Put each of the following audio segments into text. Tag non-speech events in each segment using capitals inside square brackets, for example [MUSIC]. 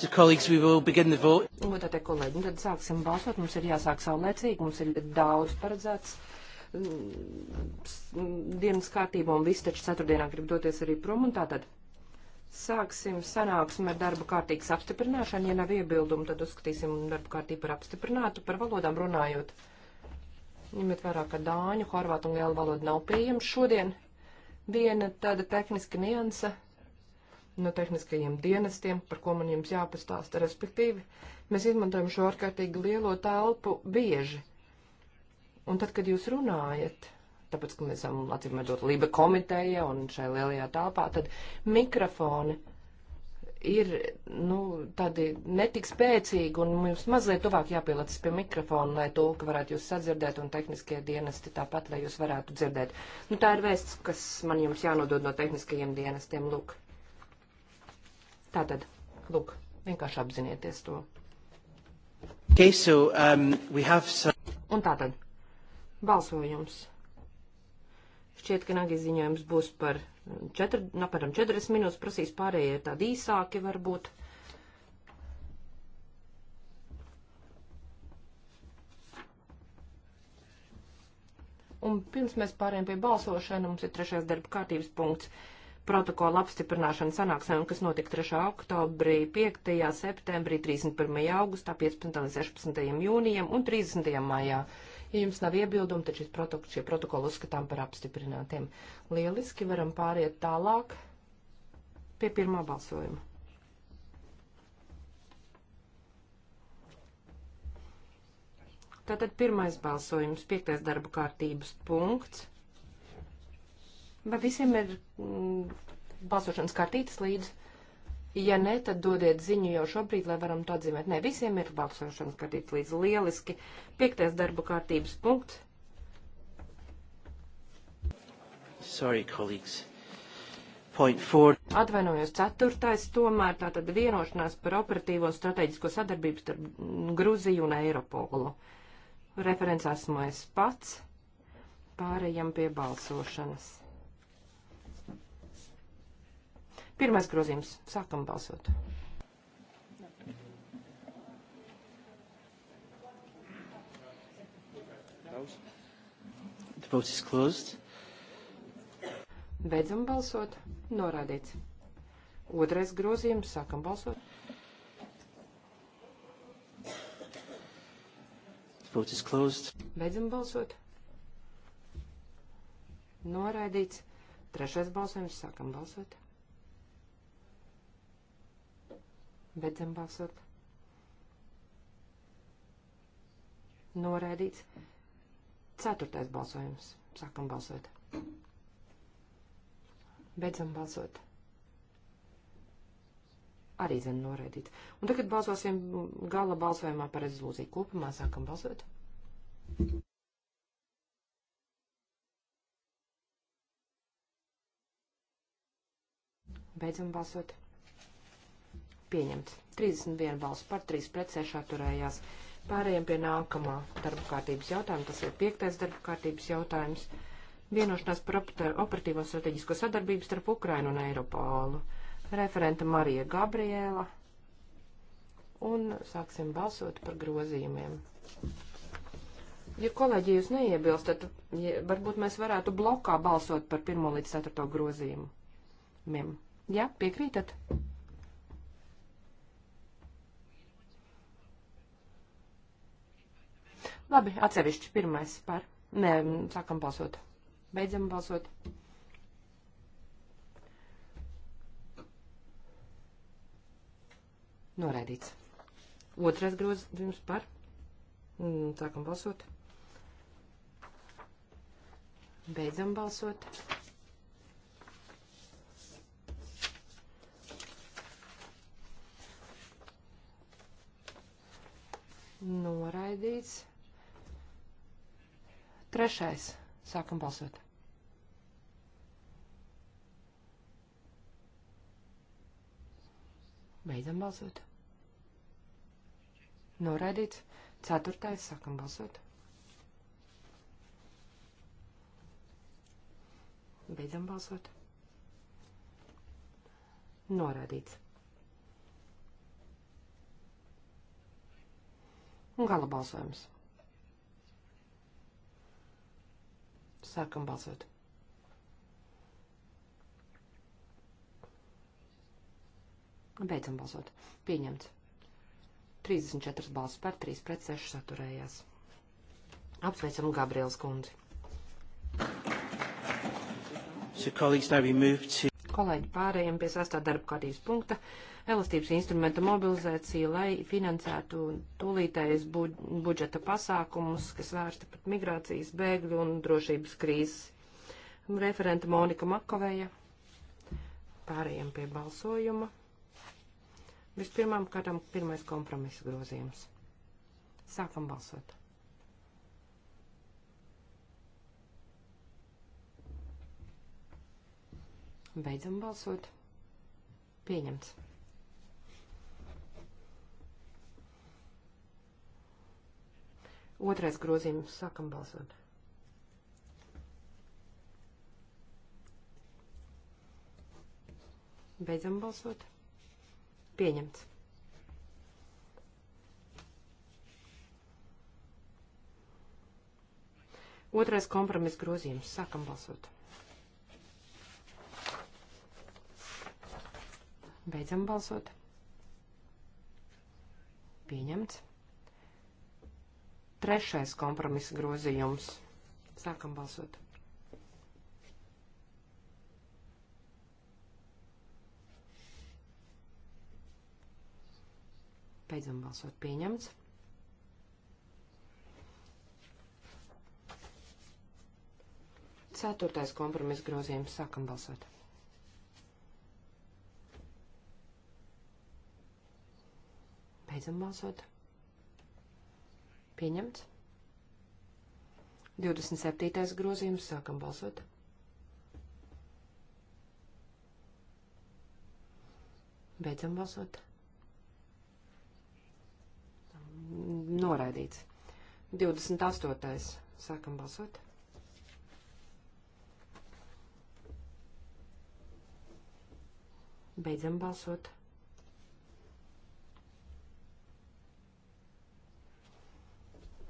So colleagues, we will begin the vote. Godātie kolēģi, nu tad sāksim balsot. Mums ir jāsāk saulēcīgi, mums ir daudz paredzēts mm, dienas kārtībā, un visi taču ceturtdienā grib doties arī prom, un tātad sāksim sanāksmi ar darba kārtīgas apstiprināšanu. Ja nav iebildumu, tad uzskatīsim darba kārtību par apstiprinātu, par valodām runājot. Ņemiet vērā, ka dāņu, horvātu un gēlu valoda nav pieejama šodien. Viena tāda tehniska niansa no tehniskajiem dienestiem, par ko man jums jāpastāsta, respektīvi, mēs izmantojam šo ārkārtīgi lielo telpu bieži. Un tad, kad jūs runājat, tāpēc, ka mēs esam, acīm redzot, Lība komiteja un šajā lielajā telpā, tad mikrofoni ir, nu, tādi netik spēcīgi un mums mazliet tuvāk jāpielācis pie mikrofona, lai tulka varētu jūs sadzirdēt un tehniskie dienesti tāpat, lai jūs varētu dzirdēt. Nu, tā ir vēsts, kas man jums jānodod no tehniskajiem dienestiem, lūk. Tātad, lūk, vienkārši apzinieties to. Okay, so, um, some... Un tātad, balsojums. Šķiet, ka Nagis ziņojums būs par četri, nu, apmēram 40 minūtes, prasīs pārējie tādi īsāki varbūt. Un pirms mēs pārējām pie balsošana, mums ir trešais darba kārtības punkts protokola apstiprināšana sanāksmēm, kas notika 3. oktobrī, 5. septembrī, 31. augustā, 15. un 16. jūnijam un 30. maijā. Ja jums nav iebildumi, tad šis protok šie protokoli uzskatām par apstiprinātiem. Lieliski varam pāriet tālāk pie pirmā balsojuma. Tātad pirmais balsojums, piektais darba kārtības punkts Vai visiem ir mm, balsošanas kartītes līdzi? Ja ne, tad dodiet ziņu jau šobrīd, lai varam to atzīmēt. Nē, visiem ir balsošanas kartītes līdzi. Lieliski. Piektais darba kārtības punkts. Sorry, colleagues. Atvainojos ceturtais, tomēr tātad vienošanās par operatīvo strateģisko sadarbību starp Gruziju un Eiropolu. Referents esmu es pats. Pārējam pie balsošanas. Pirmais grozījums. Sākam balsot. The vote is closed. Beidzam balsot. Norādīts. Otrais grozījums. Sākam balsot. The vote is closed. Beidzam balsot. Noraidīts. Trešais balsojums. Sākam balsot. Beidzam balsot. Noraidīts. Ceturtais balsojums. Sākam balsot. Beidzam balsot. Arī zem noraidīts. Un tagad balsosim gala balsojumā par rezolūciju kopumā. Sākam balsot. Beidzam balsot. Pieņemts. 31 balss par, 3 pret, 6 atturējās. Pārējiem pie nākamā darba kārtības jautājuma. Tas ir piektais darba kārtības jautājums. Vienošanās par operatīvo strateģisko sadarbību starp Ukrainu un Eiropālu. Referenta Marija Gabriela. Un sāksim balsot par grozījumiem. Ja kolēģi jūs neiebilstat, ja, varbūt mēs varētu blokā balsot par 1 līdz 4 grozījumu. Mim. Ja, piekrītat? Jā. Labi, atsevišķi pirmais par. Nē, sākam balsot. Beidzam balsot. Noraidīts. Otrais grozījums par. Mm, sākam balsot. Beidzam balsot. Noraidīts. Trešais. Sākam balsot. Beidzam balsot. Noraidīts. Ceturtais. Sākam balsot. Beidzam balsot. Noraidīts. Un gala balsojums. Sākam balsot. Beidzam balsot. Pieņemts. 34 balsis par, 3 pret 6 saturējās. Apsveicam Gabriels kundzi. So, colleagues, now we move to kolēģi, pārējiem pie sastā darba kārtības punkta - elastības instrumenta mobilizācija, lai finansētu tūlītējas budžeta pasākumus, kas vērsta pret migrācijas, bēgļu un drošības krīzes. Referenta Monika Makovēja. Pārējiem pie balsojuma. Vispirmām kārtām pirmais kompromisa grozījums. Sākam balsot. Beidzam balsot. Pieņemts. Otrais grozījums. Sākam balsot. Beidzam balsot. Pieņemts. Otrais kompromiss grozījums. Sākam balsot. Beidzam balsot. Pieņemts. Trešais kompromisa grozījums. Sākam balsot. Beidzam balsot pieņemts. Ceturtais kompromiss grozījums. Sākam balsot. Beidzam balsot. Pieņemts. 27. grozījums. Sākam balsot. Beidzam balsot. Noraidīts. 28. Sākam balsot. Beidzam balsot.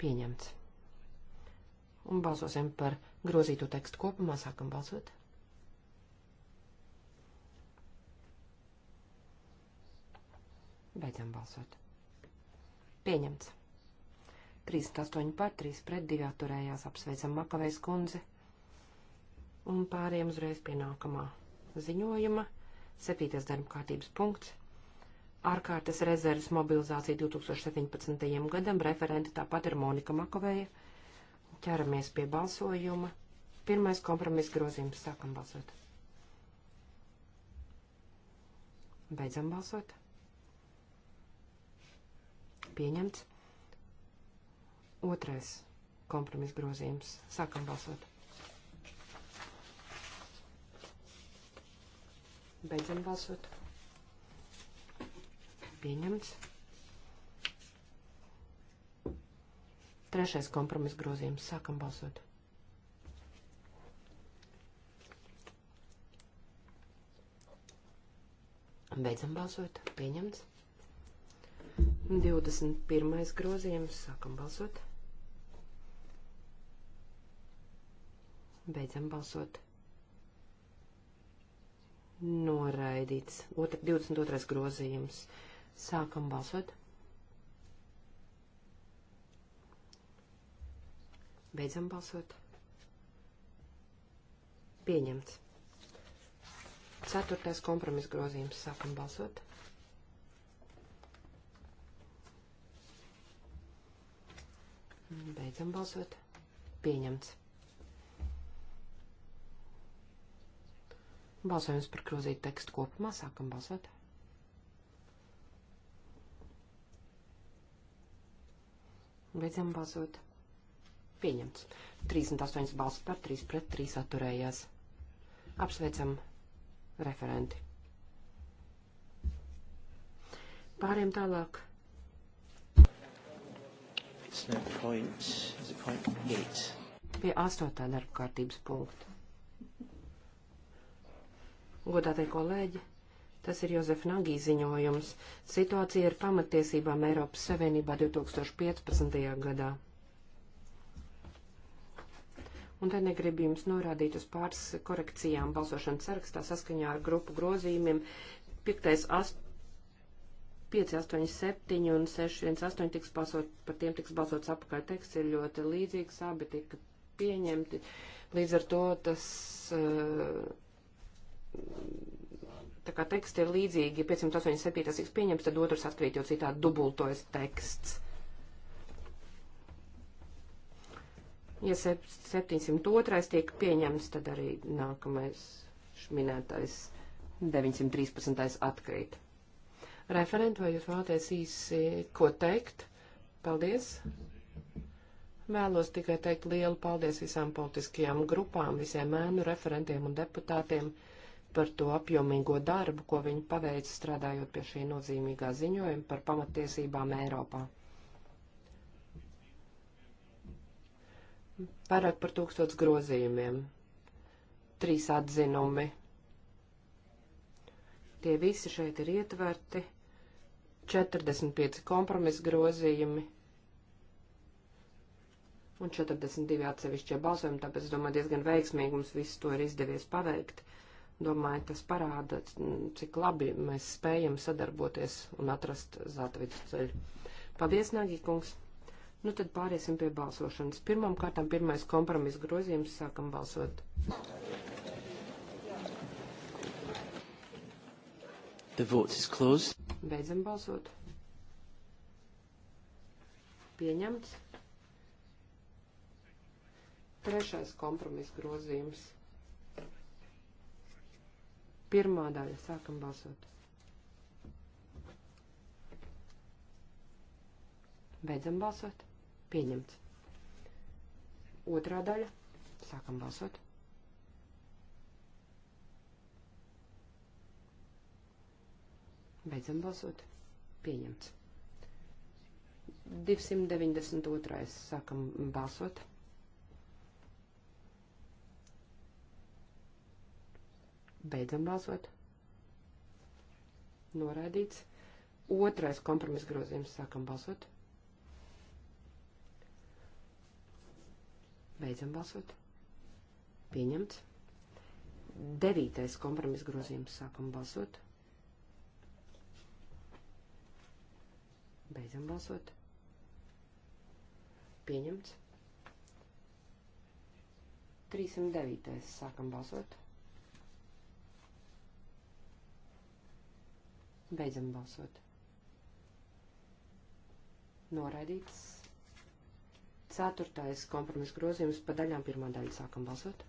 pieņemts. Un balsosim par grozīto tekstu kopumā, sākam balsot. Beidzam balsot. Pieņemts. 38 par 3 pret 2 atturējās apsveicam Makavejs kundzi. Un pāriem uzreiz pie nākamā ziņojuma. Septītais darba kārtības punkts ārkārtas rezerves mobilizācija 2017. gadam. Referenti tāpat ir Monika Makovēja. Ķeramies pie balsojuma. Pirmais kompromiss grozījums. Sākam balsot. Beidzam balsot. Pieņemts. Otrais kompromiss grozījums. Sākam balsot. Beidzam balsot pieņemts. Trešais kompromis grozījums. Sākam balsot. Beidzam balsot. Pieņemts. 21. grozījums. Sākam balsot. Beidzam balsot. Noraidīts. Otra, 22. grozījums. Sākam balsot. Beidzam balsot. Pieņemts. Ceturtais kompromis grozījums. Sākam balsot. Beidzam balsot. Pieņemts. Balsojums par grozītu tekstu kopumā. Sākam balsot. Beidzam balsot. Pieņemts. 38 balsis par, 3 pret, 3 atturējās. Apsveicam referenti. Pāriem tālāk. No point, point Pie astotā darba kārtības punkta. Godātie kolēģi, Tas ir Jozefa Nagī ziņojums. Situācija ar pamatiesībām Eiropas Savienībā 2015. gadā. Un te negribu jums norādīt uz pāris korekcijām balsošanas sarakstā saskaņā ar grupu grozījumiem. 5, 8, 5, 8, 7 un 6, 1, 8 tiks balsot, par tiem tiks balsots apakaļ. Teksts ir ļoti līdzīgs, abi tika pieņemti. Līdz ar to tas. Uh, tā kā teksti ir līdzīgi, ja 587 tiks pieņemts, tad otrs atkrīt, jo citādi dubultojas teksts. Ja 702 tiek pieņemts, tad arī nākamais minētais 913 atkrīt. Referenti, vai jūs vēlaties īsi ko teikt? Paldies! Vēlos tikai teikt lielu paldies visām politiskajām grupām, visiem mēnu referentiem un deputātiem par to apjomīgo darbu, ko viņi paveica strādājot pie šī nozīmīgā ziņojuma par pamatiesībām Eiropā. Vairāk par tūkstots grozījumiem, trīs atzinumi. Tie visi šeit ir ietverti, 45 kompromisa grozījumi un 42 atsevišķie balsojumi, tāpēc, es domāju, diezgan veiksmīgi mums visu to ir izdevies paveikt Domāju, tas parāda, cik labi mēs spējam sadarboties un atrast zelta vidusceļu. Paldies, Nāgī kungs! Nu tad pāriesim pie balsošanas. Pirmām kārtām pirmais kompromiss grozījums sākam balsot. The vote is closed. Beidzam balsot. Pieņemts. Trešais kompromiss grozījums. Pirmā daļa. Sākam balsot. Beidzam balsot. Pieņemts. Otrā daļa. Sākam balsot. Beidzam balsot. Pieņemts. 292. Sākam balsot. Beidzam balsot. Noraidīts. Otrais kompromis grozījums. Sākam balsot. Beidzam balsot. Pieņemts. Devītais kompromis grozījums. Sākam balsot. Beidzam balsot. Pieņemts. 309. Sākam balsot. Beidzam balsot. Noraidīts. Ceturtais kompromiss grozījums pa daļām pirmā daļa sākam balsot.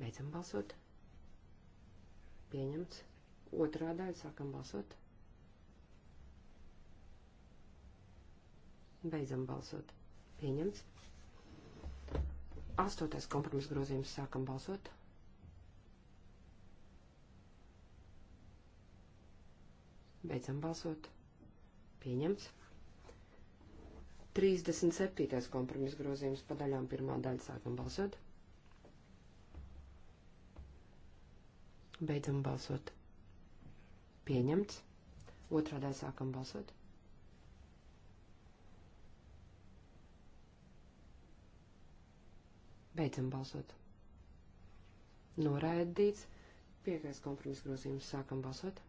Beidzam balsot. Pieņemts. Otrā daļa sākam balsot. Beidzam balsot. Pieņemts. Astotais kompromiss grozījums sākam balsot. Balsot. Beidzam balsot. Pieņemts. 37. kompromiss grozījums pa daļām pirmā daļa sākam balsot. Beidzam balsot. Pieņemts. Otrā daļa sākam balsot. Beidzam balsot. Noraidīts. Piekais kompromiss grozījums sākam balsot.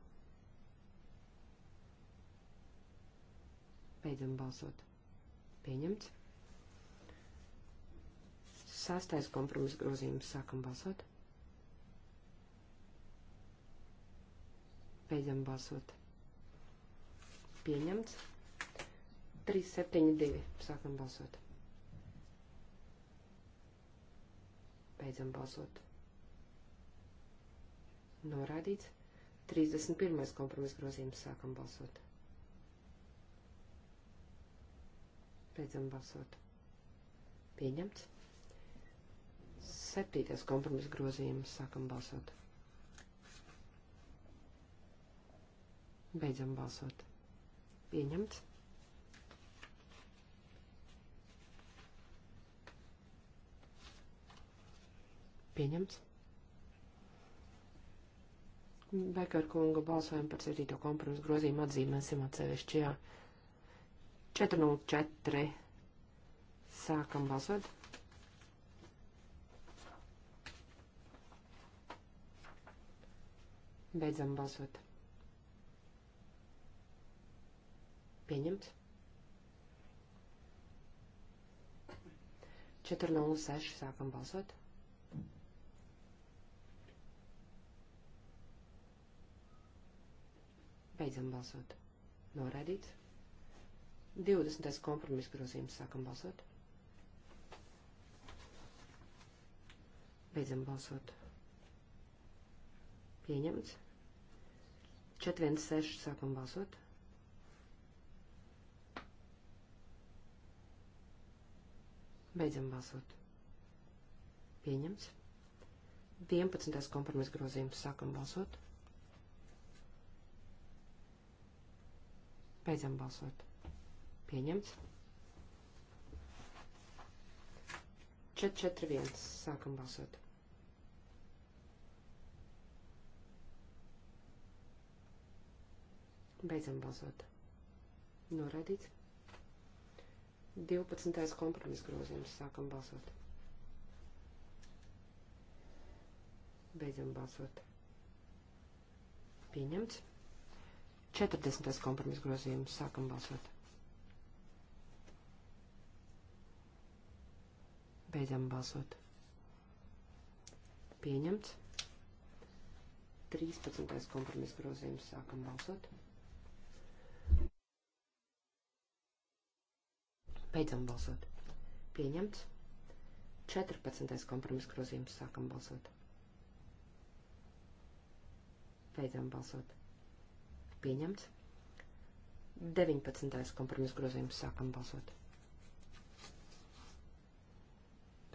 Beidzam balsot. Pieņemts. Sastais kompromiss grozījums. Sākam balsot. Beidzam balsot. Pieņemts. 372. Sākam balsot. Beidzam balsot. Norādīts. 31. kompromiss grozījums. Sākam balsot. Beidzam balsot. Pieņemts. Septītais kompromiss grozījums. Sākam balsot. Beidzam balsot. Pieņemts. Pieņemts. Bekar kunga balsojumu par septīto kompromisu grozījumu atzīmēsim atsevišķajā. Ja 404. Sākam balsot. Beidzam balsot. Pieņemts. 406. Sākam balsot. Beidzam balsot. Noraidīts. 20. kompromiss grozījums sākam balsot. Beidzam balsot. Pieņemts. 416 sākam balsot. Beidzam balsot. Pieņemts. 11. kompromiss grozījums sākam balsot. Beidzam balsot. Pieņemts. 4-4-1. Sākam balsot. Beidzam balsot. Noraidīts. 12. kompromis grozījums. Sākam balsot. Beidzam balsot. Pieņemts. 40. kompromis grozījums. Sākam balsot. Beidzam balsot. Pieņemts. 13. kompromisa grozījums. Sākam balsot. Beidzam balsot. Pieņemts. 14. kompromisa grozījums. Sākam balsot. Beidzam balsot. Pieņemts. 19. kompromisa grozījums. Sākam balsot.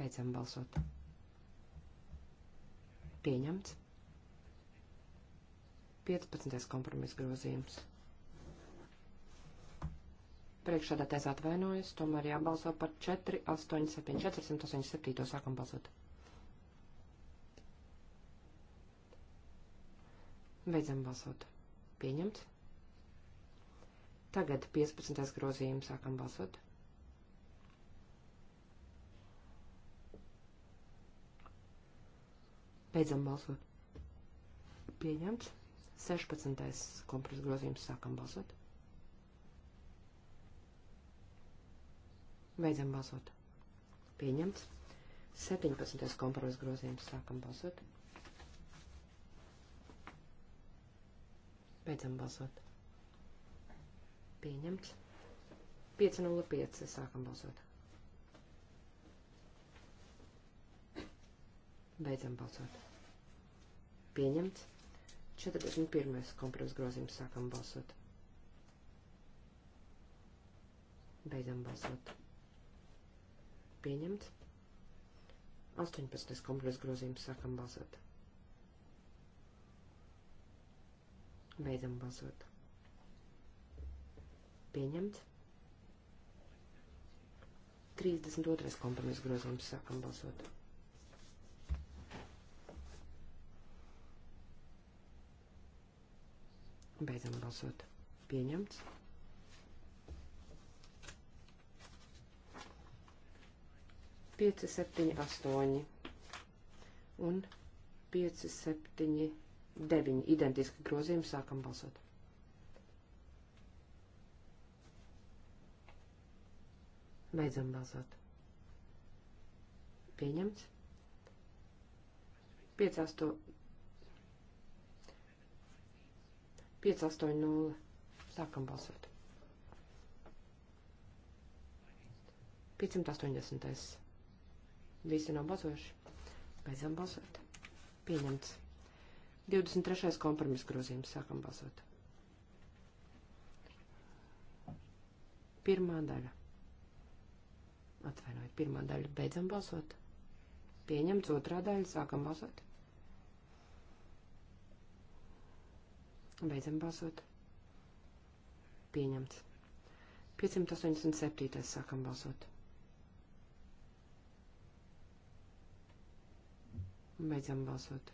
Beidzam balsot. Pieņemts. 15. kompromis grozījums. Priekšādātais atvainojas, tomēr jābalso par 4, 8, 7, 487. sākam balsot. Beidzam balsot. Pieņemts. Tagad 15. grozījumu sākam balsot. Beidzam balsot. Pieņemts. 16. kompromisa grozījums sākam balsot. Beidzam balsot. Pieņemts. 17. kompromisa grozījums sākam balsot. Beidzam balsot. Pieņemts. 5.05. sākam balsot. Beidzam balsot. Pieņemts. 41. kompromis grozījums sākam balsot. Beidzam balsot. Pieņemts. 18. kompromis grozījums sākam balsot. Beidzam balsot. Pieņemts. 32. kompromis grozījums sākam balsot. Pieņemts. Beidzam balsot. Pieņemts. Pieci, septiņi, astoņi un pieci, septiņi, deviņi. Identiski grozījumi sākam balsot. Beidzam balsot. Pieņemts. 5, 8, 580. Sākam balsot. 580. Visi nav balsojuši. Beidzam balsot. Pieņemts. 23. kompromis grozījums. Sākam balsot. Pirmā daļa. Atvainojiet, pirmā daļa. Beidzam balsot. Pieņemts otrā daļa. Sākam balsot. Beidzam balsot. Pieņemts. 587. sākam balsot. Beidzam balsot.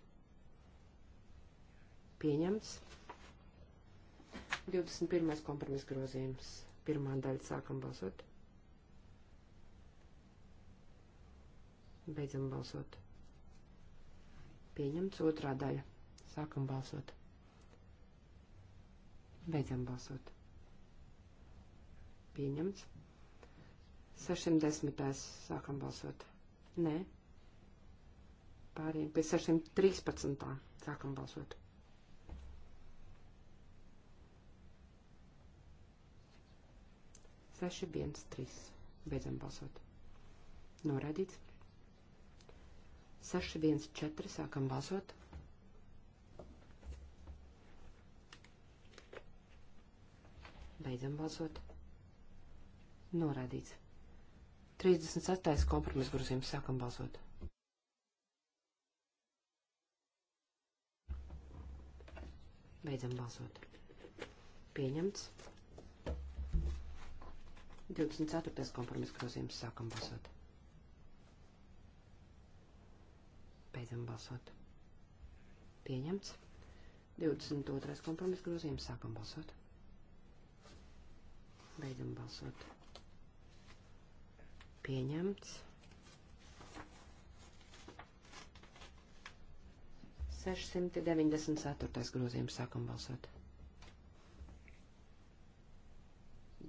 Pieņemts. 21. kompromis grozījums. Pirmā daļa sākam balsot. Beidzam balsot. Pieņemts otrā daļa. Sākam balsot. Beidzam balsot. Pieņemts. 610. sākam balsot. Nē. Pārējiem pie 613. sākam balsot. Seši, viens, trīs. Beidzam balsot. Noraidīts. 614. Sākam balsot. Beidzam balsot. Norādīts. 36. kompromis grozījums. Sākam balsot. Beidzam balsot. Pieņemts. 24. kompromis grozījums. Sākam balsot. Beidzam balsot. Pieņemts. 22. kompromis grozījums. Sākam balsot. Beidzam balsot. Pieņemts. 694. grozījums sākam balsot.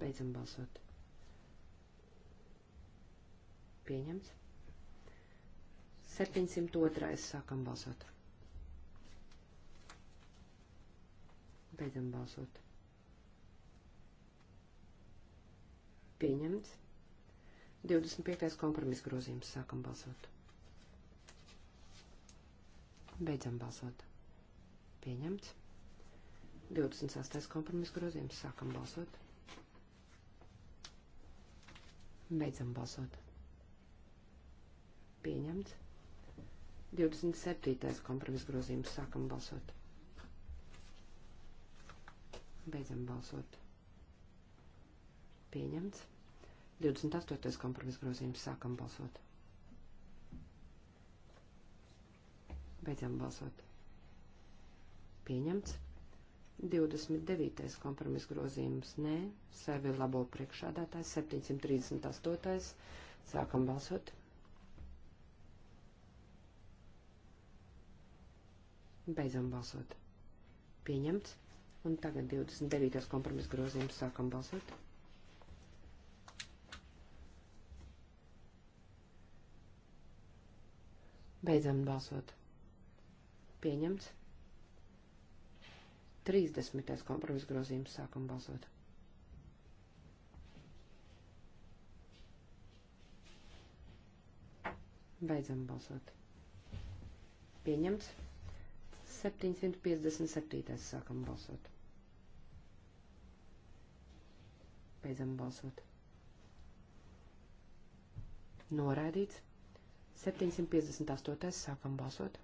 Beidzam balsot. Pieņemts. 702. sākam balsot. Beidzam balsot. Pieņemts. 25. kompromis grozījums. Sākam balsot. Beidzam balsot. Pieņemts. 28. kompromis grozījums. Sākam balsot. Beidzam balsot. Pieņemts. 27. kompromis grozījums. Sākam balsot. Beidzam balsot. Pieņemts. 28. kompromisa grozījums. Sākam balsot. Beidzam balsot. Pieņemts. 29. kompromisa grozījums. Nē. Sevi labo priekšādātājs. 738. Sākam balsot. Beidzam balsot. Pieņemts. Un tagad 29. kompromisa grozījums. Sākam balsot. Beidzam balsot. Pieņemts. 30. kompromisa grozījums sākam balsot. Beidzam balsot. Pieņemts. 757. sākam balsot. Beidzam balsot. Noraidīts. 758. sākam balsot.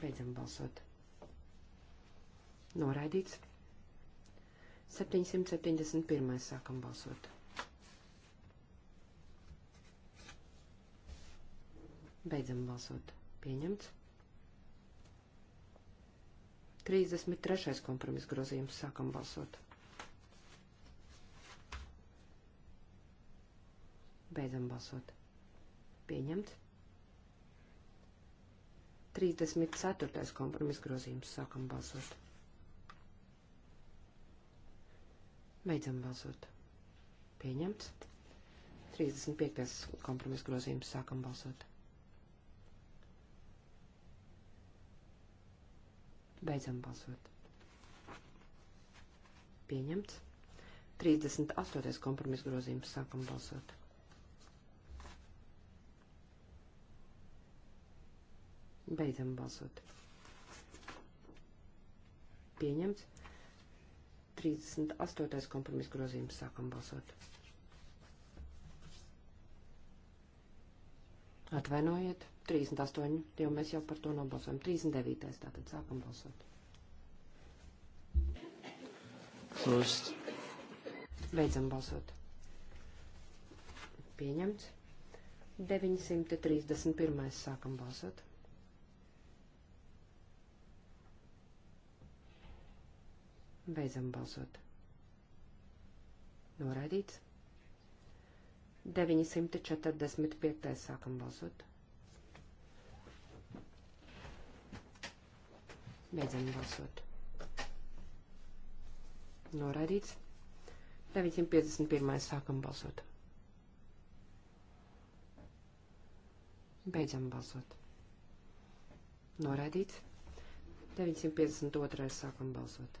Beidzam balsot. Noraidīts. 771. sākam balsot. Beidzam balsot. Pieņemts. 33. kompromis grozījums sākam balsot. Beidzam balsot. Pieņemts. 34. kompromis grozījums. Sākam balsot. Beidzam balsot. Pieņemts. 35. kompromis grozījums. Sākam balsot. Beidzam balsot. Pieņemts. 38. kompromis grozījums. Sākam balsot. Beidzam balsot. Pieņemts. 38. kompromis grozījums. Sākam balsot. Atvainojiet. 38. Jo mēs jau par to nobalsojam. 39. Tātad sākam balsot. Klust. Beidzam balsot. Pieņemts. 931. Sākam balsot. Beidzam balsot. Noraidīts. 945. sākam balsot. Beidzam balsot. Noraidīts. 951. sākam balsot. Beidzam balsot. Noraidīts. 952. sākam balsot.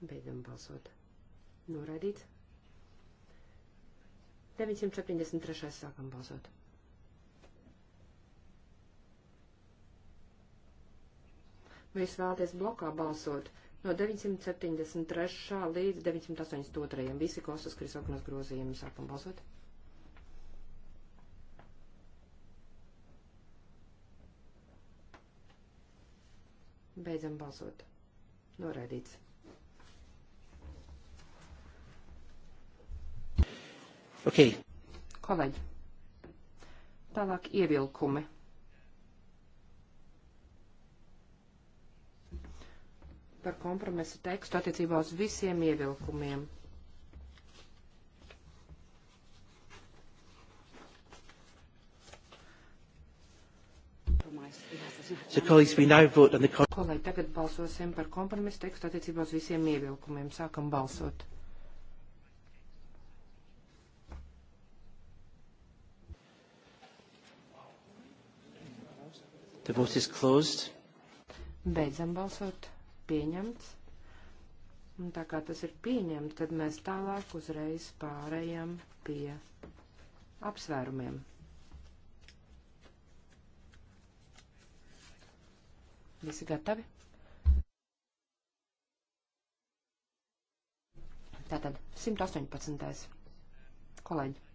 Beidzam balsot. Noraidīts. 973. sākam balsot. Vai jūs vēlaties blokā balsot no 973. līdz 982. Visi kosas krisoknas grozījumi sākam balsot. Beidzam balsot. Noraidīts. Okay. Kolēģi, tālāk ievilkumi. Par kompromisu tekstu attiecībā uz visiem ievilkumiem. So, colleagues, we now vote on the... Kolēģi, tagad balsosim par kompromisu tekstu attiecībā uz visiem ievilkumiem. Sākam balsot. The vote is closed. Beidzam balsot. Pieņemts. Un tā kā tas ir pieņemts, tad mēs tālāk uzreiz pārējām pie apsvērumiem. Visi gatavi? Tātad 118. Kolēģi.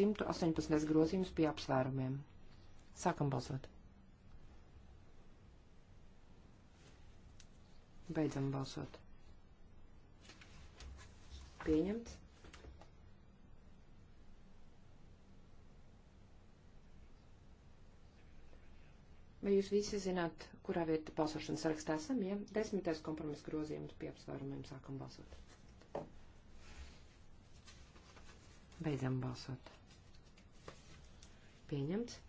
118. grozījums pie apsvērumiem. Sākam balsot. Beidzam balsot. Pieņemts. Vai jūs visi zināt, kurā vieta balsošanas sarakstā esam, ja? Desmitais kompromiss grozījums pie apsvērumiem sākam balsot. Beidzam balsot. Pieņemts.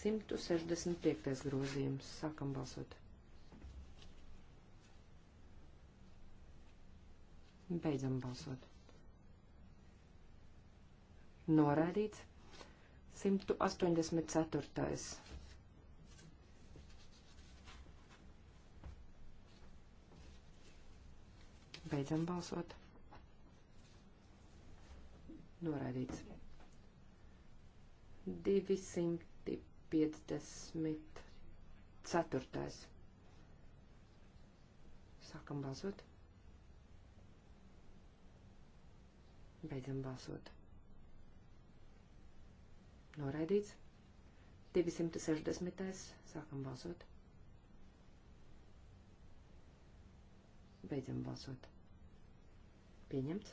165. grozījums. Sākam balsot. Beidzam balsot. Noraidīts. 184. Beidzam balsot. Noraidīts. 200. 54. Sākam balsot. Beidzam balsot. Noraidīts. 260. Sākam balsot. Beidzam balsot. Pieņemts.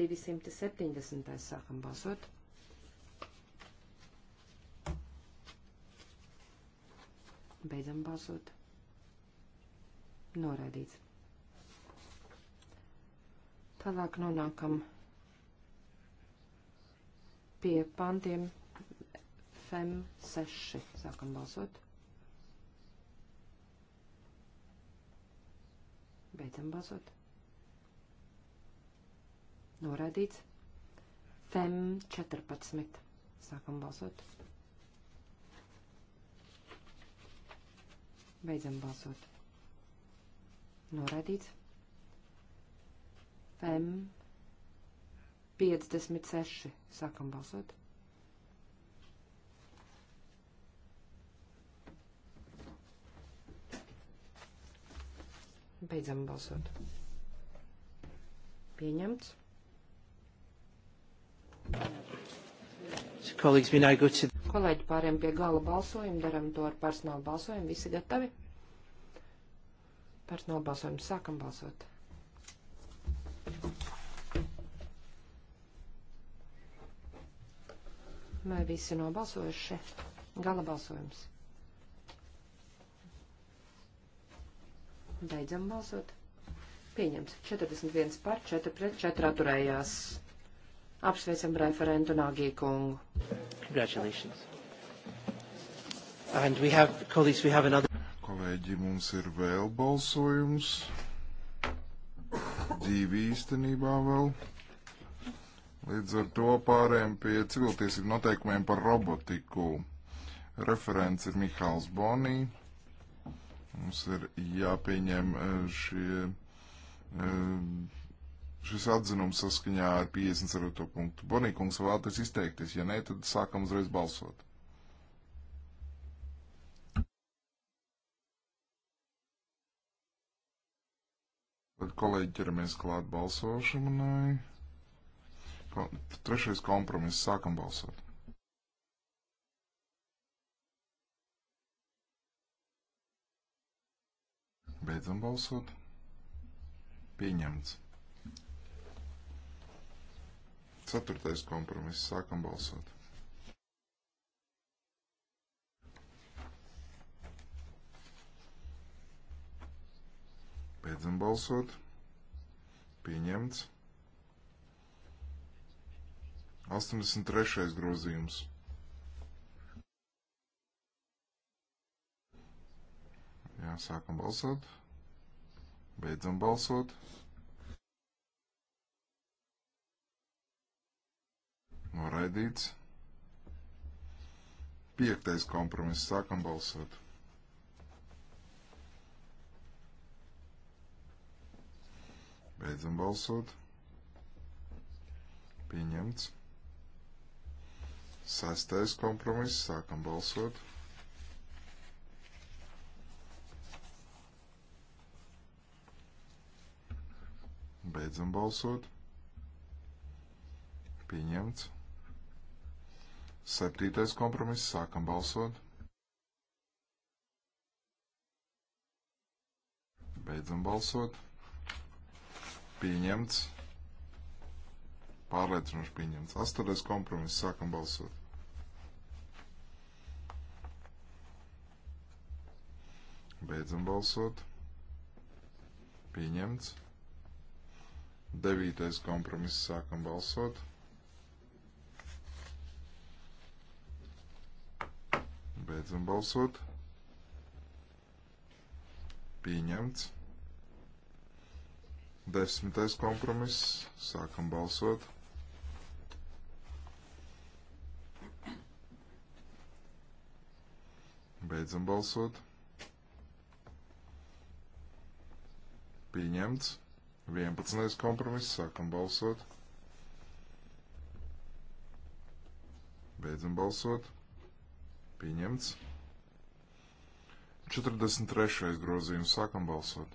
270. Sākam balsot. Beidzam balsot. Noraidīts. Tālāk nonākam pie pantiem FEM 6. Sākam balsot. Beidzam balsot. Noraidīts. FEM 14. Sākam balsot. Beidzam balsot. Noraidīts. M 56. Sākam balsot. Beidzam balsot. Pieņemts. So colleagues, we now go to Kolēģi, pāriem pie gala balsojumu, daram to ar personālu balsojumu. Visi gatavi? Personālu balsojumu sākam balsot. Vai visi nobalsojuši? Gala balsojums. Beidzam balsot. Pieņemts. 41 par, 4 pret, 4 atturējās. Apsveicam referentu Nāgī kungu. Congratulations. And we have, colleagues, we have another... Kolēģi, mums ir vēl balsojums. Divi īstenībā vēl. Līdz ar to pārējām pie civiltiesību noteikumiem par robotiku. Referents ir Mihāls Bonī. Mums ir jāpieņem eh, šie. Uh, šis atzinums saskaņā ar 54. punktu. Bonīkungs vēlaties izteikties, ja nē, tad sākam uzreiz balsot. Tad kolēģi ķeramies klāt balsošanai. Trešais kompromiss. Sākam balsot. Beidzam balsot. Pieņemts. Ceturtais kompromiss. Sākam balsot. Beidzam balsot. Pieņemts. 83. grozījums. Jā, sākam balsot. Beidzam balsot. Noraidīts. Piektais kompromiss. Sākam balsot. Beidzam balsot. Pieņemts. Sastais kompromiss. Sākam balsot. Beidzam balsot. Pieņemts. Septītais kompromiss. Sākam balsot. Beidzam balsot. Pieņemts. Pārliecinoši pieņemts. Astotais kompromiss. Sākam balsot. Beidzam balsot. Pieņemts. Devītais kompromiss. Sākam balsot. Pieņemts. Beidzam balsot. Pieņemts. Desmitais kompromiss. Sākam balsot. Beidzam balsot. Pieņemts. 11. kompromiss. Sākam balsot. Beidzam balsot. Pieņemts. 43. grozījums. Sākam balsot.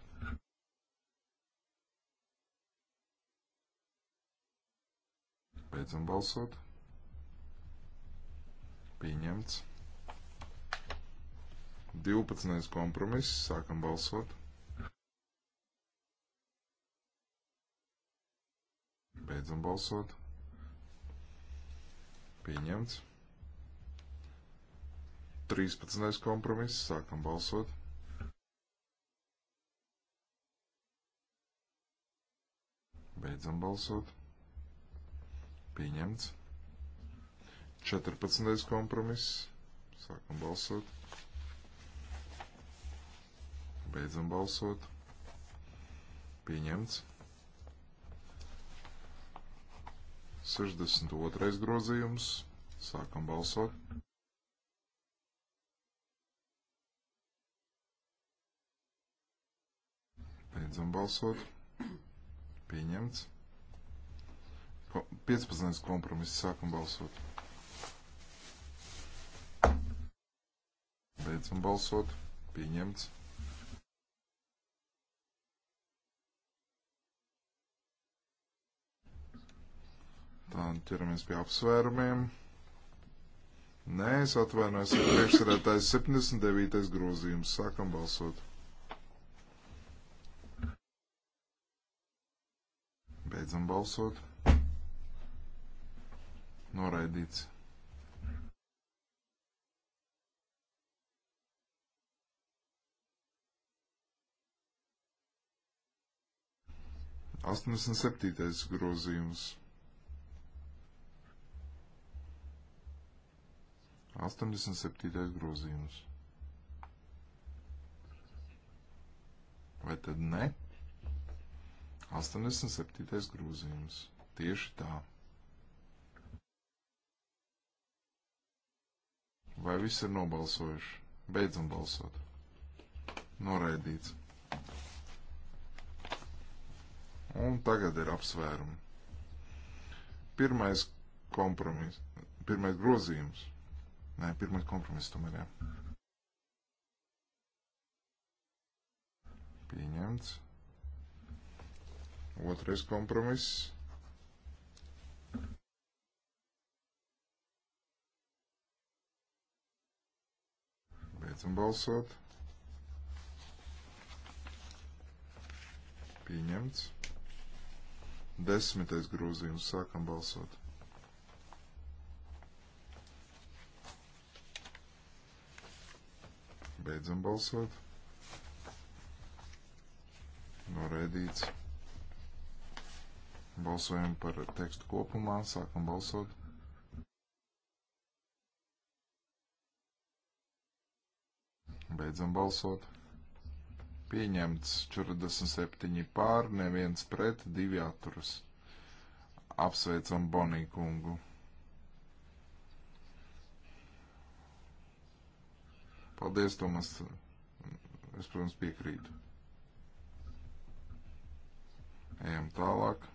Beidzam balsot. Pieņemts. 12. kompromiss. Sākam balsot. Beidzam balsot. Pieņemts. 13. kompromiss. Sākam balsot. Beidzam balsot. Pieņemts. 14. kompromiss. Sākam balsot. Beidzam balsot. Pieņemts. 62. grozījums. Sākam balsot. Beidzam balsot. Pieņemts. 15. kompromiss. Sākam balsot. Beidzam balsot. Pieņemts. Tā, nu, ķeramies pie apsvērumiem. Nē, es atvainojos, priekšsarētājs 79. grozījums. Sākam balsot. Beidzam balsot. Noraidīts. Astoņdesmit septītais grozījums. 87. grozījums. Vai tad ne? 87. grozījums. Tieši tā. Vai viss ir nobalsojuši? Beidzam balsot. Noraidīts. Un tagad ir apsvērumi. Pirmais kompromis, pirmais grozījums. Nē, pirmais kompromis tomēr jā. Pieņemts. Otrais kompromiss. Beidzam balsot. Pieņemts. Desmitais grozījums. Sākam balsot. Beidzam balsot. Noraidīts. Balsojam par tekstu kopumā, sākam balsot. Beidzam balsot. Pieņemts 47 pār, neviens pret, divi atturas. Apsveicam Bonī kungu. Paldies, Tomas. Es, protams, piekrītu. Ejam tālāk.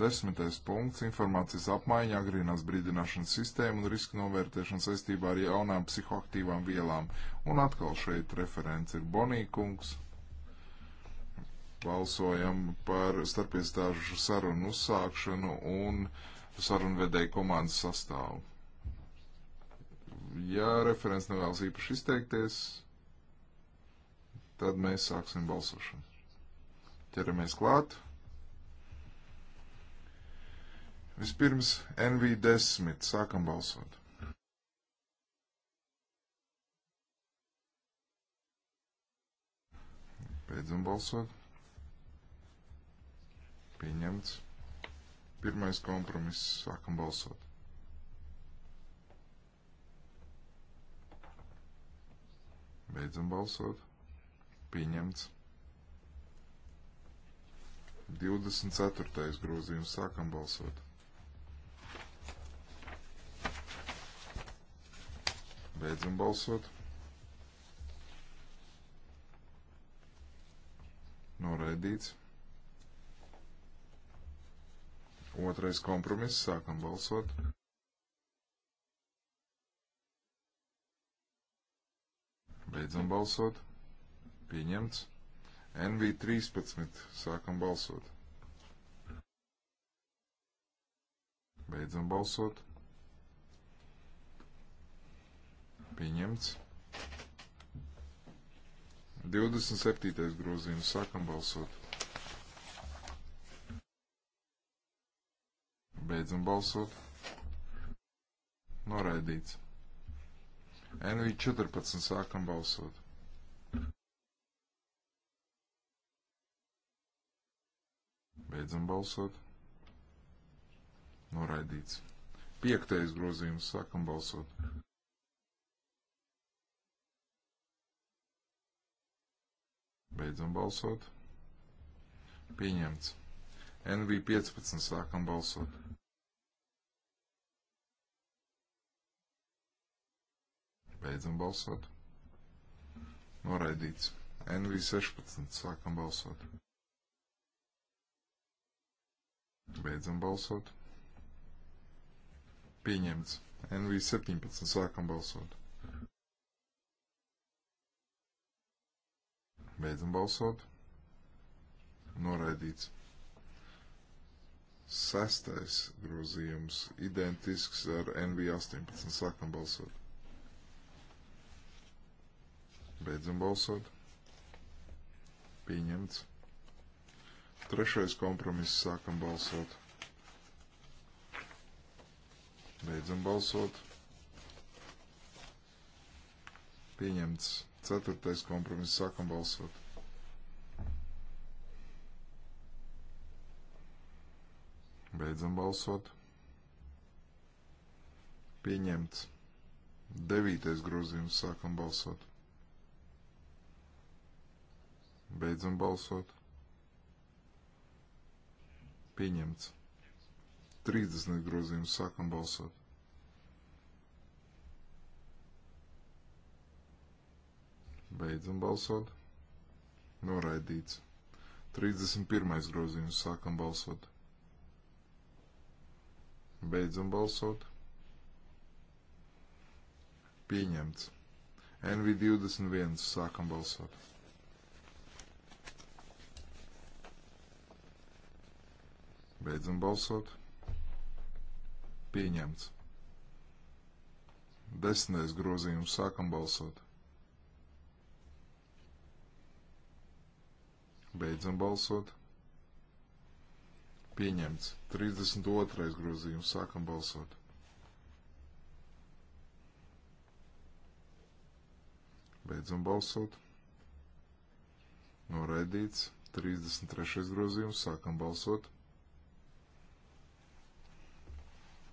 Desmitais punkts - informācijas apmaiņa, agrīnās brīdināšanas sistēma un riska novērtēšana saistībā ar jaunām psihoaktīvām vielām. Un atkal šeit referents ir Bonīkungs. Balsojam par starpiestāžu sarunu uzsākšanu un sarunvedēju komandas sastāvu. Ja referents nevēlas īpaši izteikties, tad mēs sāksim balsošanu. Ķeramies klāt! Vispirms NV10. Sākam balsot. Beidzam balsot. Pieņemts. Pirmais kompromiss. Sākam balsot. Beidzam balsot. Pieņemts. 24. grozījums sākam balsot. Beidzam balsot. Noraidīts. Otrais kompromiss. Sākam balsot. Beidzam balsot. Pieņemts. NV13. Sākam balsot. Beidzam balsot. Pieņemts. 27. grozījums. Sākam balsot. Beidzam balsot. Noraidīts. NV 14. Sākam balsot. Beidzam balsot. Noraidīts. Piektais grozījums. Sākam balsot. Beidzam balsot. Pieņemts. NV15 sākam balsot. Beidzam balsot. Noraidīts. NV16 sākam balsot. Beidzam balsot. Pieņemts. NV17 sākam balsot. Beidzam balsot. Noraidīts. Sestais grozījums identisks ar NV18. Sākam balsot. Beidzam balsot. Pieņemts. Trešais kompromiss sākam balsot. Beidzam balsot. Pieņemts. Ceturtais kompromiss. Sākam balsot. Beidzam balsot. Pieņemts. Devītais grozījums. Sākam balsot. Beidzam balsot. Pieņemts. 30 grozījums. Sākam balsot. Beidzam balsot. Noraidīts. 31. grozījums. Sākam balsot. Beidzam balsot. Pieņemts. NV21. Sākam balsot. Beidzam balsot. Pieņemts. Desmitais grozījums. Sākam balsot. Beidzam balsot. Pieņemts. 32. grozījums. Sākam balsot. Beidzam balsot. Noraidīts. 33. grozījums. Sākam balsot.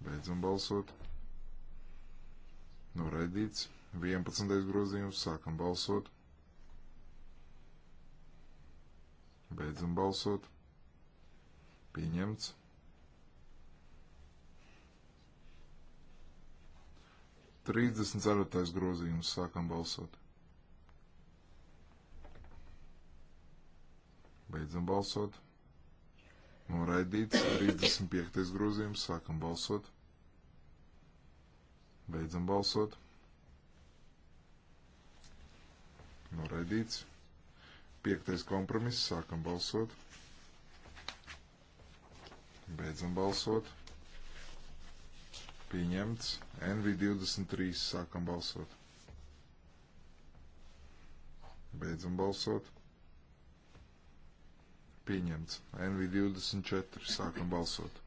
Beidzam balsot. Noraidīts. 11. grozījums. Sākam balsot. Beidzam balsot. Pieņemts. Trīsdesmit ceturtais grozījums. Sākam balsot. Beidzam balsot. Noraidīts 35. grozījums. Sākam balsot. Beidzam balsot. Noraidīts. Piektais kompromiss. Sākam balsot. Beidzam balsot. Pieņemts. NV23. Sākam balsot. Beidzam balsot. Pieņemts. NV24. Sākam balsot.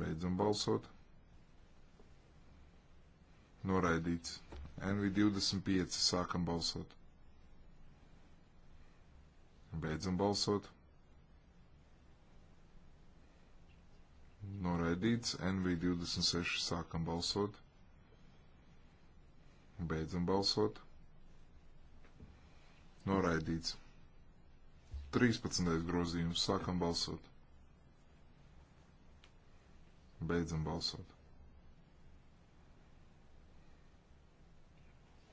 Beidzam balsot. Noraidīts. NV25. Sākam balsot. Beidzam balsot. Noraidīts NV26. Sākam balsot. Beidzam balsot. Noraidīts. 13. grozījums. Sākam balsot. Beidzam balsot.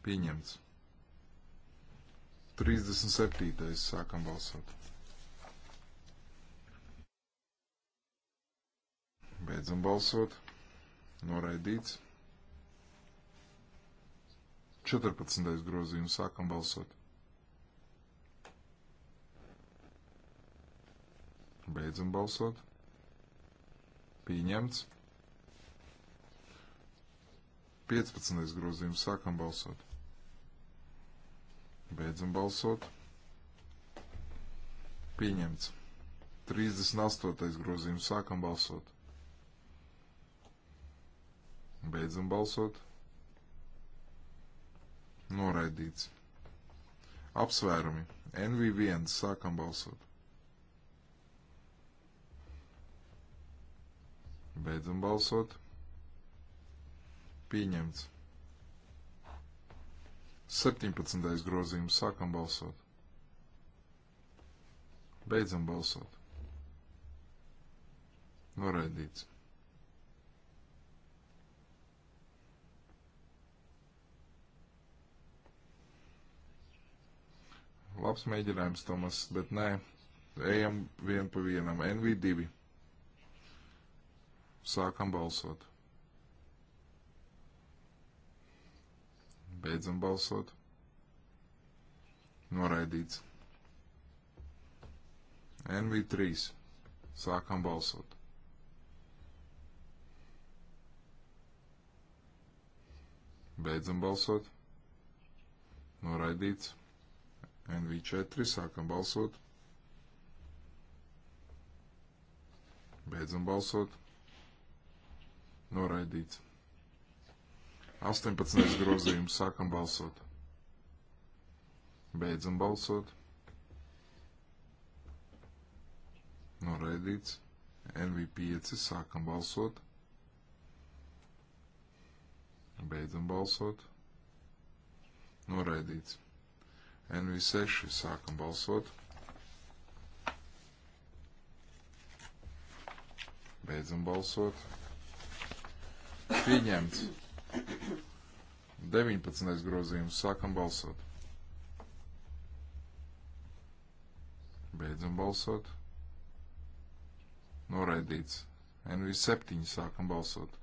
Pieņemts. 37. sākam balsot. Beidzam balsot. Noraidīts. 14. grozījums sākam balsot. Beidzam balsot. Pieņemts. 15. grozījums sākam balsot. Beidzam balsot. Pieņemts. 38. grozījums. Sākam balsot. Beidzam balsot. Noraidīts. Apsvērumi. NV1. Sākam balsot. Beidzam balsot. Pieņemts. 17. grozījums. Sākam balsot. Beidzam balsot. Noraidīts. Labs mēģinājums, Tomas, bet nē, ejam vien pa vienam. NV2. Sākam balsot. Beidzam balsot. Noraidīts. NV3. Sākam balsot. Beidzam balsot. Noraidīts. NV4. Sākam balsot. Beidzam balsot. Noraidīts. 18. grozījums. Sākam balsot. Beidzam balsot. Noraidīts. NV5. Sākam balsot. Beidzam balsot. Noraidīts. NV6. Sākam balsot. Beidzam balsot. Pieņemts. 19. grozījums. Sākam balsot. Beidzam balsot. Noraidīts. NV7 sākam balsot.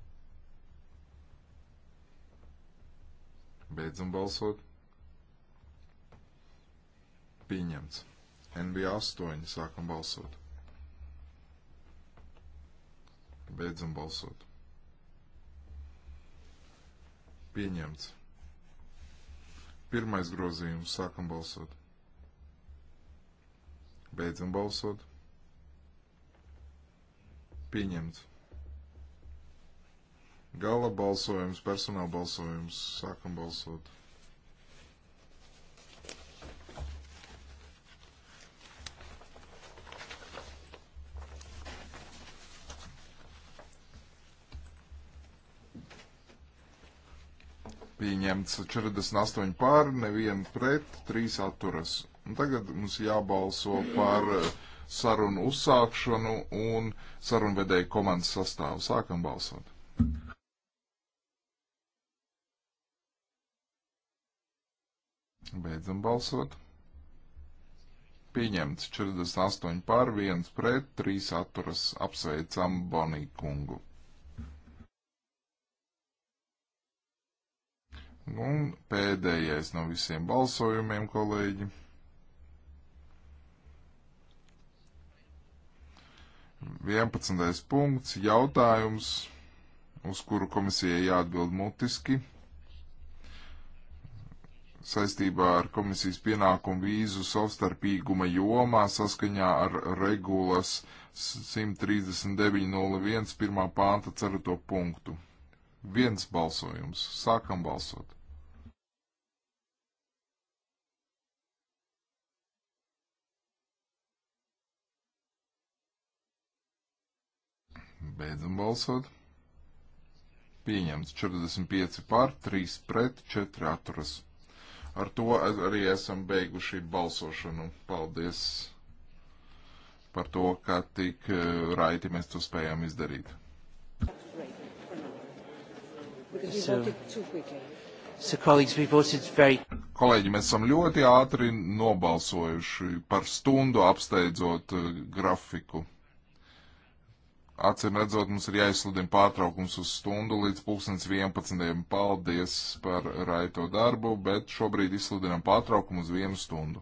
Beidzam balsot. Pieņemts. NV8 sākam balsot. Beidzam balsot Pieņemts. Pirmais grozījums. Sākam balsot. Beidzam balsot. Pieņemts. Gala balsojums, personāla balsojums. Sākam balsot. pieņemts 48 pār, nevienu pret, 3 atturas. Un tagad mums jābalso par eh, sarunu uzsākšanu un sarunvedēju komandas sastāvu. Sākam balsot. Beidzam balsot. Pieņemts 48 pār, 1 pret, 3 atturas. Apsveicam Bonī kungu. Un pēdējais no visiem balsojumiem, kolēģi. Vienpadsmitais punkts - jautājums, uz kuru komisijai jāatbild mutiski saistībā ar komisijas pienākumu vīzu savstarpīguma jomā saskaņā ar regulas 139.01. pirmā pānta cerato punktu. Viens balsojums. Sākam balsot. Beidzam balsot. Pieņemts 45 pār, 3 pret, 4 atturas. Ar to arī esam beiguši balsošanu. Paldies par to, ka tik eh, raiti mēs to spējām izdarīt. So, so colleagues, we voted very... Kolēģi, mēs esam ļoti ātri nobalsojuši par stundu apsteidzot uh, grafiku. Acīm redzot, mums ir jāizsludina pārtraukums uz stundu līdz 2011. Paldies par raito darbu, bet šobrīd izsludinām pārtraukumu uz vienu stundu.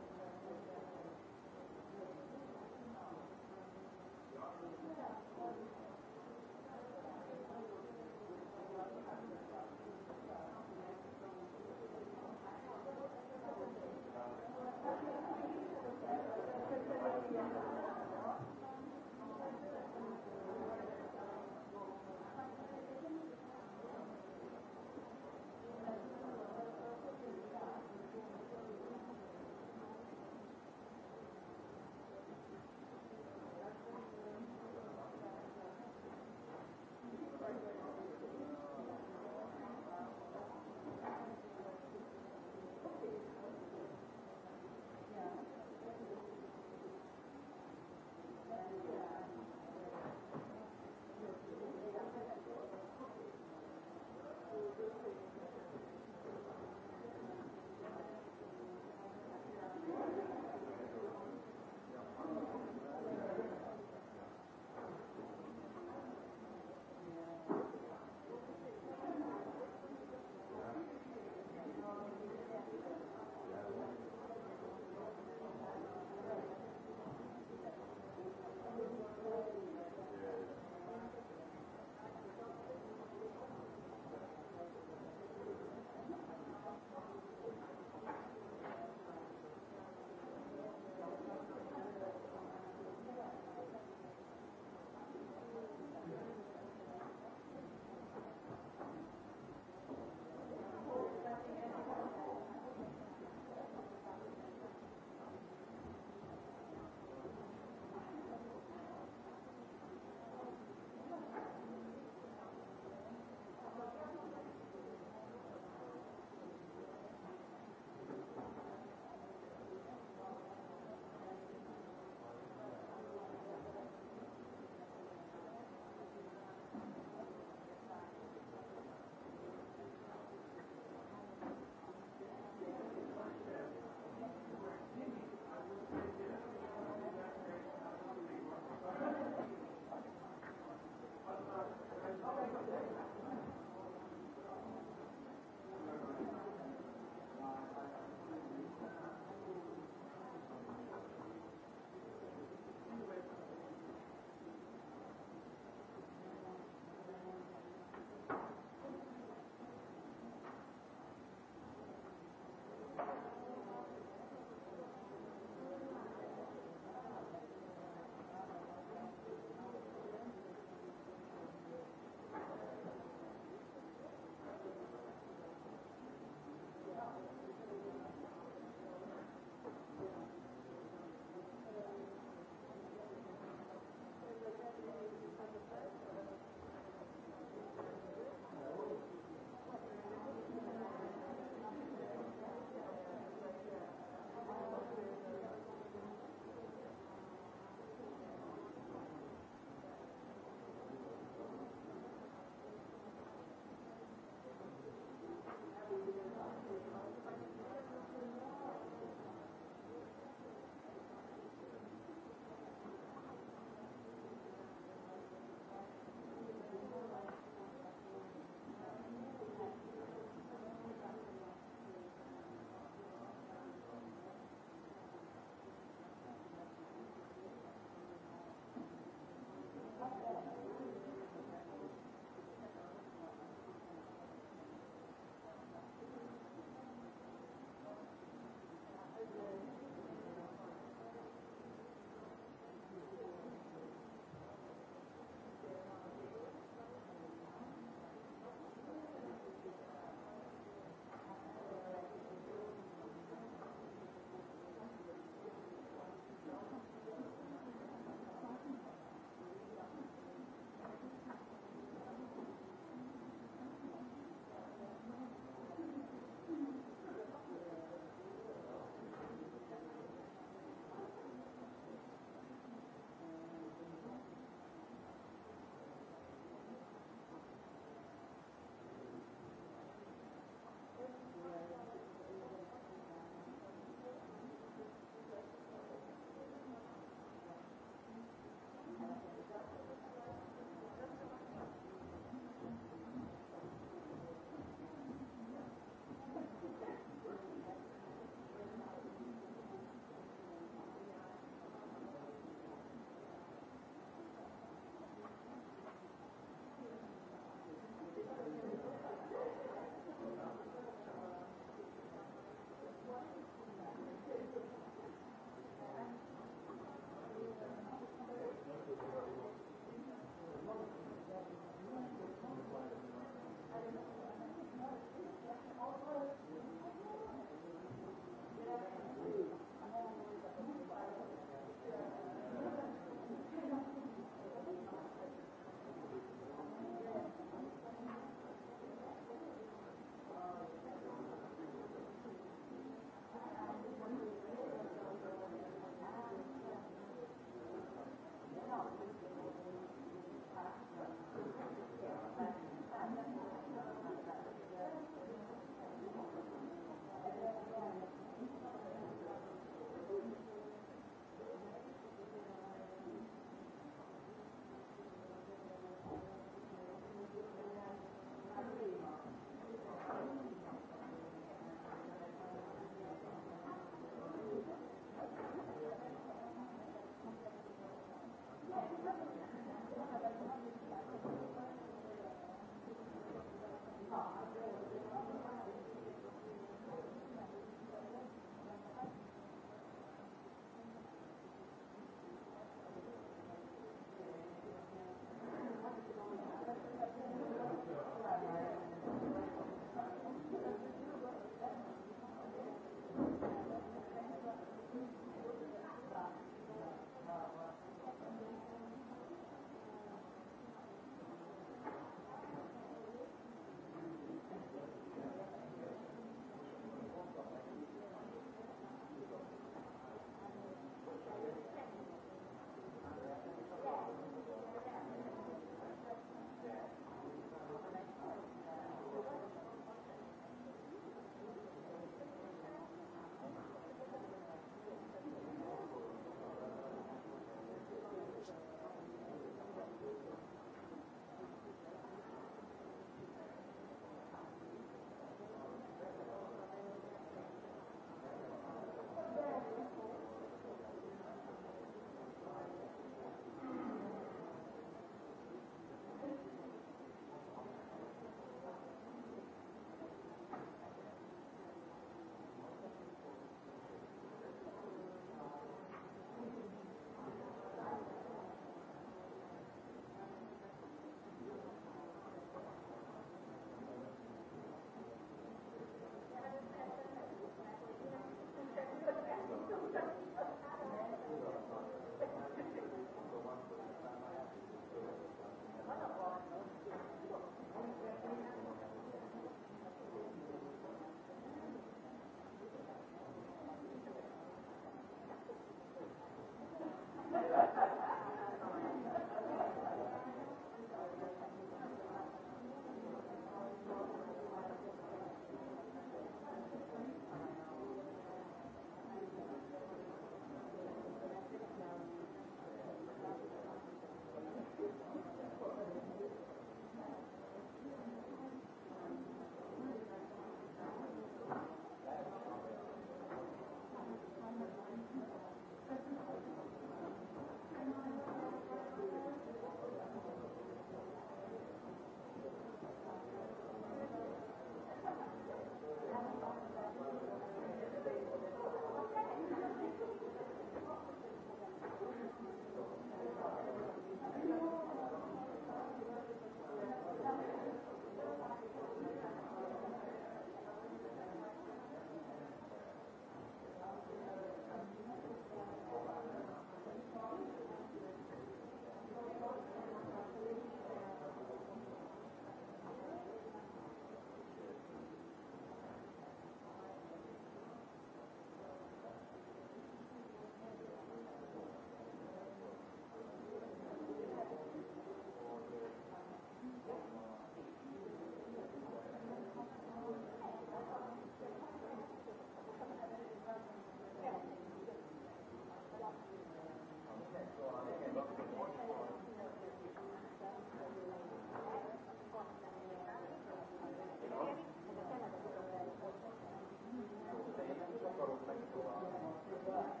Thank you.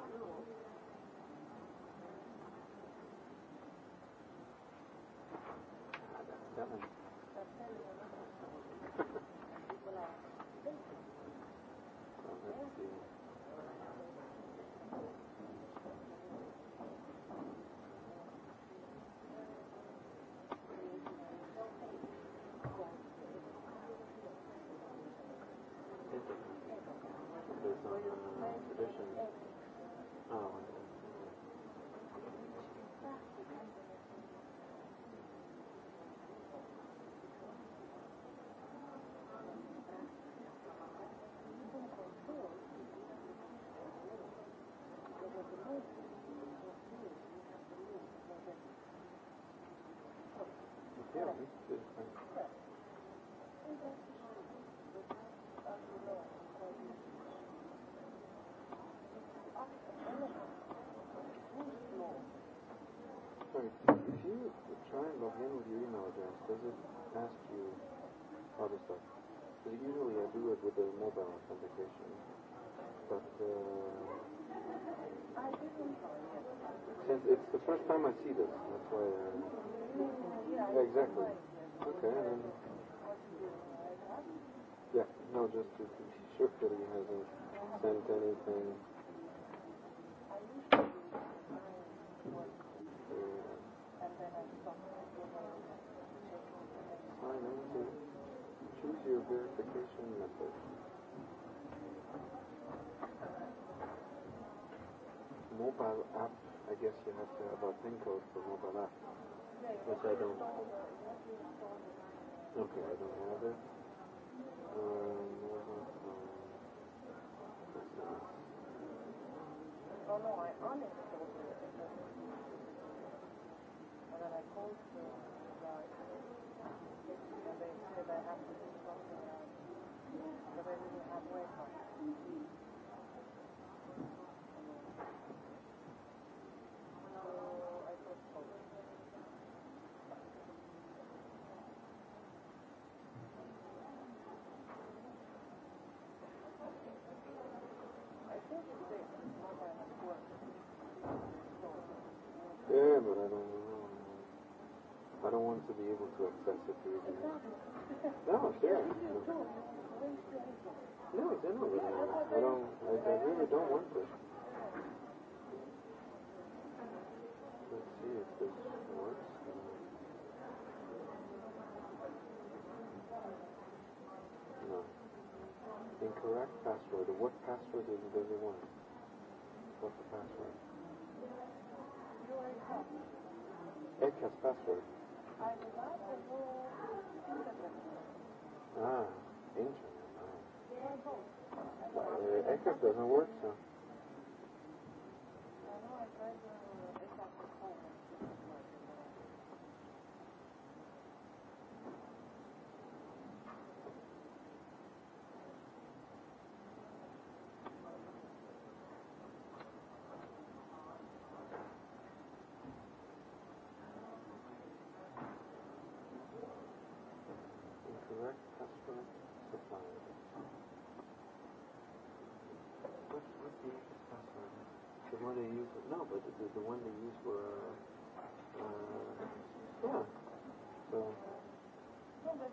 Voilà. Thank you. Oh. log in with your email address. Does it ask you other stuff? Because usually I do it with a mobile authentication. But uh, since it's the first time I see this, that's why. I, uh, yeah, exactly. Okay. Then, yeah. No, just to be sure that he hasn't sent anything. Thank you. Line 19. Choose your verification method. Mobile app, I guess you have to have a PIN code for mobile app, which I don't. Okay, I don't have it. Um, oh no, I on it. that I called for about if, whether, whether I have to do something else, whether we will have work on it. No, sure. No, generally, I don't. I, I really don't want this. Let's see if this works. No. Incorrect password. What password does it, does it want? What's the password? Edcast password. Ah, internet. Oh. Uh, Echo doesn't work, so. I know, I tried the... No, but the, the one they used for, uh, uh, yeah. So. No, but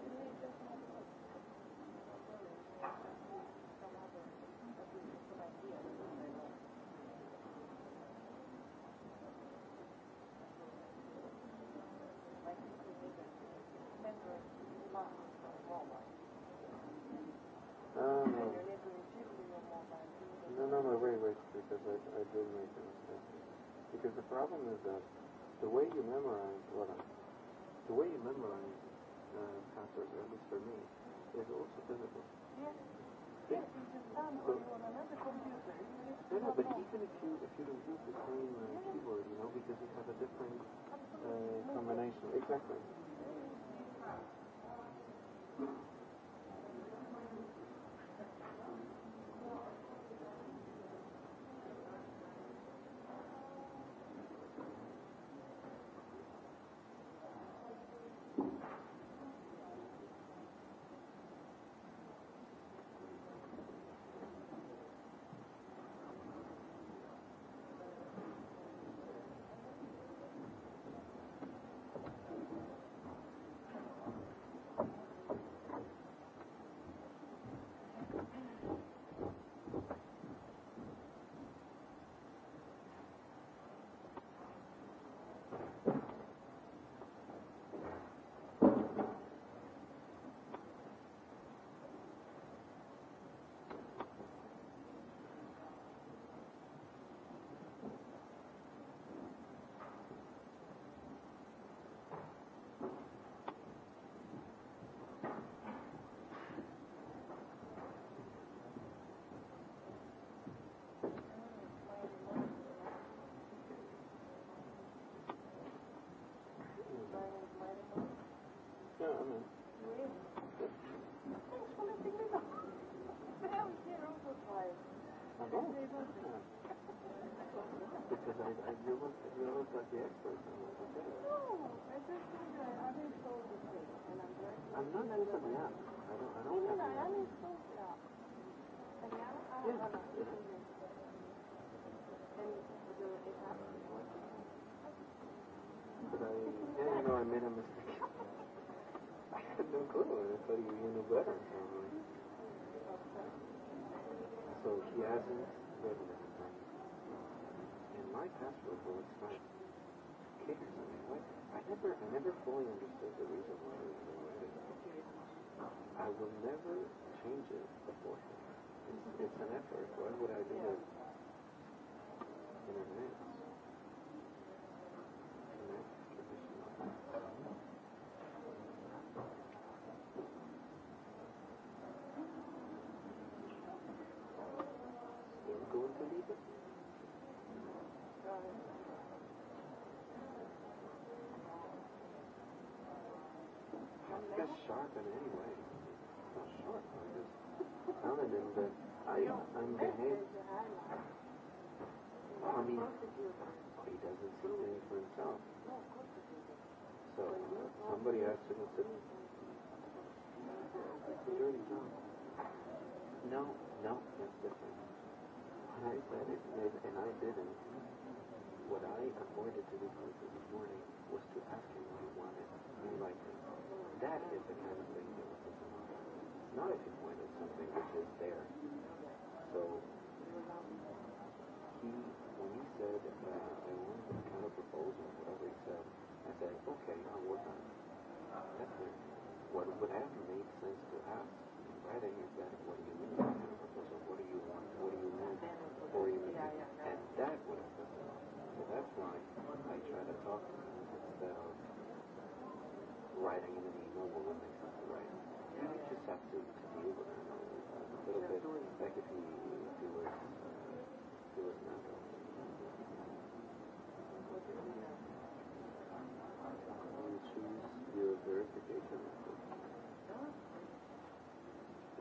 the way you memorize, well, the way you memorize uh, passwords, at least for me, is also physical. Yes. Yeah. Yes, you just found so, on another computer. No, no, but even if you if you use the same uh, yes. keyboard, you know, because you have a different uh, combination. Exactly. Mm. like the experts on what to do. No, I just think that I haven't sold the thing, and I'm very. I'm not necessarily up. I don't. I don't. Even I haven't sold it up. And now I have yeah. an opinion. And uh, the it happened. [LAUGHS] But I, yeah, you know, I made a mistake. I had no clue. I thought you knew better. So, so he hasn't written it. And my password will expire think or something. What? I never, I never fully understood the reason why I was doing it. I will never change it beforehand. It's, it's an effort. Why would I do yeah. it in advance? that is the kind of thing that it's not a viewpoint, it's something which is there. So he, when he said, uh, I wanted to kind of proposal or whatever he said, I said, okay, I'll work on it. That's it. What would have made sense to us in writing is that what do you mean by kind of proposal? What do you want? What do you want? Or you mean? And that would have been. So that's why I try to talk to writing in an email will not make something right. You just have to, to deal with it a little bit. Like if he, if he was, if he was not. You choose your verification method.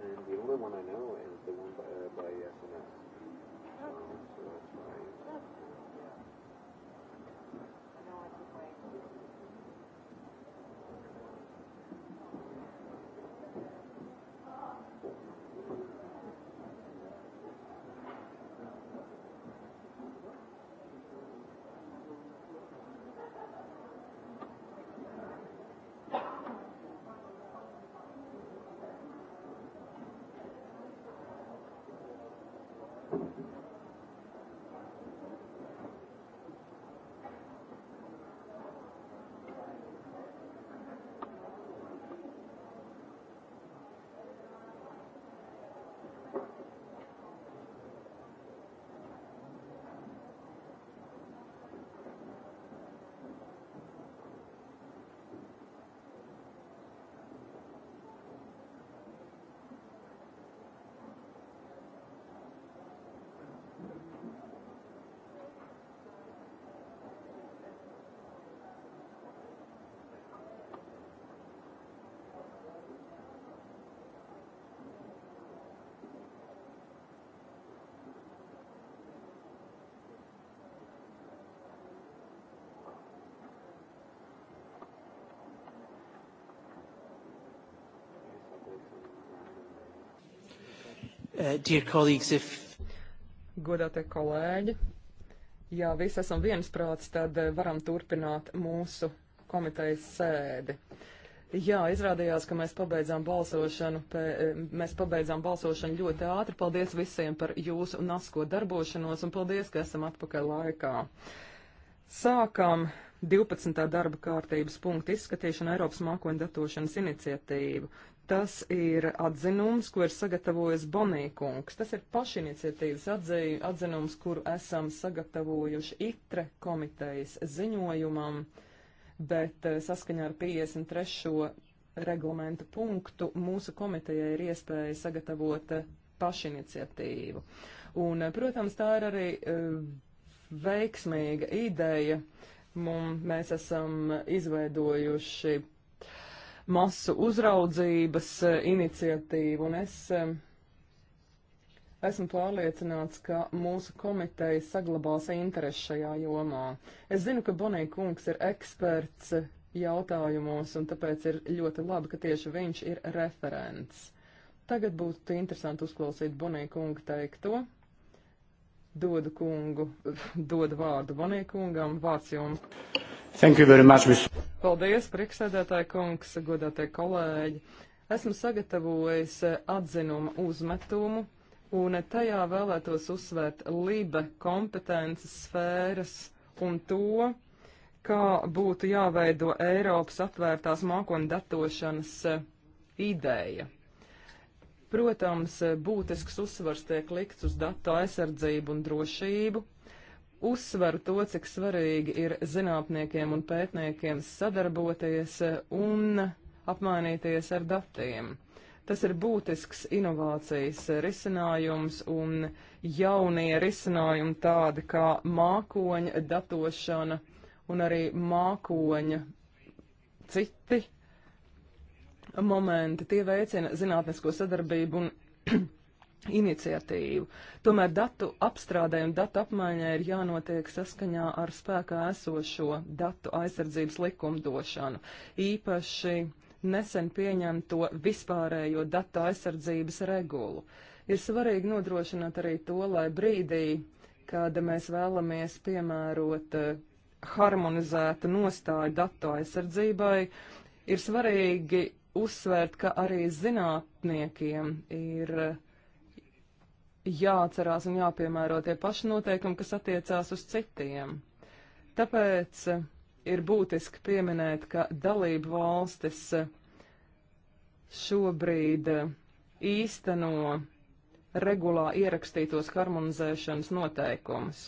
And the only one I know is the one by, uh, by SNL. Uh, dear colleagues, if... Godātie kolēģi, ja visi esam viensprāts, tad uh, varam turpināt mūsu komitejas sēdi. Jā, izrādījās, ka mēs pabeidzām balsošanu, pē, uh, mēs pabeidzām balsošanu ļoti ātri. Paldies visiem par jūsu nasko darbošanos un paldies, ka esam atpakaļ laikā. Sākam 12. darba kārtības punktu izskatīšanu Eiropas mākoņu datošanas iniciatīvu. Tas ir atzinums, ko ir sagatavojis Bonīkungs. Tas ir pašiniciatīvas atzī, atzinums, kuru esam sagatavojuši ITRE komitejas ziņojumam, bet eh, saskaņā ar 53. reglamentu punktu mūsu komitejai ir iespēja sagatavot eh, pašiniciatīvu. Un, eh, protams, tā ir arī veiksmīga ideja. Mums, mēs esam izveidojuši masu uzraudzības e, iniciatīvu, un es e, esmu pārliecināts, ka mūsu komiteja saglabās interesi šajā jomā. Es zinu, ka Bonija kungs ir eksperts jautājumos, un tāpēc ir ļoti labi, ka tieši viņš ir referents. Tagad būtu interesanti uzklausīt Bonija kunga teikto dodu kungu, [LAUGHS] dodu vārdu Vanī kungam, vārds jums. Thank you very much, Ms. Paldies, priekšsēdētāji kungs, godātie kolēģi. Esmu sagatavojis atzinumu uzmetumu, un tajā vēlētos uzsvērt libe kompetences sfēras un to, kā būtu jāveido Eiropas atvērtās mākoņu datošanas ideja. Protams, e, būtisks uzsvars tiek likts uz datu aizsardzību un drošību. Uzsveru to, cik svarīgi ir zinātniekiem un pētniekiem sadarboties e, un apmainīties ar datiem. Tas ir būtisks inovācijas risinājums un jaunie risinājumi tādi kā mākoņa datošana un arī mākoņa citi momenti, tie veicina zinātnisko sadarbību un [CLEARS THROAT] iniciatīvu. Tomēr datu apstrādē un datu apmaiņai ir jānotiek saskaņā ar spēkā esošo datu aizsardzības likumdošanu, īpaši nesen pieņemto vispārējo datu aizsardzības regulu. Ir svarīgi nodrošināt arī to, lai brīdī, kad mēs vēlamies piemērot eh, harmonizētu nostāju datu aizsardzībai, ir svarīgi uzsvērt, ka arī zinātniekiem ir jāatcerās un jāpiemēro tie paši noteikumi, kas attiecās uz citiem. Tāpēc ir būtiski pieminēt, ka dalību valstis šobrīd īsteno regulā ierakstītos harmonizēšanas noteikumus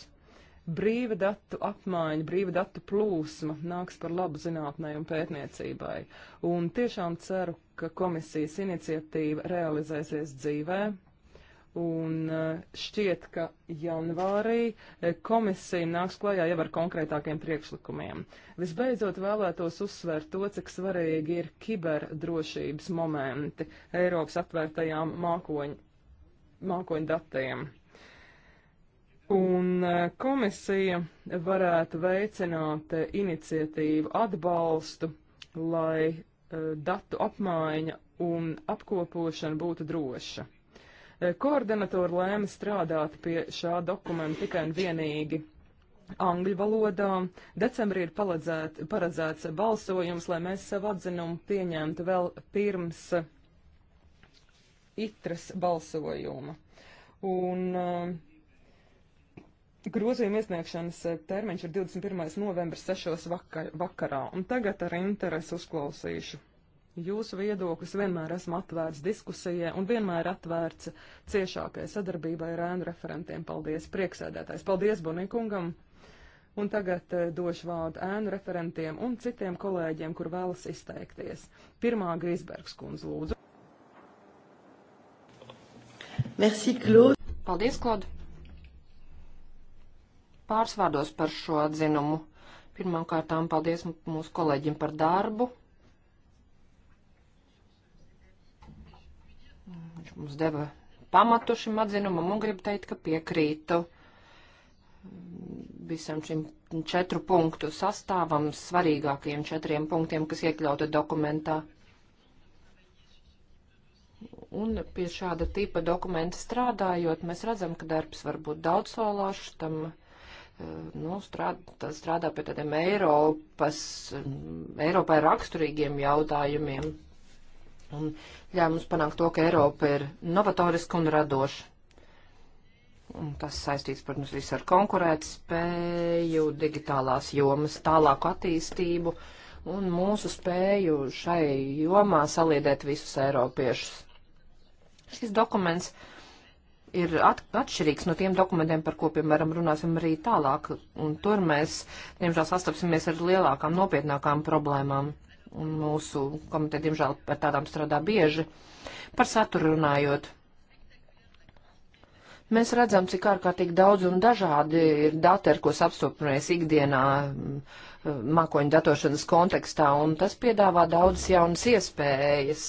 brīva datu apmaiņa, brīva datu plūsma nāks par labu zinātnē un pētniecībai. Un tiešām ceru, ka komisijas iniciatīva realizēsies dzīvē. Un eh, šķiet, ka janvārī eh, komisija nāks klajā jau ar konkrētākiem priekšlikumiem. Visbeidzot vēlētos uzsvērt to, cik svarīgi ir kiberdrošības momenti Eiropas atvērtajām mākoņu, mākoņu datiem. Un e, komisija varētu veicināt e, iniciatīvu atbalstu, lai e, datu apmaiņa un apkopošana būtu droša. Koordinatori lēma strādāt pie šā dokumenta tikai un vienīgi angļu valodā. Decembrī ir paledzēt, paredzēts balsojums, lai mēs savu atzinumu pieņemtu vēl pirms itras balsojuma. Un uh, Grozījuma iesniegšanas eh, termiņš ir 21. novembris 6. Vakar, vakarā, un tagad ar interesi uzklausīšu. Jūsu viedoklis vienmēr esmu atvērts diskusijai un vienmēr atvērts ciešākai sadarbībai ar ēnu referentiem. Paldies, prieksēdētājs! Paldies, Bonikungam! Un tagad e, došu vārdu ēnu referentiem un citiem kolēģiem, kur vēlas izteikties. Pirmā Grīsbergs kundze, lūdzu. Merci, Klod. Paldies, Klod pāris vārdos par šo atzinumu. Pirmkārtām paldies mūsu kolēģim par darbu. Viņš mums deva pamatu šim atzinumam un gribu teikt, ka piekrītu visam šim četru punktu sastāvam, svarīgākajiem četriem punktiem, kas iekļauti dokumentā. Un pie šāda tipa dokumenta strādājot, mēs redzam, ka darbs var būt daudzsološs, tam nu, strādā, strādā pie tādiem Eiropas, Eiropai raksturīgiem jautājumiem un ļauj mums panākt to, ka Eiropa ir novatoriska un radoša. Un tas saistīts, protams, viss ar konkurētspēju, digitālās jomas tālāku attīstību un mūsu spēju šai jomā saliedēt visus eiropiešus. Šis dokuments uh, ir at, atšķirīgs no tiem dokumentiem, par ko, piemēram, runāsim arī tālāk. Un tur mēs, diemžēl, sastapsimies ar lielākām, nopietnākām problēmām. Un mūsu komiteja, diemžēl, par tādām strādā bieži. Par saturu runājot. Mēs redzam, cik ārkārtīgi daudz un dažādi ir dati, ar ko apstopamies ikdienā mākoņu datošanas kontekstā, un tas piedāvā daudz jaunas iespējas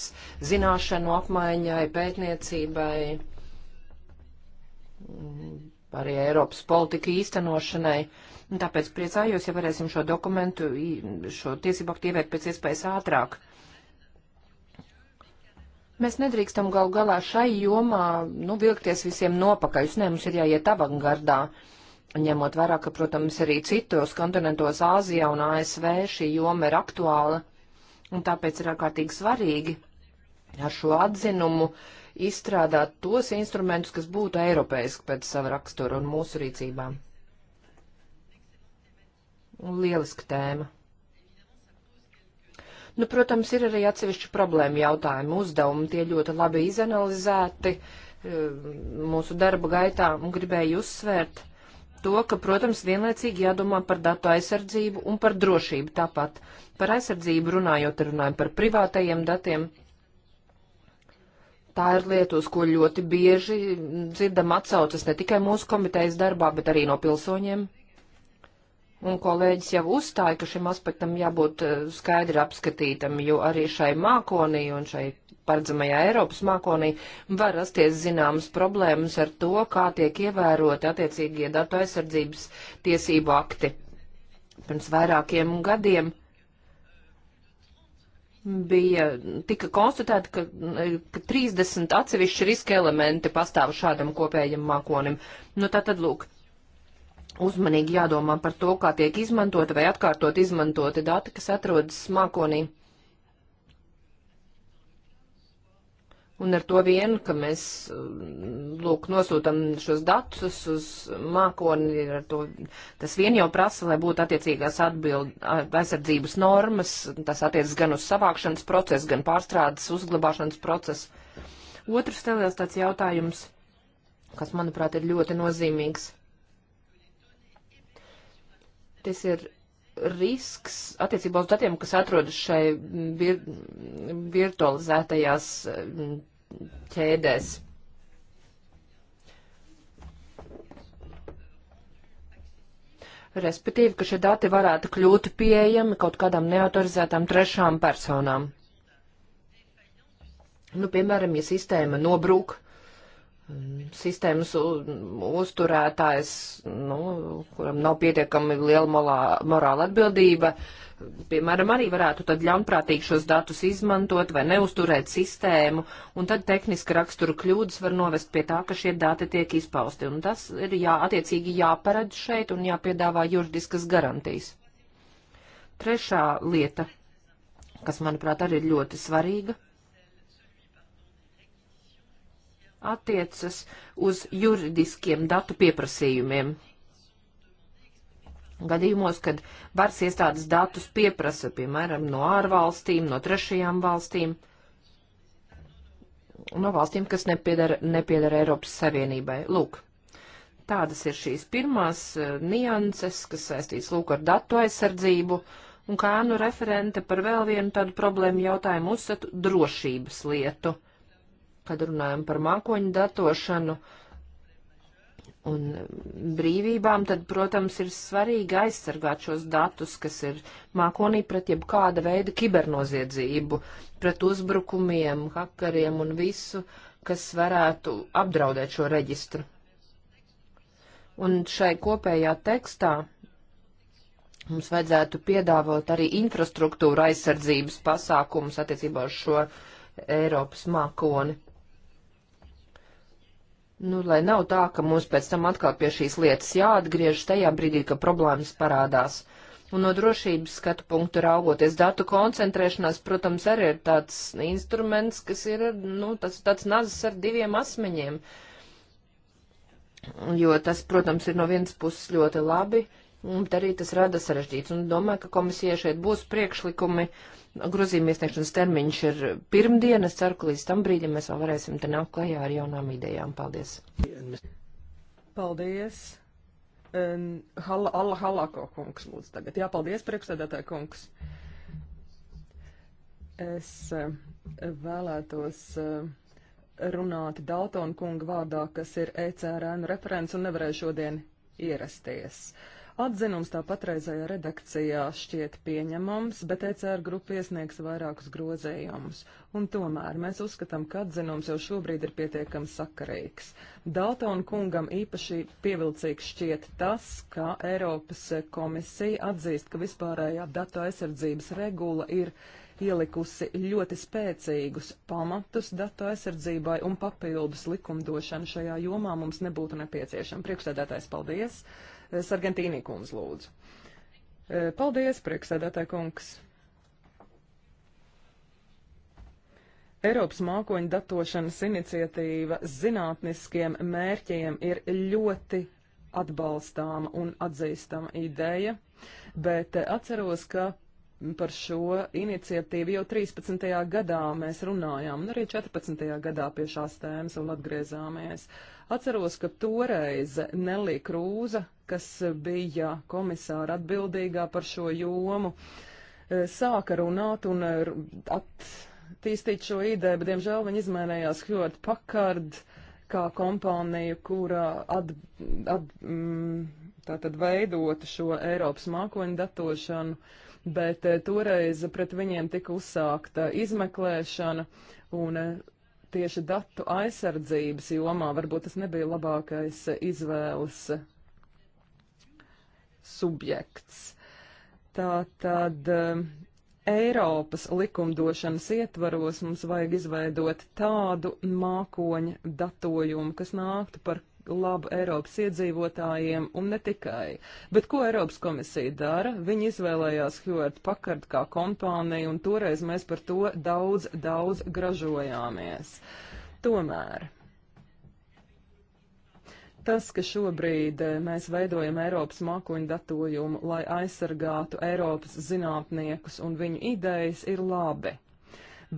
zināšanu apmaiņai, pētniecībai arī Eiropas politika īstenošanai. Un tāpēc priecājos, ja varēsim šo dokumentu, šo tiesību aktu ievērt pēc iespējas ātrāk. Mēs nedrīkstam gal galā šai jomā, nu, vilkties visiem nopakaļ. Nē, mums ir jāiet avangardā. Ņemot vērā, ka, protams, arī citos kontinentos Āzijā un ASV šī joma ir aktuāla. Un tāpēc ir ārkārtīgi svarīgi ar šo atzinumu uh, izstrādāt tos instrumentus, kas būtu eiropeiski pēc sava rakstura un mūsu rīcībām. Lieliska tēma. Nu, protams, ir arī atsevišķi problēma jautājumi, uzdevumi, tie ļoti labi izanalizēti eh, mūsu darba gaitā un gribēju uzsvērt to, ka, protams, vienlaicīgi jādomā par datu aizsardzību un par drošību tāpat. Par aizsardzību runājot, runājam par privātajiem datiem, Tā ir lieta, uz ko ļoti bieži dzirdam atsaucas ne tikai mūsu komitejas darbā, bet arī no pilsoņiem. Un kolēģis jau uzstāja, ka šim aspektam jābūt eh, skaidri apskatītam, jo arī šai mākonī un šai paredzamajā Eiropas mākonī var rasties zināmas problēmas ar to, kā tiek ievēroti attiecīgie datu aizsardzības tiesību akti. Pirms vairākiem gadiem bija, tika konstatēta, ka, ka 30 atsevišķi riska elementi pastāv šādam kopējam mākonim. Nu, tā tad, lūk, uzmanīgi jādomā par to, kā tiek izmantota vai atkārtot izmantoti dati, kas atrodas mākonī. Un ar to vienu, ka mēs, mm, lūk, nosūtam šos datus uz mākoni, ar to tas vien jau prasa, lai būtu attiecīgās atbild, aizsardzības normas, tas attiecas gan uz savākšanas procesu, gan pārstrādes uzglabāšanas procesu. Otrs vēl tāds jautājums, kas, manuprāt, ir ļoti nozīmīgs. Tas ir risks attiecībā uz datiem, kas atrodas šai vir virtualizētajās mm, ķēdēs. Respektīvi, ka šie dati varētu kļūt pieejami kaut kādām neautorizētām trešām personām. Nu, piemēram, ja sistēma nobrūk, sistēmas uzturētājs, nu, kuram nav pietiekami liela morāla atbildība, uh, piemēram, arī varētu tad ļaunprātīgi šos datus izmantot vai neusturēt sistēmu, un tad tehniska rakstura kļūdas var novest pie tā, ka šie dati tiek izpausti. Un tas ir jā, attiecīgi jāparedz šeit un jāpiedāvā juridiskas garantijas. Trešā lieta, kas, manuprāt, arī ir ļoti svarīga attiecas uz juridiskiem datu pieprasījumiem. Gadījumos, kad varas iestādes datus pieprasa, piemēram, no ārvalstīm, no trešajām valstīm, no valstīm, kas nepiedara, nepiedara Eiropas Savienībai. Lūk, tādas ir šīs pirmās eh, nianses, kas saistīts lūk ar datu aizsardzību, un kā nu referente par vēl vienu tādu problēmu jautājumu uzsatu drošības lietu, kad runājam par mākoņu datošanu. Uh, un brīvībām, tad, protams, ir svarīgi aizsargāt šos datus, kas ir mākonī pret jebkāda veida kibernoziedzību, pret uzbrukumiem, hakariem un visu, kas varētu apdraudēt šo reģistru. Un šai kopējā tekstā mums vajadzētu piedāvot arī infrastruktūra aizsardzības pasākumus attiecībā uz šo Eiropas mākoni Nu, lai nav tā, ka mums pēc tam atkal pie šīs lietas jāatgriežas tajā brīdī, kad problēmas parādās. Un no drošības skatu punktu raugoties, datu koncentrēšanās, protams, arī ir tāds instruments, kas ir, nu, tas tāds nazis ar diviem asmeņiem. Jo tas, protams, ir no vienas puses ļoti labi, bet arī tas rada sarežģīts. Un domāju, ka komisijai šeit būs priekšlikumi. Uh, Grozījuma iesniegšanas termiņš ir pirmdien. Es ceru, ka līdz tam brīdim mēs vēl varēsim te nākt klajā ar jaunām idejām. Paldies! Paldies! Halla, Alla Halako kungs lūdzu tagad. Jā, paldies, priekšsēdētāja kungs. Es eh, vēlētos eh, runāt Daltona kunga vārdā, kas ir ECRN referents un nevarēja šodien ierasties. Uh, Atzinums tā patreizējā redakcijā šķiet pieņemams, bet ECR grupa iesniegs vairākus grozējumus. Un tomēr mēs uzskatām, ka atzinums jau šobrīd ir pietiekami sakarīgs. Daltona kungam īpaši pievilcīgs šķiet tas, ka Eiropas komisija atzīst, ka vispārējā datu aizsardzības regula ir ielikusi ļoti spēcīgus pamatus datu aizsardzībai un papildus likumdošanu šajā jomā mums nebūtu nepieciešama. Priekšstādātājs, paldies! Sargentīnī kundz lūdzu. E, paldies, prieksēdētāji kungs. Eiropas mākoņu datošanas iniciatīva zinātniskiem mērķiem ir ļoti atbalstāma un atzīstama ideja, bet e, atceros, ka par šo iniciatīvu jau 13. gadā mēs runājām, un arī 14. gadā pie šās tēmas vēl atgriezāmies. Atceros, ka toreiz Nelī Krūza, kas bija komisāra atbildīgā par šo jomu, e, sāka runāt un e, attīstīt šo ideju, bet, diemžēl, viņa izmainījās Hjort Pakard kā kompānija, kura at, at, mm, tātad veidota šo Eiropas mākoņu datošanu bet eh, toreiz pret viņiem tika uzsākta izmeklēšana un eh, tieši datu aizsardzības jomā varbūt tas nebija labākais eh, izvēles subjekts. Tā tad Eiropas likumdošanas ietvaros mums vajag izveidot tādu mākoņu datojumu, kas nāktu par labu Eiropas iedzīvotājiem un ne tikai. Bet ko Eiropas komisija dara? Viņi izvēlējās Hewitt Packard kā kompāniju un toreiz mēs par to daudz, daudz gražojāmies. Tomēr. Tas, ka šobrīd eh, mēs veidojam Eiropas mākoņu datojumu, lai aizsargātu Eiropas zinātniekus un viņu idejas, ir labi.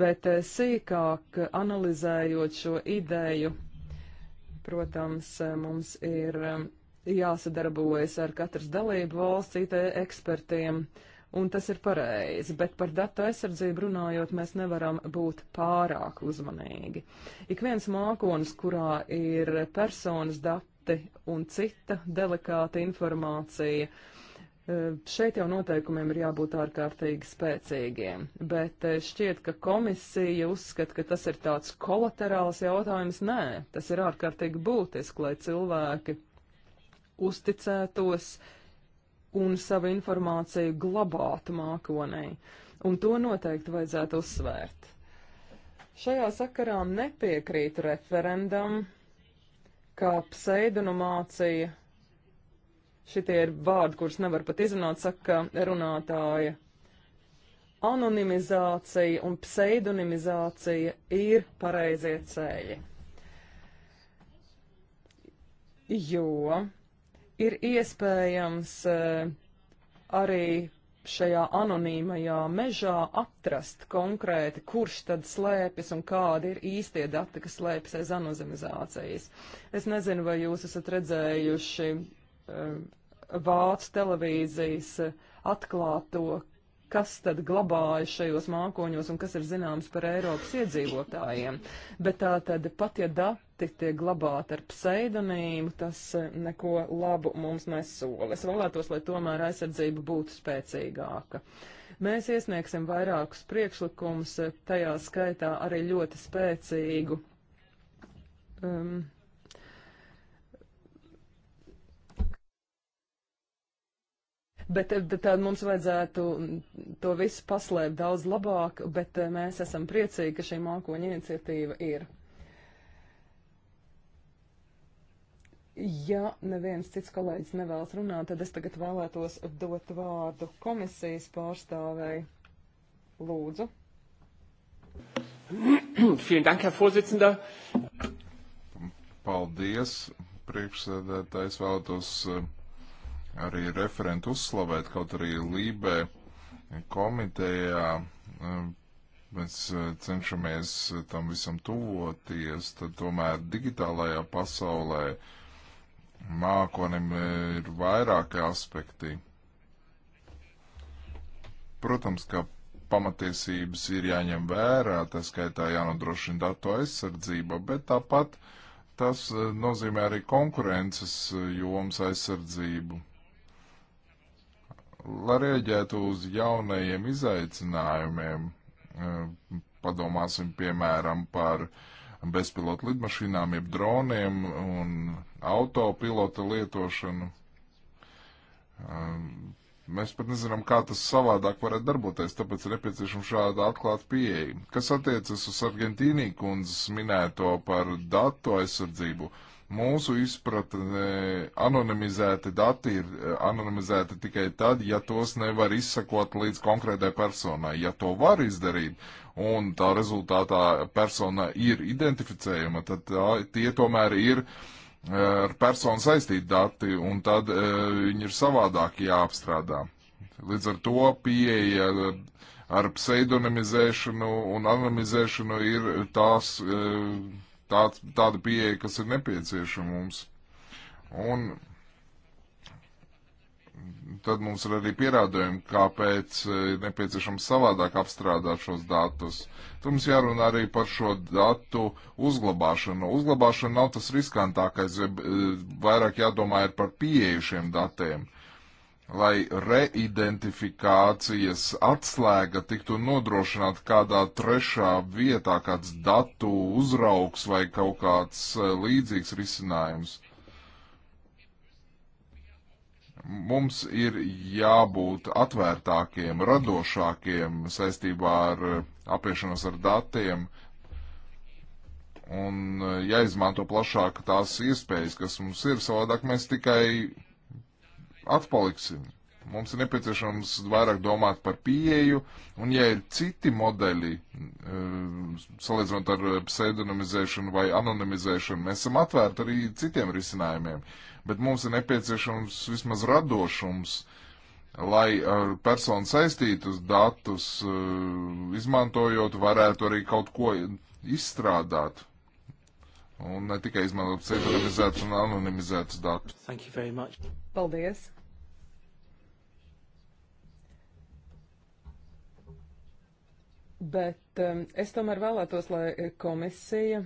Bet eh, sīkāk analizējot šo ideju, Protams, mums ir um, jāsadarbojas ar katras dalību valsts IT ekspertiem, un tas ir pareizi, bet par datu aizsardzību runājot, mēs nevaram būt pārāk uzmanīgi. Ik viens mākonis, kurā ir personas dati un cita delikāta informācija, uh, Eh, šeit jau noteikumiem ir jābūt ārkārtīgi spēcīgiem, bet eh, šķiet, ka komisija uzskata, ka tas ir tāds kolaterāls jautājums. Nē, tas ir ārkārtīgi būtiski, lai cilvēki uzticētos un savu informāciju glabātu mākonī. Un to noteikti vajadzētu uzsvērt. Šajā sakarā nepiekrītu referendam, kā pseidonumācija Šitie ir vārdi, kurus nevar pat izrunāt, saka runātāja. Anonimizācija un pseidonimizācija ir pareizie ceļi. Jo ir iespējams eh, arī šajā anonīmajā mežā atrast konkrēti, kurš tad slēpjas un kādi ir īstie dati, kas slēpjas aiz anonimizācijas. Es nezinu, vai jūs esat redzējuši Um, vācu televīzijas atklāto, kas tad glabāja šajos mākoņos un kas ir zināms par Eiropas iedzīvotājiem. Bet tā tad pat ja dati tiek glabāti ar pseidonīmu, tas neko labu mums nesola. Es vēlētos, lai tomēr aizsardzība būtu spēcīgāka. Mēs iesniegsim vairākus priekšlikumus, tajā skaitā arī ļoti spēcīgu. Um, bet, eh, bet tad eh, mums vajadzētu mm, to visu paslēpt daudz labāk, bet eh, mēs esam priecīgi, ka šī mākoņa iniciatīva ir. Ja neviens cits kolēģis nevēlas runāt, tad es tagad vēlētos dot vārdu komisijas pārstāvēji. Lūdzu. [CLEARS THROAT] Vielen Dank, Herr Vorsitzender. Paldies, priekšsēdētājs vēlētos uh, arī referentu uzslavēt, kaut arī Lībē komitejā e, mēs e, cenšamies tam visam tuvoties, tad tomēr digitālajā pasaulē mākonim ir vairāki aspekti. Protams, ka pamatiesības ir jāņem vērā, tā skaitā jānodrošina datu aizsardzība, bet tāpat tas e, nozīmē arī konkurences jomas aizsardzību. Lai rēģētu uz jaunajiem izaicinājumiem, e, padomāsim piemēram par bezpilotu lidmašīnām, jeb droniem un autopilota lietošanu. E, mēs pat nezinām, kā tas savādāk varētu darboties, tāpēc ir nepieciešama šāda atklāta pieeja. Kas attiecas uz Argentīnī kundzes minēto par datu aizsardzību, uh, Mūsu izpratnē anonimizēti dati ir eh, anonimizēti tikai tad, ja tos nevar izsakot līdz konkrētai personai. Ja to var izdarīt un tā rezultātā persona ir identificējama, tad tā, tie tomēr ir eh, ar personu saistīti dati un tad eh, viņi ir savādāk jāapstrādā. Līdz ar to pieeja ar pseidonimizēšanu un anonimizēšanu ir tās. Uh, tāds, tāda pieeja, kas ir nepieciešama mums. Un tad mums ir arī pierādījumi, kāpēc e, ir nepieciešams savādāk apstrādāt šos datus. Tur mums jārunā arī par šo datu uzglabāšanu. Uzglabāšana nav tas riskantākais, e, vairāk jādomā ir par pieejušiem datiem. Uh, lai reidentifikācijas atslēga tiktu nodrošināta kādā trešā vietā, kāds datu uzraugs vai kaut kāds e, līdzīgs risinājums. Mums ir jābūt atvērtākiem, radošākiem saistībā ar e, apiešanos ar datiem un e, jāizmanto plašāk tās iespējas, kas mums ir, savādāk mēs tikai atpaliksim. Mums ir nepieciešams vairāk domāt par pieeju, un ja ir citi modeļi, eh, salīdzinot ar pseidonimizēšanu vai anonimizēšanu, mēs esam atvērti arī citiem risinājumiem, bet mums ir nepieciešams vismaz radošums, lai eh, personu saistītus datus, eh, izmantojot, varētu arī kaut ko izstrādāt. Un ne tikai izmantot pseidonimizētus un anonimizētus datus. Paldies! Bet um, es tomēr vēlētos, lai komisija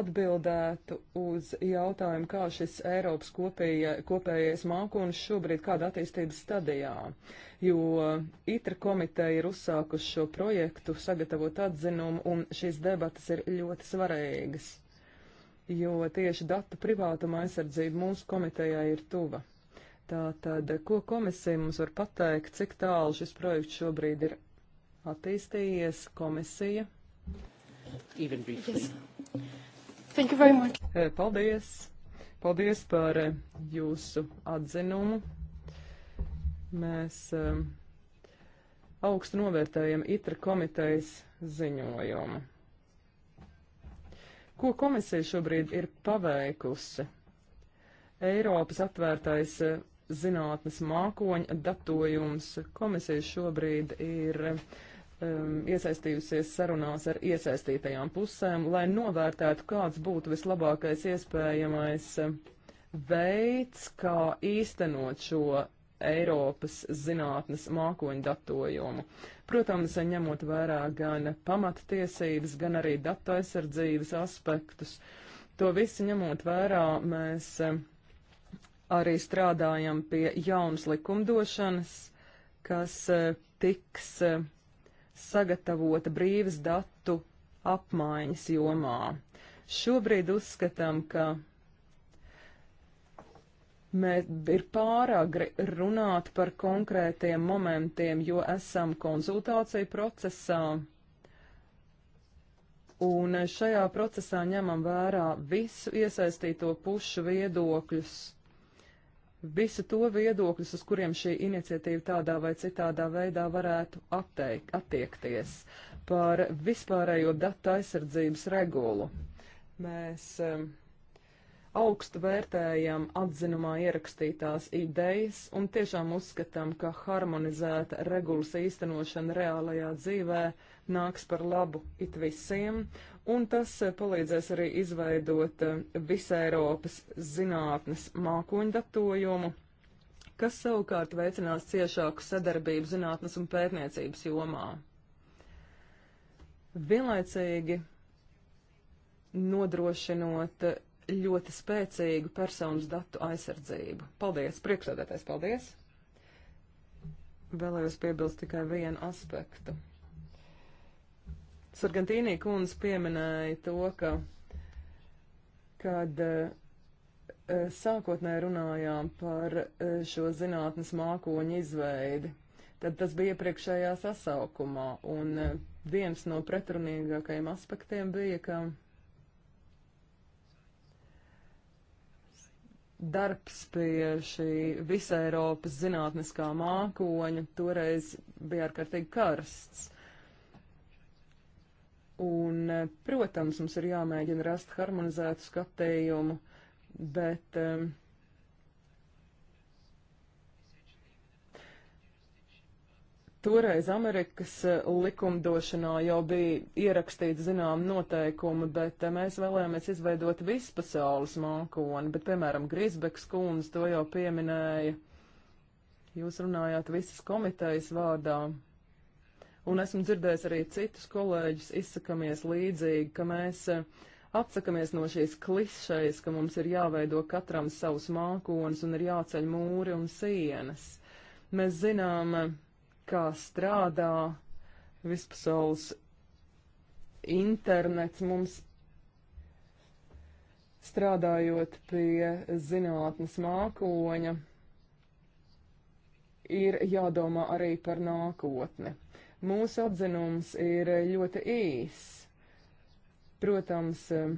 atbildētu uz jautājumu, kā šis Eiropas kopīja, kopējais mākonis šobrīd kāda attīstības stadijā, jo ITRA komiteja ir uzsākuši šo projektu, sagatavot atzinumu, un šīs debatas ir ļoti svarīgas jo tieši datu privātuma aizsardzība mūsu komitejā ir tuva. Tātad, ko komisija mums var pateikt, cik tālu šis projekts šobrīd ir attīstījies? Komisija. Even briefly. Yes. Thank you very much. Eh, paldies. Paldies par eh, jūsu atzinumu. Mēs eh, augstu novērtējam ITRA komitejas ziņojumu. Ko komisija šobrīd ir paveikusi? Eiropas atvērtais eh, zinātnes mākoņa datojums. Komisija šobrīd ir um, iesaistījusies sarunās ar iesaistītajām pusēm, lai novērtētu, kāds būtu vislabākais iespējamais eh, veids, kā īstenot šo Eiropas zinātnes mākoņu datojumu. Protams, ņemot vērā gan pamattiesības, gan arī datu aizsardzības aspektus. To visu ņemot vērā, mēs eh, arī strādājam pie jaunas likumdošanas, kas eh, tiks eh, sagatavota brīvas datu apmaiņas jomā. Šobrīd uzskatām, ka Mēs ir pārāk runāt par konkrētiem momentiem, jo esam konsultāciju procesā. Un šajā procesā ņemam vērā visu iesaistīto pušu viedokļus, visu to viedokļus, uz kuriem šī iniciatīva tādā vai citādā veidā varētu atteikt, attiekties par vispārējo datu aizsardzības regulu. Mēs um, augstu vērtējam atzinumā ierakstītās idejas un tiešām uzskatām, ka harmonizēta regulas īstenošana reālajā dzīvē nāks par labu it visiem, un tas eh, palīdzēs arī izveidot eh, visai Eiropas zinātnes mākoņdatojumu, kas savukārt veicinās ciešāku sadarbību zinātnes un pētniecības jomā. Vienlaicīgi nodrošinot ļoti spēcīgu personas datu aizsardzību. Paldies, priekšsēdētājs, paldies! Vēlējos piebilst tikai vienu aspektu. Sargantīnī kundze pieminēja to, ka, kad e, sākotnēji runājām par e, šo zinātnes mākoņu izveidi, tad tas bija iepriekšējā sasaukumā, un e, viens no pretrunīgākajiem aspektiem bija, ka darbs pie šī visa Eiropas zinātniskā mākoņa toreiz bija ārkārtīgi karsts. Un, protams, mums ir jāmēģina rast harmonizētu skatījumu, bet um, Toreiz Amerikas eh, likumdošanā jau bija ierakstīti zinām noteikumi, bet eh, mēs vēlējāmies izveidot vispasaules mākoni, bet, piemēram, Grisbeks kundze to jau pieminēja. Jūs runājāt visas komitejas vārdā. Un esmu dzirdējis arī citus kolēģus izsakamies līdzīgi, ka mēs eh, atsakamies no šīs klišejas, ka mums ir jāveido katram savs mākonis un ir jāceļ mūri un sienas. Mēs zinām, kā strādā vispasaules internets mums strādājot pie zinātnes mākoņa, ir jādomā arī par nākotni. Mūsu atzinums ir ļoti īs. Protams, um,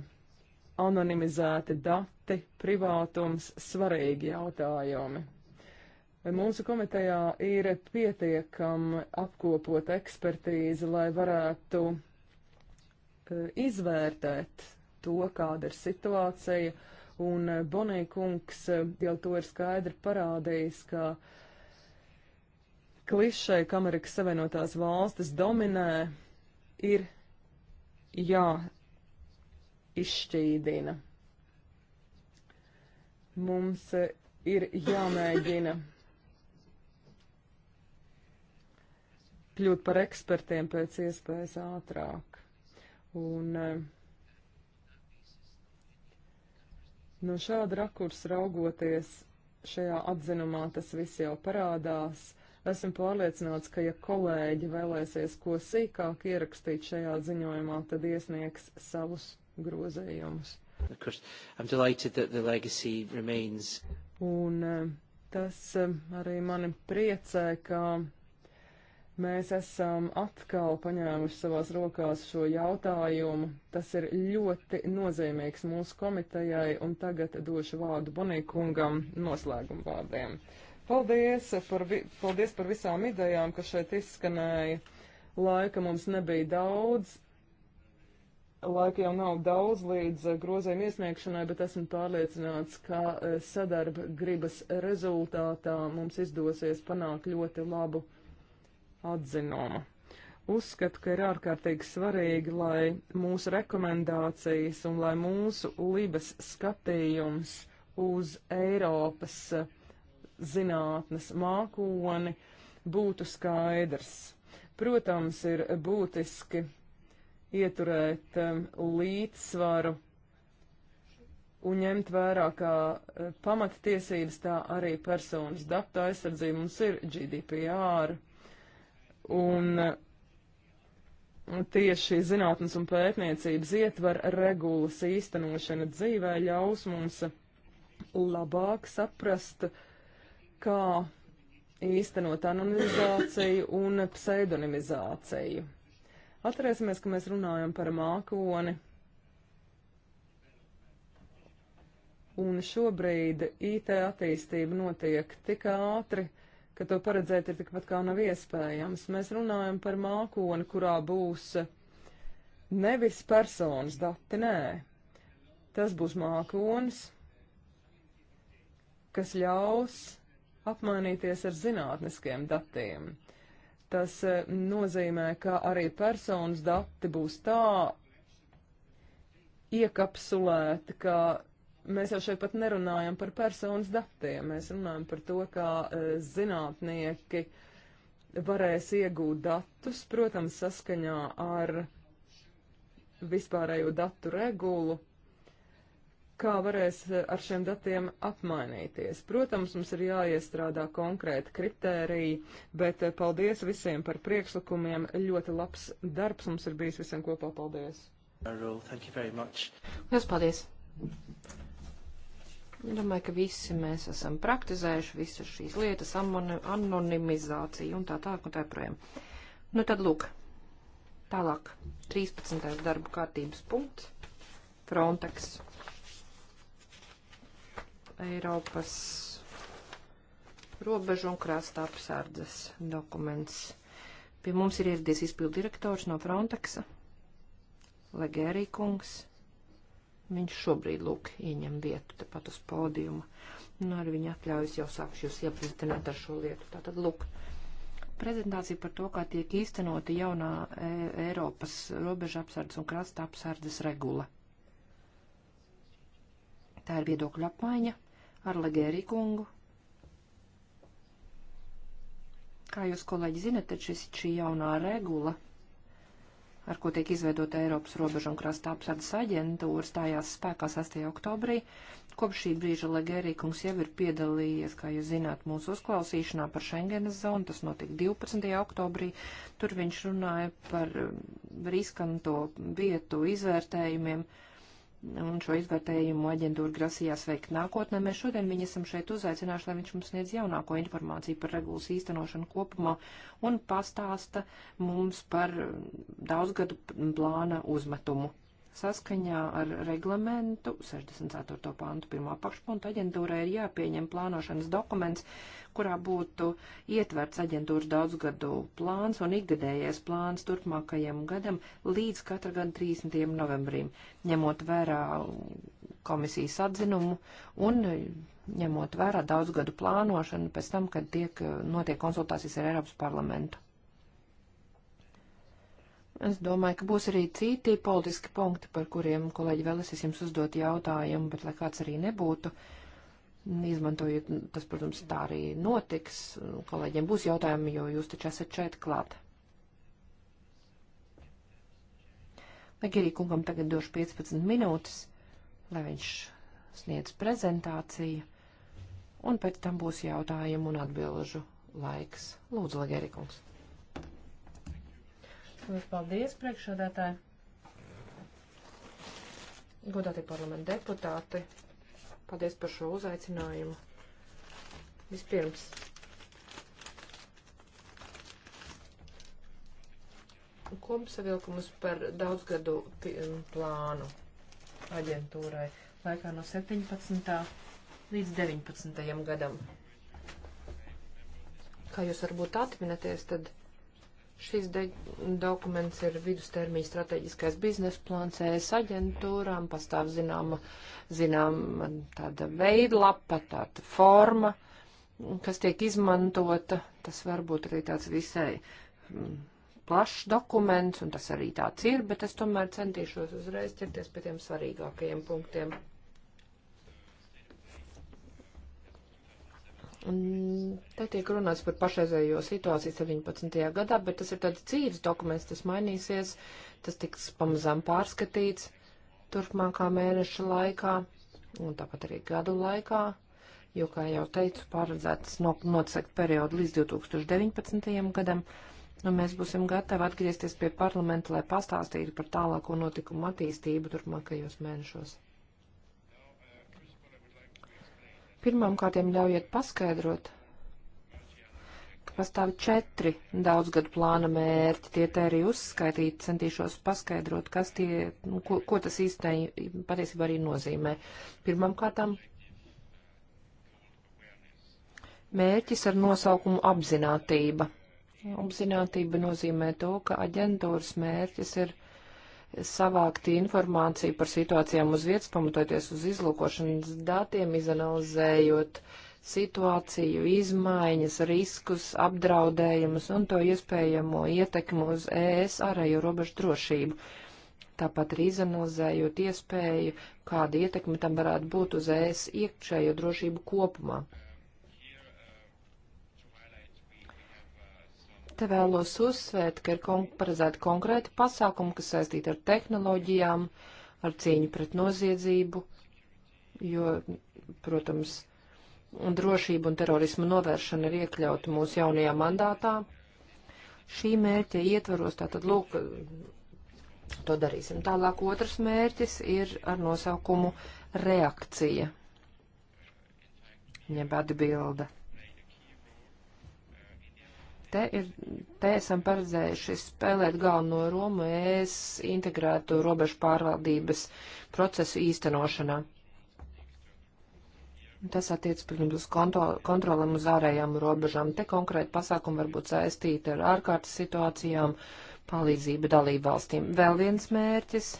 anonimizēti dati, privātums, svarīgi jautājumi. Mūsu komitejā ir pietiekama apkopota ekspertīze, lai varētu e, izvērtēt to, kāda ir situācija, un e, Bonija kungs e, jau to ir skaidri parādījis, ka klišai, kam Amerikas Savienotās valstis dominē, ir jāizšķīdina. Mums ir jāmēģina kļūt par ekspertiem pēc iespējas ātrāk. Un eh, no šāda rakursa raugoties šajā atzinumā tas viss jau parādās. Esmu pārliecināts, ka ja kolēģi vēlēsies ko sīkāk ierakstīt šajā ziņojumā, tad iesniegs savus grozējumus. Un eh, tas eh, arī mani priecē, ka Mēs esam atkal paņēmuši savās rokās šo jautājumu. Tas ir ļoti nozīmīgs mūsu komitejai, un tagad došu vārdu Bonīkungam noslēguma vārdiem. Paldies par, vi paldies par visām idejām, kas šeit izskanēja. Laika mums nebija daudz. Laika jau nav daudz līdz eh, grozējuma iesniegšanai, bet esmu pārliecināts, ka eh, sadarba gribas rezultātā mums izdosies panākt ļoti labu atzinuma. Uzskatu, ka ir ārkārtīgi svarīgi, lai mūsu rekomendācijas un lai mūsu libes skatījums uz Eiropas eh, zinātnes mākoni būtu skaidrs. Protams, ir būtiski ieturēt eh, līdzsvaru un ņemt vērā kā eh, pamatiesības, tā arī personas datu aizsardzība mums ir GDPR. Un uh, tieši zinātnes un pētniecības ietver regulas īstenošana dzīvē ļaus mums labāk saprast, kā īstenot anonimizāciju un pseidonimizāciju. Atcerēsimies, ka mēs runājam par mākoni. Un šobrīd IT attīstība notiek tik ātri, ka to paredzēt ir tikpat kā nav iespējams. Mēs runājam par mākoni, kurā būs nevis personas dati, nē. Tas būs mākonis, kas ļaus apmainīties ar zinātniskiem datiem. Tas e, nozīmē, ka arī personas dati būs tā iekapsulēti, ka Mēs jau šeit pat nerunājam par personas datiem, mēs runājam par to, kā e, zinātnieki varēs iegūt datus, protams, saskaņā ar vispārējo datu regulu, kā varēs e, ar šiem datiem apmainīties. Protams, mums ir jāiestrādā konkrēti kritēriji, bet e, paldies visiem par priekšlikumiem. Ļoti labs darbs mums ir bijis visiem kopā. Paldies! Lielas paldies! Ja domāju, ka visi mēs esam praktizējuši visas šīs lietas, anonimizāciju un tā tālāk un tā projām. Nu tad lūk, tālāk 13. darba kārtības punkts - Frontex. Eiropas robežu un krāsta apsardzes dokuments. Pie mums ir ieradies izpildu direktors no Frontexa, Legērī kungs. Viņš šobrīd, lūk, ieņem vietu tepat uz pódiuma. Un nu, ar viņu atļaujas jau sākšu jūs iepazīstināt ar šo lietu. Tātad, lūk, prezentācija par to, kā tiek īstenota jaunā e Eiropas robeža apsardzes un krasta apsardzes regula. Tā ir viedokļu apmaiņa ar Legēri kungu. Kā jūs, kolēģi, zinat, tad šis, šī jaunā regula ar ko tiek izveidota Eiropas robežu un krasta apsardzes aģentūra, stājās spēkā 6. oktobrī. Kopš šī brīža Legērija kungs jau ir piedalījies, kā jūs zināt, mūsu uzklausīšanā par Schengenas zonu, tas notika 12. oktobrī. Tur viņš runāja par riskanto vietu izvērtējumiem. Uh, un šo izvērtējumu aģentūra grasījās veikt nākotnē. Mēs šodien viņu esam šeit uzaicinājuši, lai viņš mums sniedz jaunāko informāciju par regulas īstenošanu kopumā un pastāsta mums par daudzgadu plāna uzmetumu. Saskaņā ar reglamentu 64. pantu 1. pakšpunktu aģentūrai ir jāpieņem plānošanas dokuments, kurā būtu ietverts aģentūras daudzgadu plāns un ikgadējais plāns turpmākajam gadam līdz katra gada 30. novembrim, ņemot vērā komisijas atzinumu un ņemot vērā daudzgadu plānošanu pēc tam, kad tiek, notiek konsultācijas ar Eiropas parlamentu. Es domāju, ka būs arī citi politiski punkti, par kuriem kolēģi vēlēsies jums uzdot jautājumu, bet lai kāds arī nebūtu, izmantojot, tas, protams, tā arī notiks. Kolēģiem būs jautājumi, jo jūs taču esat šeit klāt. Legirī kungam tagad došu 15 minūtes, lai viņš sniedz prezentāciju, un pēc tam būs jautājumu un atbilžu laiks. Lūdzu, Legirī kungs. Lielas paldies, priekšsādātāji! Godātie parlamenta deputāti, paldies par šo uzaicinājumu. Vispirms. Kopsavilkums par daudzgadu plānu aģentūrai laikā no 17. līdz 19. gadam. Kā jūs varbūt atminaties, tad Šis dokuments ir vidustermiņa strateģiskais biznesa plāns ES aģentūrām, pastāv zināma, zināma tāda veidlapa, tāda forma, kas tiek izmantota. Tas varbūt arī tāds visai mm, plašs dokuments, un tas arī tāds ir, bet es tomēr centīšos uzreiz ķerties pie tiem svarīgākajiem punktiem. Un te tiek runāts par pašreizējo situāciju 17. gadā, bet tas ir tāds dzīves dokuments, tas mainīsies, tas tiks pamazām pārskatīts turpmākā mēneša laikā un tāpat arī gadu laikā, jo, kā jau teicu, paredzētas noteikt periodu līdz 2019. gadam, un nu, mēs būsim gatavi atgriezties pie parlamenta, lai pastāstītu par tālāko notikumu attīstību turpmākajos mēnešos. Pirmām kārtiem ļaujiet paskaidrot, ka pastāv četri daudzgadu plāna mērķi. Tie te arī uzskaitīti, centīšos paskaidrot, kas tie, nu, ko, ko tas īstenībā patiesībā arī nozīmē. Pirmām kārtām mērķis ar nosaukumu apzinātība. Apzinātība nozīmē to, ka aģentūras mērķis ir savākt informāciju par situācijām uz vietas, pamatoties uz izlūkošanas datiem, izanalizējot situāciju, izmaiņas, riskus, apdraudējumus un to iespējamo ietekmu uz ES ārējo robežu drošību. Tāpat arī izanalizējot iespēju, kāda ietekme tam varētu būt uz ES iekšējo drošību kopumā. te vēlos uzsvērt, ka ir paredzēti konkrēti pasākumi, kas saistīti ar tehnoloģijām, ar cīņu pret noziedzību, jo, protams, drošība un terorisma novēršana ir iekļauta mūsu jaunajā mandātā. Šī mērķa ietvaros, tātad, lūk, to darīsim. Tālāk otrs mērķis ir ar nosaukumu reakcija, jeb atbilde. Te, ir, te esam paredzējuši spēlēt galveno romu ES integrētu robežu pārvaldības procesu īstenošanā. Tas attiec, protams, uz kontrol, kontrolam uz ārējām robežām. Te konkrēti pasākumi var būt saistīti ar ārkārtas situācijām, palīdzību dalību valstīm. Vēl viens mērķis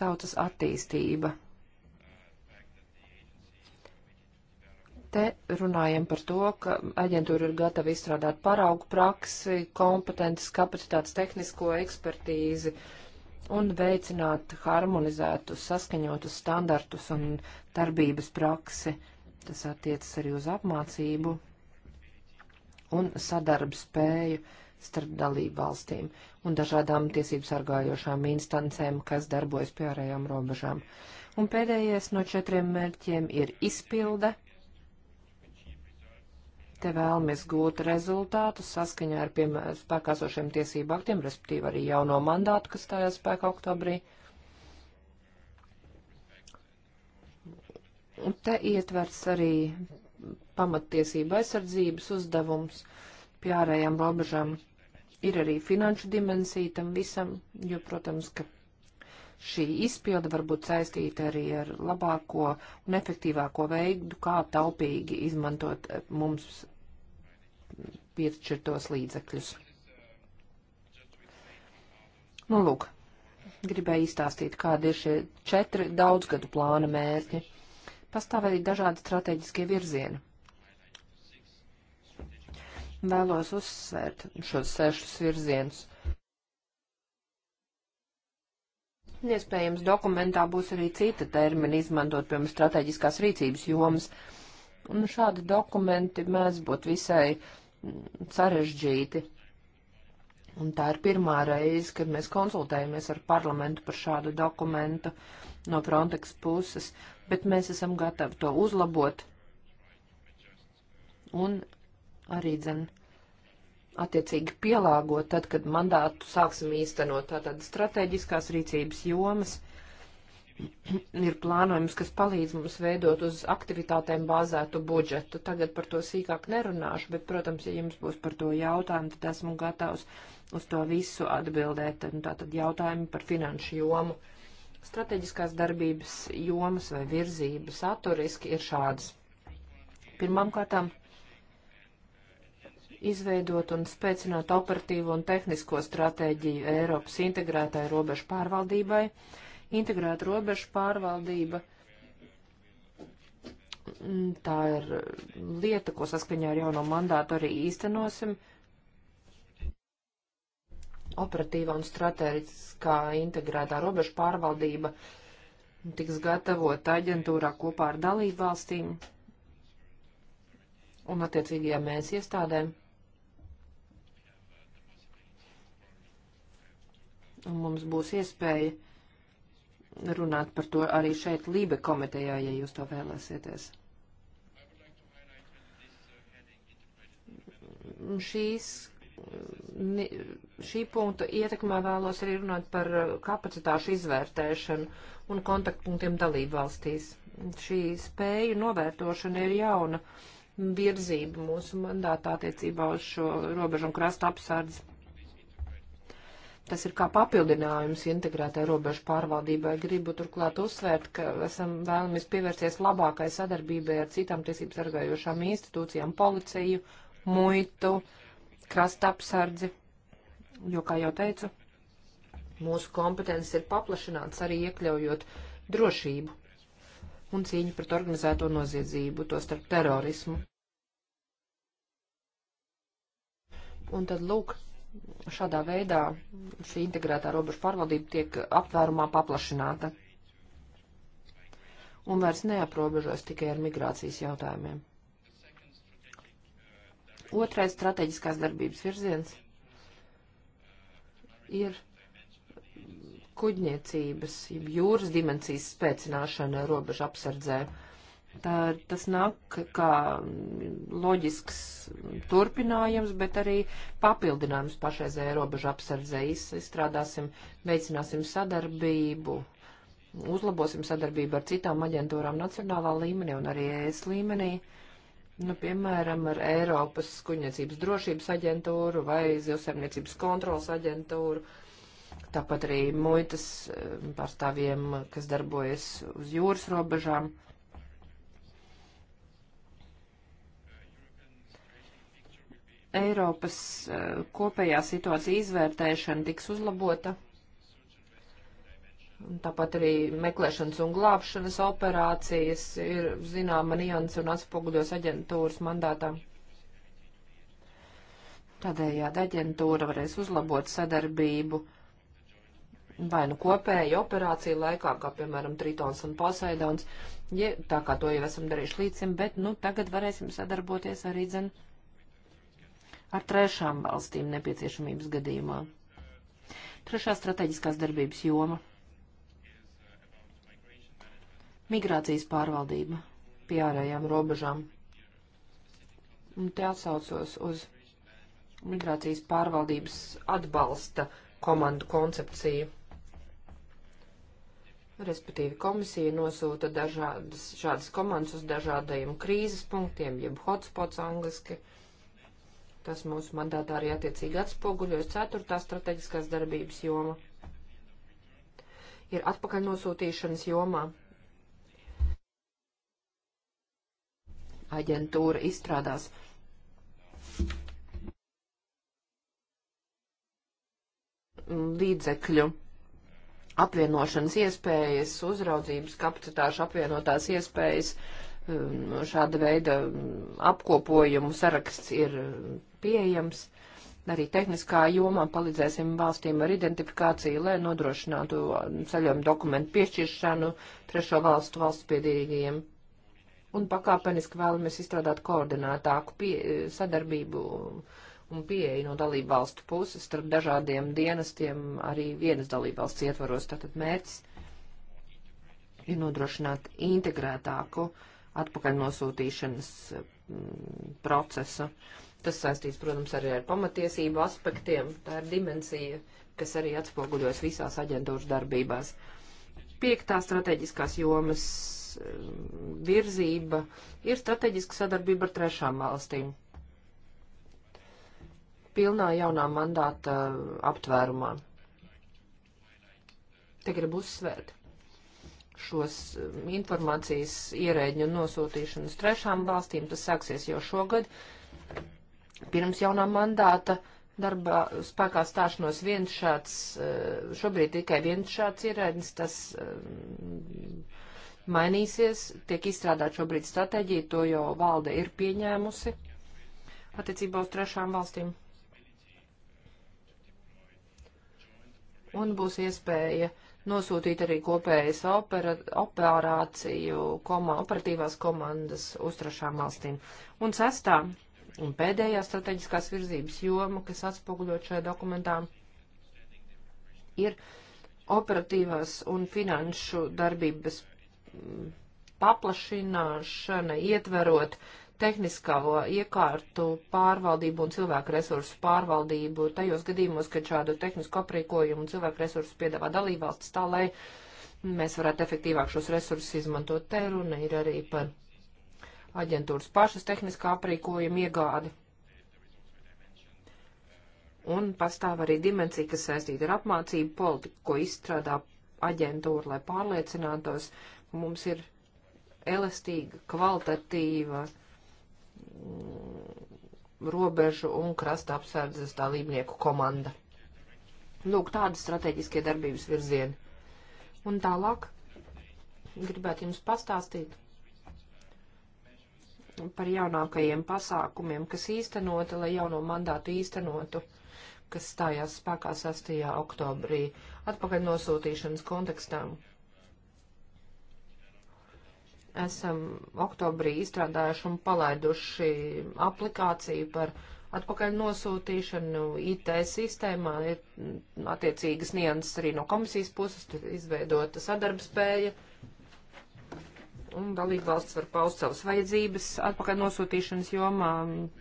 saucas attīstība Te runājam par to, ka aģentūra ir gatava izstrādāt paraugu praksi, kompetences, kapacitātes, tehnisko ekspertīzi un veicināt harmonizētu, saskaņotu standartus un darbības praksi. Tas attiecas arī uz apmācību un sadarbu spēju starp dalību valstīm un dažādām tiesību sargājošām instancēm, kas darbojas pie ārējām robežām. Un pēdējais no četriem mērķiem ir izpilde, Te vēlamies gūt rezultātu saskaņā ar spēkāsošiem tiesību aktiem, respektīvi arī jauno mandātu, kas stājās spēkā oktobrī. Un te ietverts arī pamattiesība aizsardzības uzdevums pie ārējām robežām. Ir arī finanšu dimensija tam visam, jo, protams, ka šī izpilda var būt saistīta arī ar labāko un efektīvāko veidu, kā taupīgi izmantot eh, mums piešķirtos līdzekļus. Nu, lūk, gribēju izstāstīt, kādi ir šie četri daudzgadu plāna mērķi. Pastāv arī dažādi strateģiskie virzieni. Vēlos uzsvērt šos sešus virzienus Iespējams, dokumentā būs arī cita termina izmantot, piemēram, strateģiskās rīcības jomas. Un šādi dokumenti mēs būtu visai mm, sarežģīti. Un tā ir pirmā reize, kad mēs konsultējamies ar parlamentu par šādu dokumentu no Frontex puses, bet mēs esam gatavi to uzlabot. Un arī, dzen, uh, attiecīgi pielāgot tad, kad mandātu sāksim īstenot. Tātad strateģiskās rīcības jomas ir plānojums, kas palīdz mums veidot uz aktivitātēm bāzētu budžetu. Tagad par to sīkāk nerunāšu, bet, protams, ja jums būs par to jautājumi, tad esmu gatavs uz to visu atbildēt. Tātad jautājumi par finanšu jomu. Strateģiskās darbības jomas vai virzības saturiski ir šādas. Pirmām kārtām izveidot un spēcināt operatīvo un tehnisko stratēģiju Eiropas integrētai robežu pārvaldībai. Integrēta robežu pārvaldība mm, tā ir lieta, ko saskaņā ar jauno mandātu arī īstenosim. Operatīva un strateģiskā integrētā robežu pārvaldība tiks gatavota aģentūrā kopā ar dalību valstīm un attiecīgajām mēs iestādēm. un mums būs iespēja runāt par to arī šeit Lībe komitejā, ja jūs to vēlēsieties. Šīs, šī punkta ietekmē vēlos arī runāt par kapacitāšu izvērtēšanu un kontaktpunktiem dalību valstīs. Šī spēju novērtošana ir jauna virzība mūsu mandātā attiecībā uz šo robežu un krasta apsardzes Tas ir kā papildinājums integrētai robežu pārvaldībai. Gribu turklāt uzsvērt, ka esam vēlamies pievērsties labākai sadarbībai ar citām tiesības sargājošām institūcijām - policiju, muitu, krasta apsardzi, jo, kā jau teicu, mūsu kompetences ir paplašināts arī iekļaujot drošību un cīņu pret organizēto noziedzību, to starp terorismu. Un tad lūk, šādā veidā šī integrētā robežu pārvaldība tiek aptvērumā paplašināta un vairs neaprobežojas tikai ar migrācijas jautājumiem. Otrais strateģiskās darbības virziens ir kuģniecības, jūras dimensijas spēcināšana robežu apsardzē. Uh, Tā, tas nāk kā loģisks turpinājums, bet arī papildinājums pašreizējai robežu apsardzei. Izstrādāsim, veicināsim sadarbību, uzlabosim sadarbību ar citām aģentūrām nacionālā līmenī un arī ES līmenī. Nu, piemēram, ar Eiropas kuģniecības drošības aģentūru vai zivsaimniecības kontrolas aģentūru, tāpat arī muitas eh, pārstāvjiem, kas darbojas uz jūras robežām. Uh, Eiropas eh, kopējā situācija izvērtēšana tiks uzlabota. Tāpat arī meklēšanas un glābšanas operācijas ir zināma nianses un atspoguļos aģentūras mandātā. Tādējādi aģentūra varēs uzlabot sadarbību vai nu kopēju operāciju laikā, kā piemēram Tritons un Poseidons, ja, tā kā to jau esam darījuši līdzim, bet nu tagad varēsim sadarboties arī dzen. Dzen ar trešām valstīm nepieciešamības gadījumā. Trešā strateģiskās darbības joma - migrācijas pārvaldība pie ārējām robežām. Un te atsaucos uz migrācijas pārvaldības atbalsta komandu koncepciju. Respektīvi komisija nosūta dažādas šādas komandas uz dažādajiem krīzes punktiem, jeb hotspots angliski. Uh, Tas mūsu mandātā arī attiecīgi atspoguļojas ceturtā strateģiskās darbības joma. Ir atpakaļ nosūtīšanas jomā. Aģentūra izstrādās. Līdzekļu apvienošanas iespējas, uzraudzības kapacitāšu apvienotās iespējas, um, šāda veida apkopojumu saraksts ir pieejams. Arī tehniskā jomā palīdzēsim valstīm ar identifikāciju, lai nodrošinātu ceļojumu dokumentu piešķiršanu trešo valstu valsts piedīgajiem. Un pakāpeniski vēlamies izstrādāt koordinētāku pie, sadarbību un pieeja no dalību valstu puses starp dažādiem dienestiem arī vienas dalību valsts ietvaros. Tātad mērķis ir nodrošināt integrētāku atpakaļ nosūtīšanas mm, procesu. Tas saistīts, protams, arī ar pamatiesību aspektiem. Tā ir dimensija, kas arī atspoguļojas visās aģentūras darbībās. Piektā strateģiskās jomas um, virzība ir strateģiska sadarbība ar trešām valstīm. Pilnā jaunā mandāta aptvērumā. Te gribu uzsvērt šos um, informācijas ierēģu nosūtīšanu uz trešām valstīm. Tas sāksies jau šogad. Pirms jaunā mandāta darbā spēkā stāšanos viens šāds, eh, šobrīd tikai viens šāds ierēdnis, tas eh, mainīsies, tiek izstrādāt šobrīd stratēģija, to jau valde ir pieņēmusi attiecībā uz trešām valstīm. Un būs iespēja nosūtīt arī kopējas opera, operāciju koma, operatīvās komandas uz trešām valstīm. Un sestām Un pēdējā strateģiskās virzības joma, kas atspoguļot šajā dokumentā, ir operatīvās un finanšu darbības mm, paplašināšana, ietverot tehniskā iekārtu pārvaldību un cilvēku resursu pārvaldību tajos gadījumos, kad šādu tehnisku aprīkojumu un cilvēku resursu piedāvā dalībvalsts tā, lai mēs varētu efektīvāk šos resursus izmantot. Te runa ir arī par aģentūras pašas tehniskā aprīkojuma iegādi. Un pastāv arī dimensija, kas saistīta ar apmācību politiku, ko izstrādā aģentūra, lai pārliecinātos, ka mums ir elastīga, kvalitatīva mm, robežu un krasta apsardzes dalībnieku komanda. Lūk, tādi strateģiskie darbības virzieni. Un tālāk gribētu jums pastāstīt par jaunākajiem pasākumiem, kas īstenota, lai jauno mandātu īstenotu, kas stājās spēkā 6. oktobrī, atpakaļ nosūtīšanas kontekstam. Esam oktobrī izstrādājuši un palaiduši aplikāciju par atpakaļ nosūtīšanu IT sistēmā. Ir attiecīgas nianses arī no komisijas puses, izveidota sadarbspēja. spēja un dalībvalsts var paust savas vajadzības atpakaļ nosūtīšanas jomā,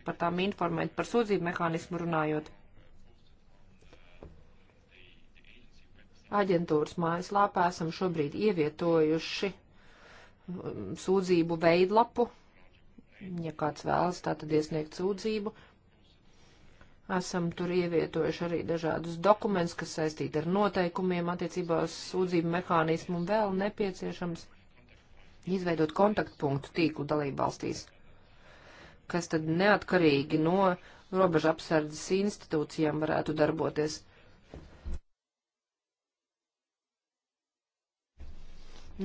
par tām informēt, par sūdzību mehānismu runājot. Aģentūras mājaslāpā esam šobrīd ievietojuši um, sūdzību veidlapu, ja kāds vēlas tātad iesniegt sūdzību. Esam tur ievietojuši arī dažādus dokumentus, kas saistīti ar noteikumiem attiecībā uz sūdzību mehānismu un vēl nepieciešams izveidot kontaktpunktu tīklu dalību valstīs, kas tad neatkarīgi no robeža apsardzes institūcijām varētu darboties.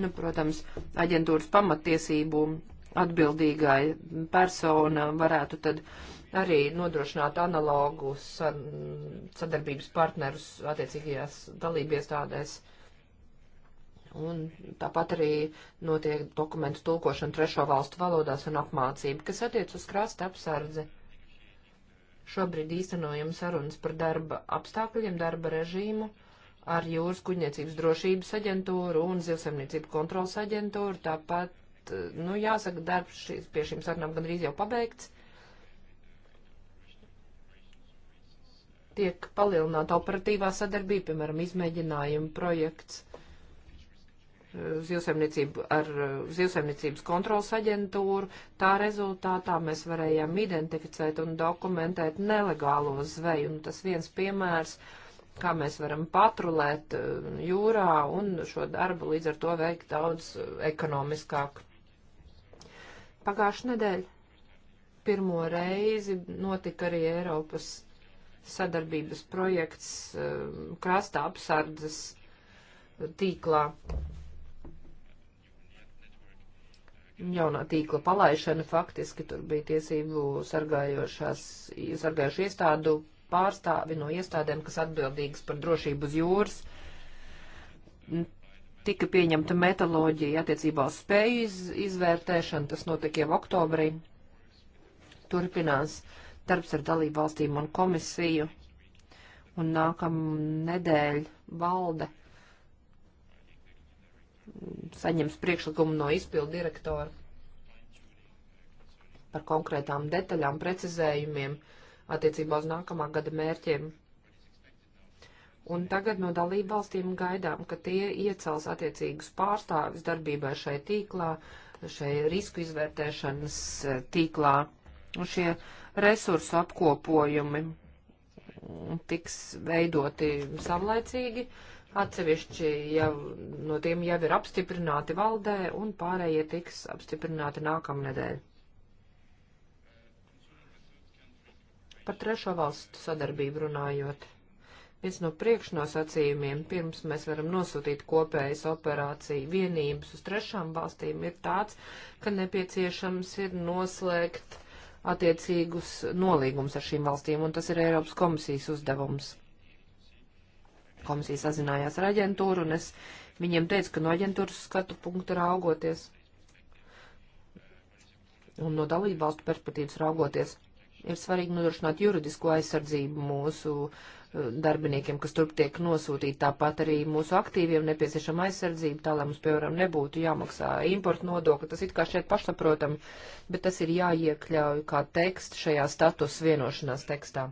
Nu, protams, aģentūras pamatiesību atbildīgai persona varētu tad arī nodrošināt analogus sadarbības partnerus attiecīgajās dalībiestādēs. tādēs Un tāpat arī notiek dokumentu tulkošana trešo valstu valodās un apmācība, kas attiec uz krasta apsardzi. Šobrīd īstenojam sarunas par darba apstākļiem, darba režīmu ar jūras kuģniecības drošības aģentūru un zivsemniecību kontrolas aģentūru. Tāpat, nu, jāsaka, darbs šīs, pie šīm sarunām gandrīz jau pabeigts. Tiek palielināta operatīvā sadarbība, piemēram, izmēģinājuma projekts zivsaimniecību, ar eh, zivsaimniecības kontrolas aģentūru. Tā rezultātā mēs varējām identificēt un dokumentēt nelegālo zveju. Un tas viens piemērs, kā mēs varam patrulēt eh, jūrā un šo darbu līdz ar to veikt daudz eh, ekonomiskāk. Pagājušajā nedēļā pirmo reizi notika arī Eiropas sadarbības projekts krasta apsardzes tīklā jaunā tīkla palaišana, faktiski tur bija tiesību sargājošās, sargājošu iestādu pārstāvi no iestādēm, kas atbildīgas par drošību uz jūras. Tika pieņemta metaloģija attiecībā uz spēju iz, izvērtēšanu, tas notika jau oktobrī. Turpinās darbs ar dalību valstīm un komisiju, un nākam nedēļ valde saņems priekšlikumu no izpildu direktora par konkrētām detaļām, precizējumiem attiecībā uz nākamā gada mērķiem. Un tagad no dalību valstīm gaidām, ka tie iecels attiecīgus pārstāvis darbībā šai tīklā, šai risku izvērtēšanas eh, tīklā. Un šie resursu apkopojumi tiks veidoti savlaicīgi, uh, Atsevišķi jau no tiem jau ir apstiprināti valdē, un pārējie tiks apstiprināti nākamnedēļ. Par trešo valstu sadarbību runājot. Viens no priekšnosacījumiem, pirms mēs varam nosūtīt kopējas operāciju vienības uz trešām valstīm, ir tāds, ka nepieciešams ir noslēgt attiecīgus nolīgumus ar šīm valstīm, un tas ir Eiropas komisijas uzdevums. Komisija sazinājās ar aģentūru, un es viņiem teicu, ka no aģentūras skatu punktu raugoties un no dalību valstu perspektīvas raugoties, ir svarīgi nodrošināt juridisko aizsardzību mūsu uh, darbiniekiem, kas turp tiek nosūtīti. Tāpat arī mūsu aktīviem nepieciešama aizsardzība, tā lai mums, piemēram, nebūtu jāmaksā importu nodokli. Tas it kā šeit pašsaprotami, bet tas ir jāiekļauj kā teksts šajā status vienošanās tekstā.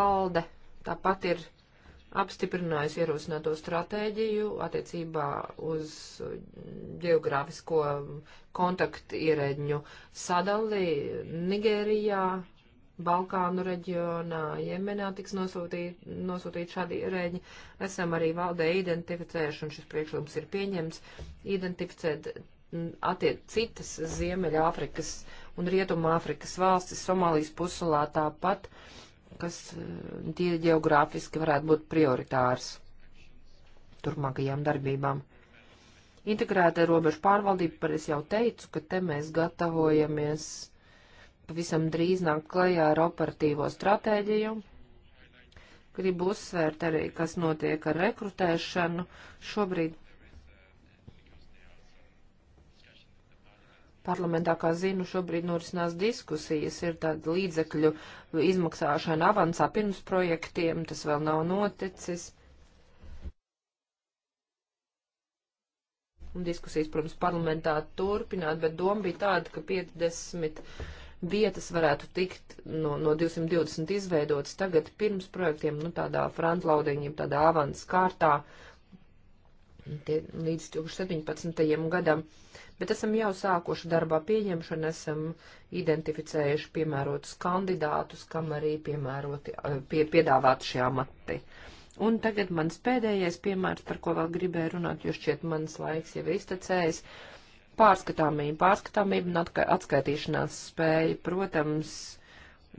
Valde tāpat ir apstiprinājusi ierosināto stratēģiju attiecībā uz geogrāfisko kontaktu ierēģņu sadali Nigērijā, Balkānu reģionā, Jemenā tiks nosūtīt, nosūtīt šādi ierēģi. Esam arī valdē identificējuši, un šis priekšlikums ir pieņemts, identificēt mm, attiec citas Ziemeļa Āfrikas un Rietuma Āfrikas valstis, Somālijas pusulā tāpat. Uh, kas eh, tie geogrāfiski varētu būt prioritārs turpmākajām darbībām. Integrēta robežu pārvaldība, par es jau teicu, ka te mēs gatavojamies pavisam drīz nākt klajā ar operatīvo stratēģiju. Gribu uzsvērt arī, kas notiek ar rekrutēšanu. Šobrīd Parlamentā, kā zinu, šobrīd norisinās diskusijas, ir tāda līdzekļu izmaksāšana avansā pirms projektiem, tas vēl nav noticis. Un diskusijas, protams, parlamentā turpināt, bet doma bija tāda, ka 50 vietas varētu tikt no, no 220 izveidotas tagad pirms projektiem, nu tādā frontloadingiem, tādā avans kārtā tie, līdz 2017. gadam bet esam jau sākuši darbā pieņemšanu, esam identificējuši piemērotus kandidātus, kam arī piemēroti, eh, pie, piedāvāti šie amati. Un tagad mans pēdējais piemērs, par ko vēl gribēju runāt, jo šķiet mans laiks jau ir iztecējis. Pārskatāmība, pārskatāmība un atka, atskaitīšanās spēja, protams,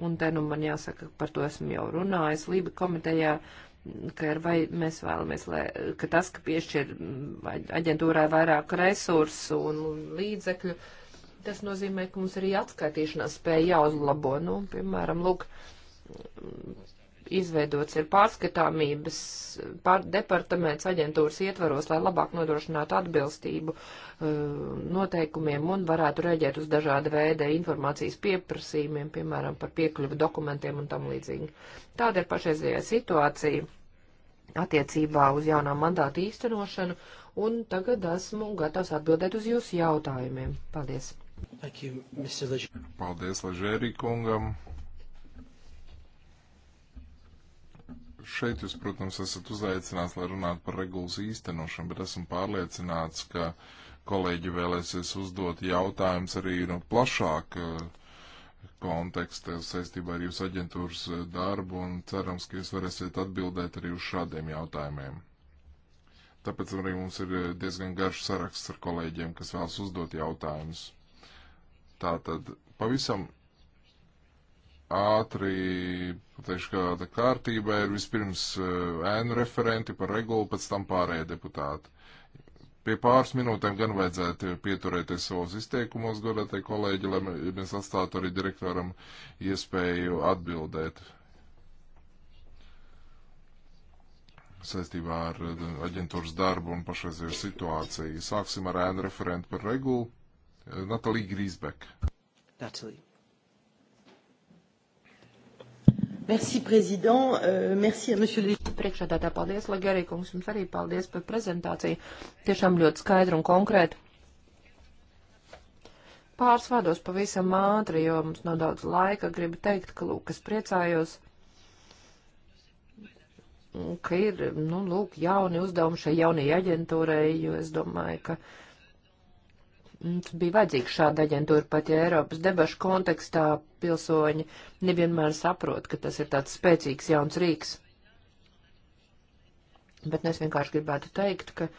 un te nu man jāsaka, par to esmu jau runājis Lība komitejā, ka ir vai mēs vēlamies, lai, ka tas, ka piešķir aģentūrai vairāk resursu un līdzekļu, tas nozīmē, ka mums arī atskaitīšanās spēja jāuzlabo. Nu, piemēram, lūk, izveidots ir pārskatāmības pār departaments aģentūras ietvaros, lai labāk nodrošinātu atbilstību uh, noteikumiem un varētu reaģēt uz dažāda veida informācijas pieprasījumiem, piemēram, par piekļuvu dokumentiem un tam līdzīgi. Tāda ir pašreizējā situācija attiecībā uz jaunā mandāta īstenošanu, un tagad esmu gatavs atbildēt uz jūsu jautājumiem. Paldies! You, Paldies, Ležērī kungam! Šeit jūs, protams, esat uzaicināts, lai runātu par regulas īstenošanu, bet esmu pārliecināts, ka kolēģi vēlēsies uzdot jautājumus arī no plašāk eh, konteksta saistībā ar jūsu aģentūras eh, darbu un cerams, ka jūs varēsiet atbildēt arī uz šādiem jautājumiem. Tāpēc arī mums ir eh, diezgan garš saraksts ar kolēģiem, kas vēlas uzdot jautājumus. Tātad pavisam ātri pateikšu, kāda kārtība ir vispirms eh, ēnu referenti par regulu, pēc tam pārējie deputāti. Pie pāris minūtēm gan vajadzētu pieturēties savos izteikumos, godātie kolēģi, lai mēs atstātu arī direktoram iespēju atbildēt saistībā ar eh, aģentūras darbu un pašreizēju situāciju. Sāksim ar ēnu referentu par regulu. Eh, Natalija Grīsbeka. Natalija. Merci, prezident. Uh, merci, monsieur Līdz. Priekšādātā paldies, Lagerī kungs, jums arī paldies par prezentāciju. Tiešām ļoti skaidru un konkrētu. Pāris vārdos pavisam ātri, jo mums nav daudz laika, gribu teikt, ka lūk, es priecājos, ka ir, nu, lūk, jauni uzdevumi šai jaunajai aģentūrai, jo es domāju, ka Mums bija vajadzīga šāda aģentūra, pat ja Eiropas debašu kontekstā pilsoņi nevienmēr saprot, ka tas ir tāds spēcīgs jauns rīks. Bet nu, es vienkārši gribētu teikt, ka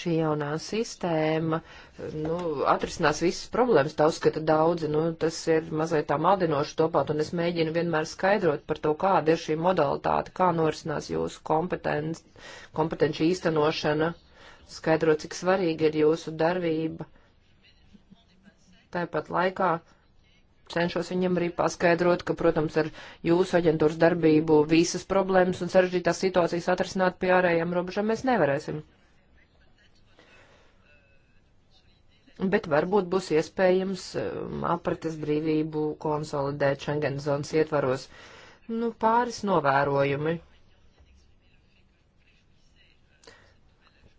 šī jaunā sistēma, nu, atrisinās visas problēmas, tā uzskata daudzi, nu, tas ir mazliet tā maldinoši topāt, un es mēģinu vienmēr skaidrot par to, kāda ir šī modalitāte, kā norisinās jūsu kompetenci īstenošana skaidrot, cik svarīga ir jūsu darbība. Tāpat laikā cenšos viņam arī paskaidrot, ka, protams, ar jūsu aģentūras darbību visas problēmas un sarežģītās situācijas atrisināt pie ārējām robežām mēs nevarēsim. Bet varbūt būs iespējams um, aprates brīvību konsolidēt Schengen zonas ietvaros. Nu, pāris novērojumi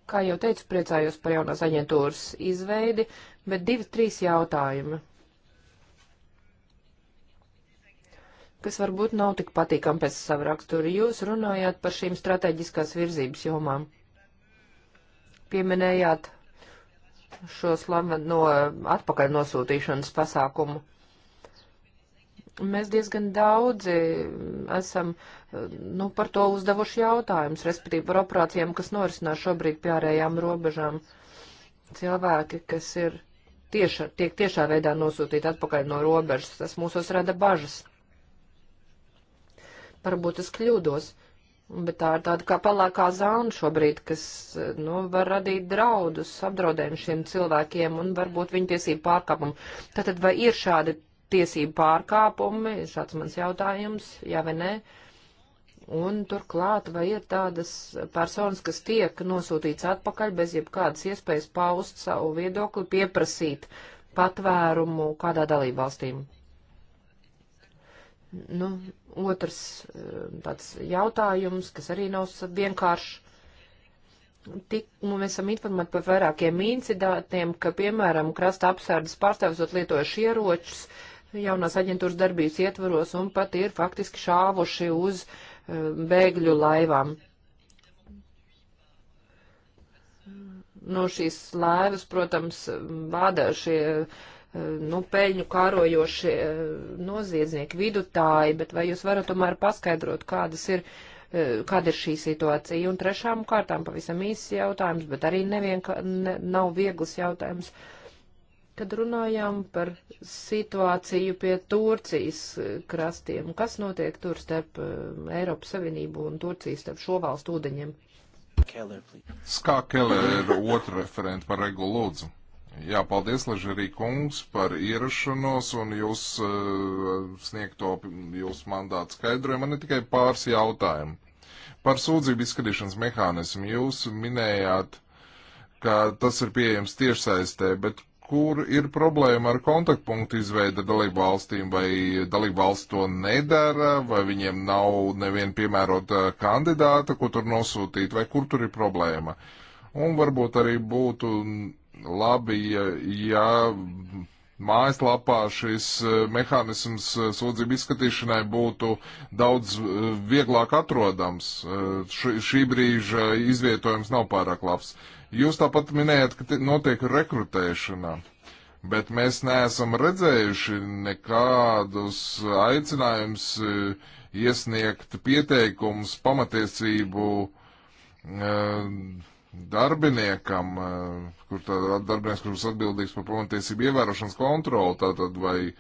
Kā jau teicu, priecājos par jaunās aģentūras izveidi, bet divi, trīs jautājumi, kas varbūt nav tik patīkami pēc savu raksturu. Jūs runājāt par šīm strateģiskās virzības jomām. Pieminējāt šo slaveno atpakaļ nosūtīšanas pasākumu mēs diezgan daudzi esam nu, par to uzdevuši jautājumus, respektīvi par operācijām, kas norisinās šobrīd pie ārējām robežām. Cilvēki, kas ir tieša, tiek tiešā veidā nosūtīti atpakaļ no robežas, tas mūsos rada bažas. Varbūt es kļūdos, bet tā ir tāda kā pelēkā zāna šobrīd, kas nu, var radīt draudus, apdraudējumu šiem cilvēkiem un varbūt viņu tiesību pārkāpumu. Tātad vai ir šādi tiesību pārkāpumi, šāds mans jautājums, jā vai nē. Un turklāt, vai ir tādas personas, kas tiek nosūtīts atpakaļ bez jebkādas iespējas paust savu viedokli, pieprasīt patvērumu kādā dalībvalstīm? Nu, otrs eh, tāds jautājums, kas arī nav vienkāršs tik, nu, mēs esam informēti par vairākiem incidentiem, ka, piemēram, krasta apsardzes pārstāvis lietojuši ieročus, jaunās aģentūras darbības ietvaros un pat ir faktiski šāvuši uz eh, bēgļu laivām. No nu, šīs laivas, protams, vada šie eh, nu, peļņu kārojošie eh, noziedznieki, vidutāji, bet vai jūs varat tomēr paskaidrot, kādas ir, kāda ir šī situācija? Un trešām kārtām pavisam īsts jautājums, bet arī nevienka, ne, nav viegls jautājums. Uh, kad runājām par situāciju pie Turcijas krastiem. Kas notiek tur starp um, Eiropas Savienību un Turcijas starp šo valstu ūdeņiem? Keller, Skā Keller ir otra referenta par regulu lūdzu. Jā, paldies, Ležerī kungs, par ierašanos un jūs uh, sniegto jūsu mandātu skaidrojumu. Man ir tikai pāris jautājumu. Par sūdzību izskatīšanas mehānismu jūs minējāt, ka tas ir pieejams tiešsaistē, bet kur ir problēma ar kontaktpunktu izveida dalību valstīm, vai dalību valsts to nedara, vai viņiem nav neviena piemērota kandidāta, ko tur nosūtīt, vai kur tur ir problēma. Un varbūt arī būtu labi, ja, ja mājaslapā šis eh, mehānisms eh, sūdzību izskatīšanai būtu daudz eh, vieglāk atrodams. Š šī brīža izvietojums nav pārāk labs. Jūs tāpat minējat, ka notiek rekrutēšana, bet mēs neesam redzējuši nekādus aicinājumus eh, iesniegt pieteikumus pamatiesību eh, darbiniekam, eh, kur tā darbinieks, kurš atbildīgs par pamatiesību ievērošanas kontroli, tātad vai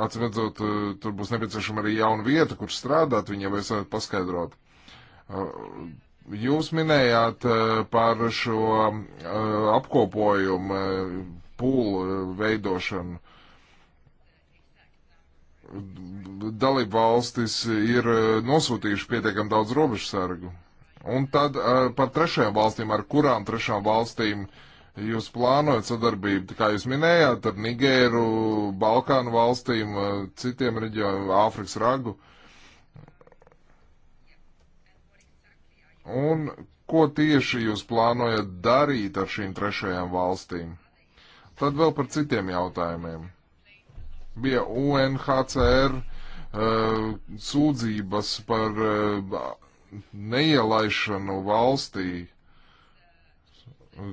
atsimedzot, tur būs nepieciešama arī jauna vieta, kur strādāt, viņa vai varat paskaidrot. Jūs minējāt eh, par šo eh, apkopojumu, eh, pūlu veidošanu dalību valstis ir nosūtījuši pietiekam daudz robežsargu. Un tad par trešajām valstīm, ar kurām trešām valstīm jūs plānojat sadarbību, kā jūs minējāt, ar Nigēru, Balkānu valstīm, citiem reģioniem, Āfrikas ragu. Uh, Un ko tieši jūs plānojat darīt ar šīm trešajām valstīm? Tad vēl par citiem jautājumiem. Bija UNHCR uh, eh, sūdzības par uh, neielaišanu valstī.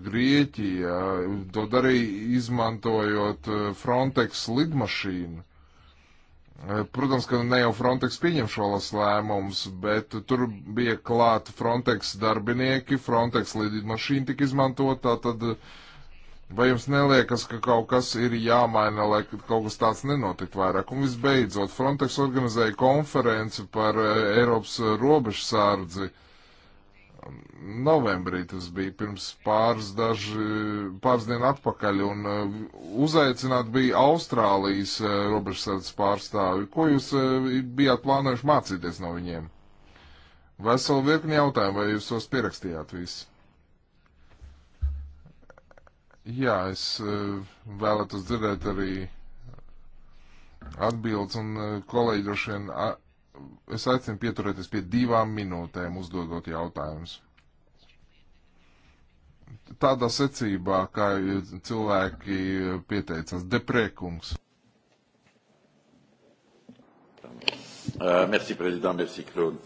Grieķija to darīja izmantojot eh, Frontex lidmašīnu. Protams, ka ne jau Frontex pieņem šos lēmumus, bet tur bija klāt Frontex darbinieki, Frontex lidmašīna tika izmantot, tātad vai jums neliekas, ka kaut kas ir jāmaina, lai kaut kas tāds nenotikt vairāk? Un visbeidzot, Frontex organizēja konferenci par eh, Eiropas robežsārdzi. Uh, novembrī tas bija pirms pāris, daži, pāris dienu atpakaļ, un uh, uzaicināt bija Austrālijas uh, robežsardas pārstāvi. Ko jūs uh, bijāt plānojuši mācīties no viņiem? Veselu virkni jautājumu, vai jūs tos pierakstījāt visus? Jā, es vēlētos dzirdēt arī atbildes, un kolēģi droši vien es aicinu pieturēties pie divām minūtēm uzdodot jautājumus. Tādā secībā, kā cilvēki pieteicās, deprēkums. Uh, merci, prezident, merci, Klod.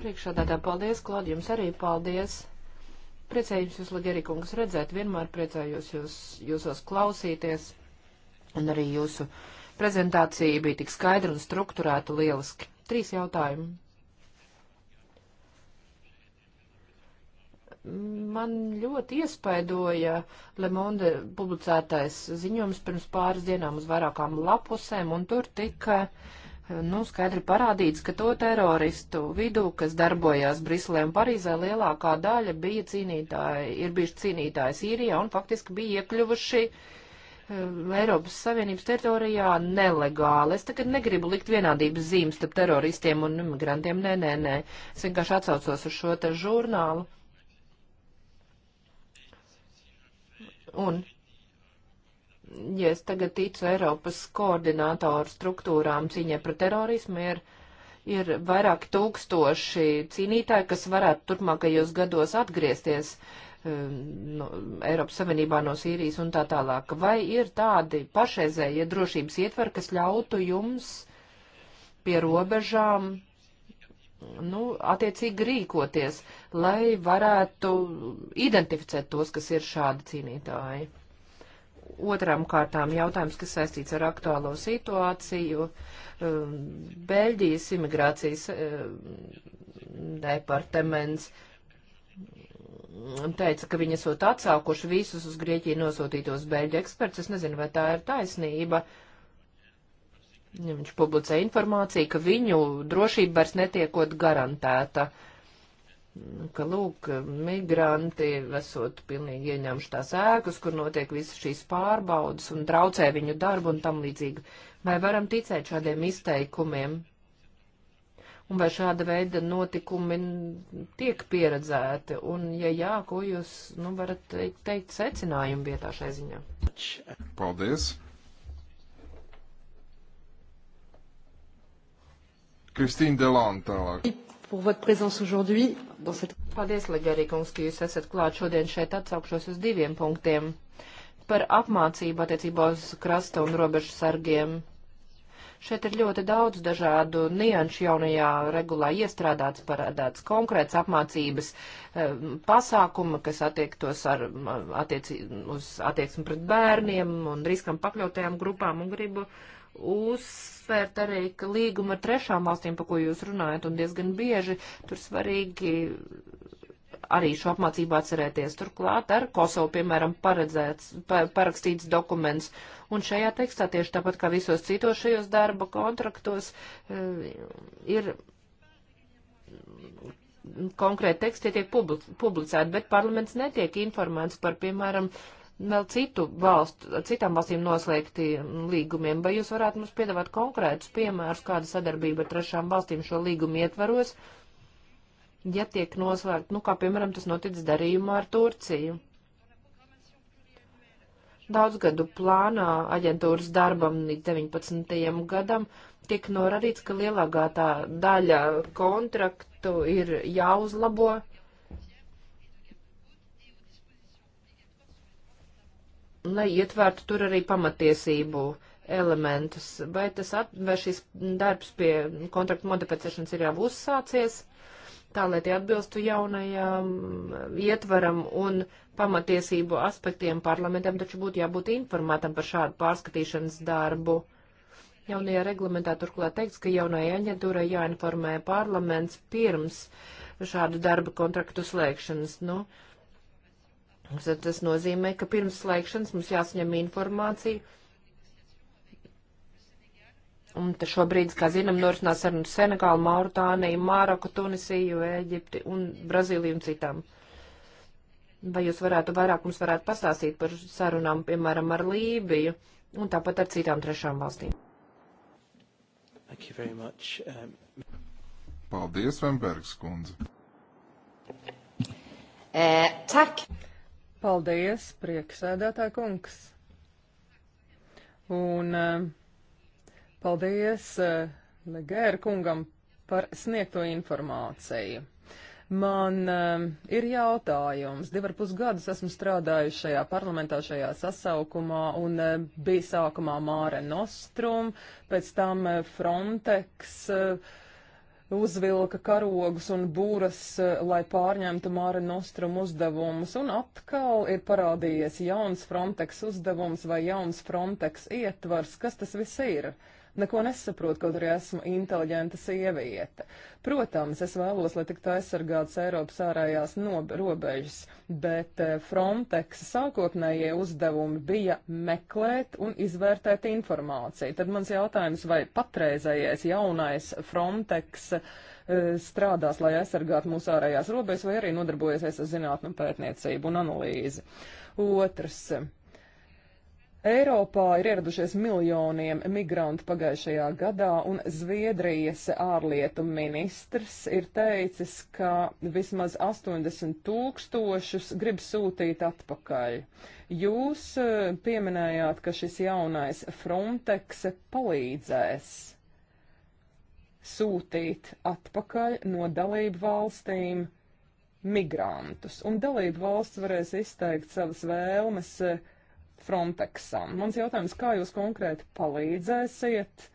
Priekšādātā paldies, Klod, jums arī paldies. Priecējums jūs, Ligerikungs, redzēt, vienmēr priecājos jūs, jūsos klausīties, un arī jūsu prezentācija bija tik skaidra un struktūrēta lieliski. Trīs jautājumi. Man ļoti iespaidoja Lemonde publicētais ziņojums pirms pāris dienām uz vairākām lapusēm, un tur tika uh, nu, skaidri parādīts, ka to teroristu vidū, kas darbojās Briselē un Parīzē, lielākā daļa bija cīnītāji, ir bijuši cīnītāji Sīrijā un faktiski bija iekļuvuši uh, Ehm, Eiropas Savienības teritorijā nelegāli. Es tagad negribu likt vienādības zīmes starp teroristiem un imigrantiem. Nē, nē, nē. Es vienkārši atsaucos uz šo te žurnālu. Un, ja es tagad ticu Eiropas koordinātoru struktūrām cīņai par terorismu, ir, ir vairāk tūkstoši cīnītāji, kas varētu turpmākajos gados atgriezties uh, Um, no, Eiropas Savienībā no Sīrijas un tā tālāk. Vai ir tādi pašreizējie drošības ietvari, kas ļautu jums pie robežām nu, attiecīgi rīkoties, lai varētu identificēt tos, kas ir šādi cīnītāji. Otram kārtām jautājums, kas saistīts ar aktuālo situāciju. Um, Beļģijas imigrācijas um, departaments teica, ka viņi esot atsaukuši visus uz Grieķiju nosūtītos beļģu eksperts. Es nezinu, vai tā ir taisnība. Viņš publicē informāciju, ka viņu drošība vairs netiekot garantēta. Ka, lūk, migranti esot pilnīgi ieņemši tās ēkas, kur notiek visas šīs pārbaudas un traucē viņu darbu un tam līdzīgi. Vai varam ticēt šādiem izteikumiem? un vai šāda veida notikumi tiek pieredzēti, un ja jā, ko jūs, nu, varat teikt, teikt secinājumu vietā šai ziņā? Paldies! Kristīna Delāna tālāk. Paldies, Legarī kungs, ka jūs esat klāt šodien šeit atsaukšos uz diviem punktiem. Par apmācību attiecībā uz krasta un robežu sargiem Šeit ir ļoti daudz dažādu nianšu jaunajā regulā iestrādāts, parādāts konkrēts apmācības eh, pasākuma, kas attiektos ar, attiec, uz attieksmi pret bērniem un riskam pakļautajām grupām un gribu uzsvērt arī, ka līguma ar trešām valstīm, pa ko jūs runājat, un diezgan bieži tur svarīgi arī šo apmācību atcerēties. Turklāt ar Kosovu, piemēram, paredzēts, pa, parakstīts dokuments, Un šajā tekstā, tieši tāpat kā visos citos šajos darba kontraktos, e, ir konkrēti teksti tiek publicēti, bet parlaments netiek informēts par, piemēram, vēl citu valstu, citām valstīm noslēgti līgumiem, vai jūs varētu mums piedāvāt konkrētus piemērus, kāda sadarbība ar trešām valstīm šo līgumu ietvaros, ja tiek noslēgt, nu, kā piemēram tas noticis darījumā ar Turciju. Daudzgadu plānā aģentūras darbam līdz 19. gadam tiek norādīts, ka lielākā tā daļa kontraktu ir jāuzlabo. Lai ietvērtu tur arī pamatiesību elementus, vai tas at, vai šis darbs pie kontraktu modificēšanas ir jau uzsācies? tā, lai tie atbilstu jaunajām um, ietvaram un pamatiesību aspektiem parlamentam, taču būtu jābūt informētam par šādu pārskatīšanas darbu. Jaunajā reglamentā turklāt teikts, ka jaunajai aģentūrai jāinformē parlaments pirms šādu darba kontraktu slēgšanas. Nu, tas nozīmē, ka pirms slēgšanas mums jāsaņem informācija Un te šobrīd, kā zinām, norisinās ar Senegālu, Mauritāniju, Māroku, Tunisiju, Eģipti un Brazīliju un citām. Vai jūs varētu vairāk mums varētu pastāstīt par sarunām, piemēram, ar Lībiju un tāpat ar citām trešām valstīm? Um... Paldies, Vembergs kundze. E, tak. Paldies, prieksēdētāja kungs. Un uh, Paldies eh, Legēra kungam par sniegto informāciju. Man uh, ir jautājums. Divi ar pus gadus esmu strādājusi šajā parlamentā, šajā sasaukumā, un uh, bija sākumā Māre Nostrum, pēc tam uh, Frontex. Uh, uzvilka karogus un būras, lai pārņemtu Māra Nostrum uzdevumus, un atkal ir parādījies jauns Frontex uzdevums vai jauns Frontex ietvars. Kas tas viss ir? Uh, neko nesaprotu, kaut arī esmu inteliģenta sieviete. Protams, es vēlos, lai tiktu aizsargāts Eiropas ārējās robežas, bet eh, Frontex sākotnējie uzdevumi bija meklēt un izvērtēt informāciju. Tad mans jautājums, vai patreizējais jaunais Frontex eh, strādās, lai aizsargātu mūsu ārējās robežas, vai arī nodarbojasies ar zinātnu pētniecību un analīzi. Otrs. Eiropā ir ieradušies miljoniem migrantu pagājušajā gadā, un Zviedrijas ārlietu ministrs ir teicis, ka vismaz 80 tūkstošus grib sūtīt atpakaļ. Jūs eh, pieminējāt, ka šis jaunais Frontex palīdzēs sūtīt atpakaļ no dalību valstīm migrantus, un dalību valsts varēs izteikt savas vēlmes eh, Frontexam. Mans jautājums, kā jūs konkrēti palīdzēsiet?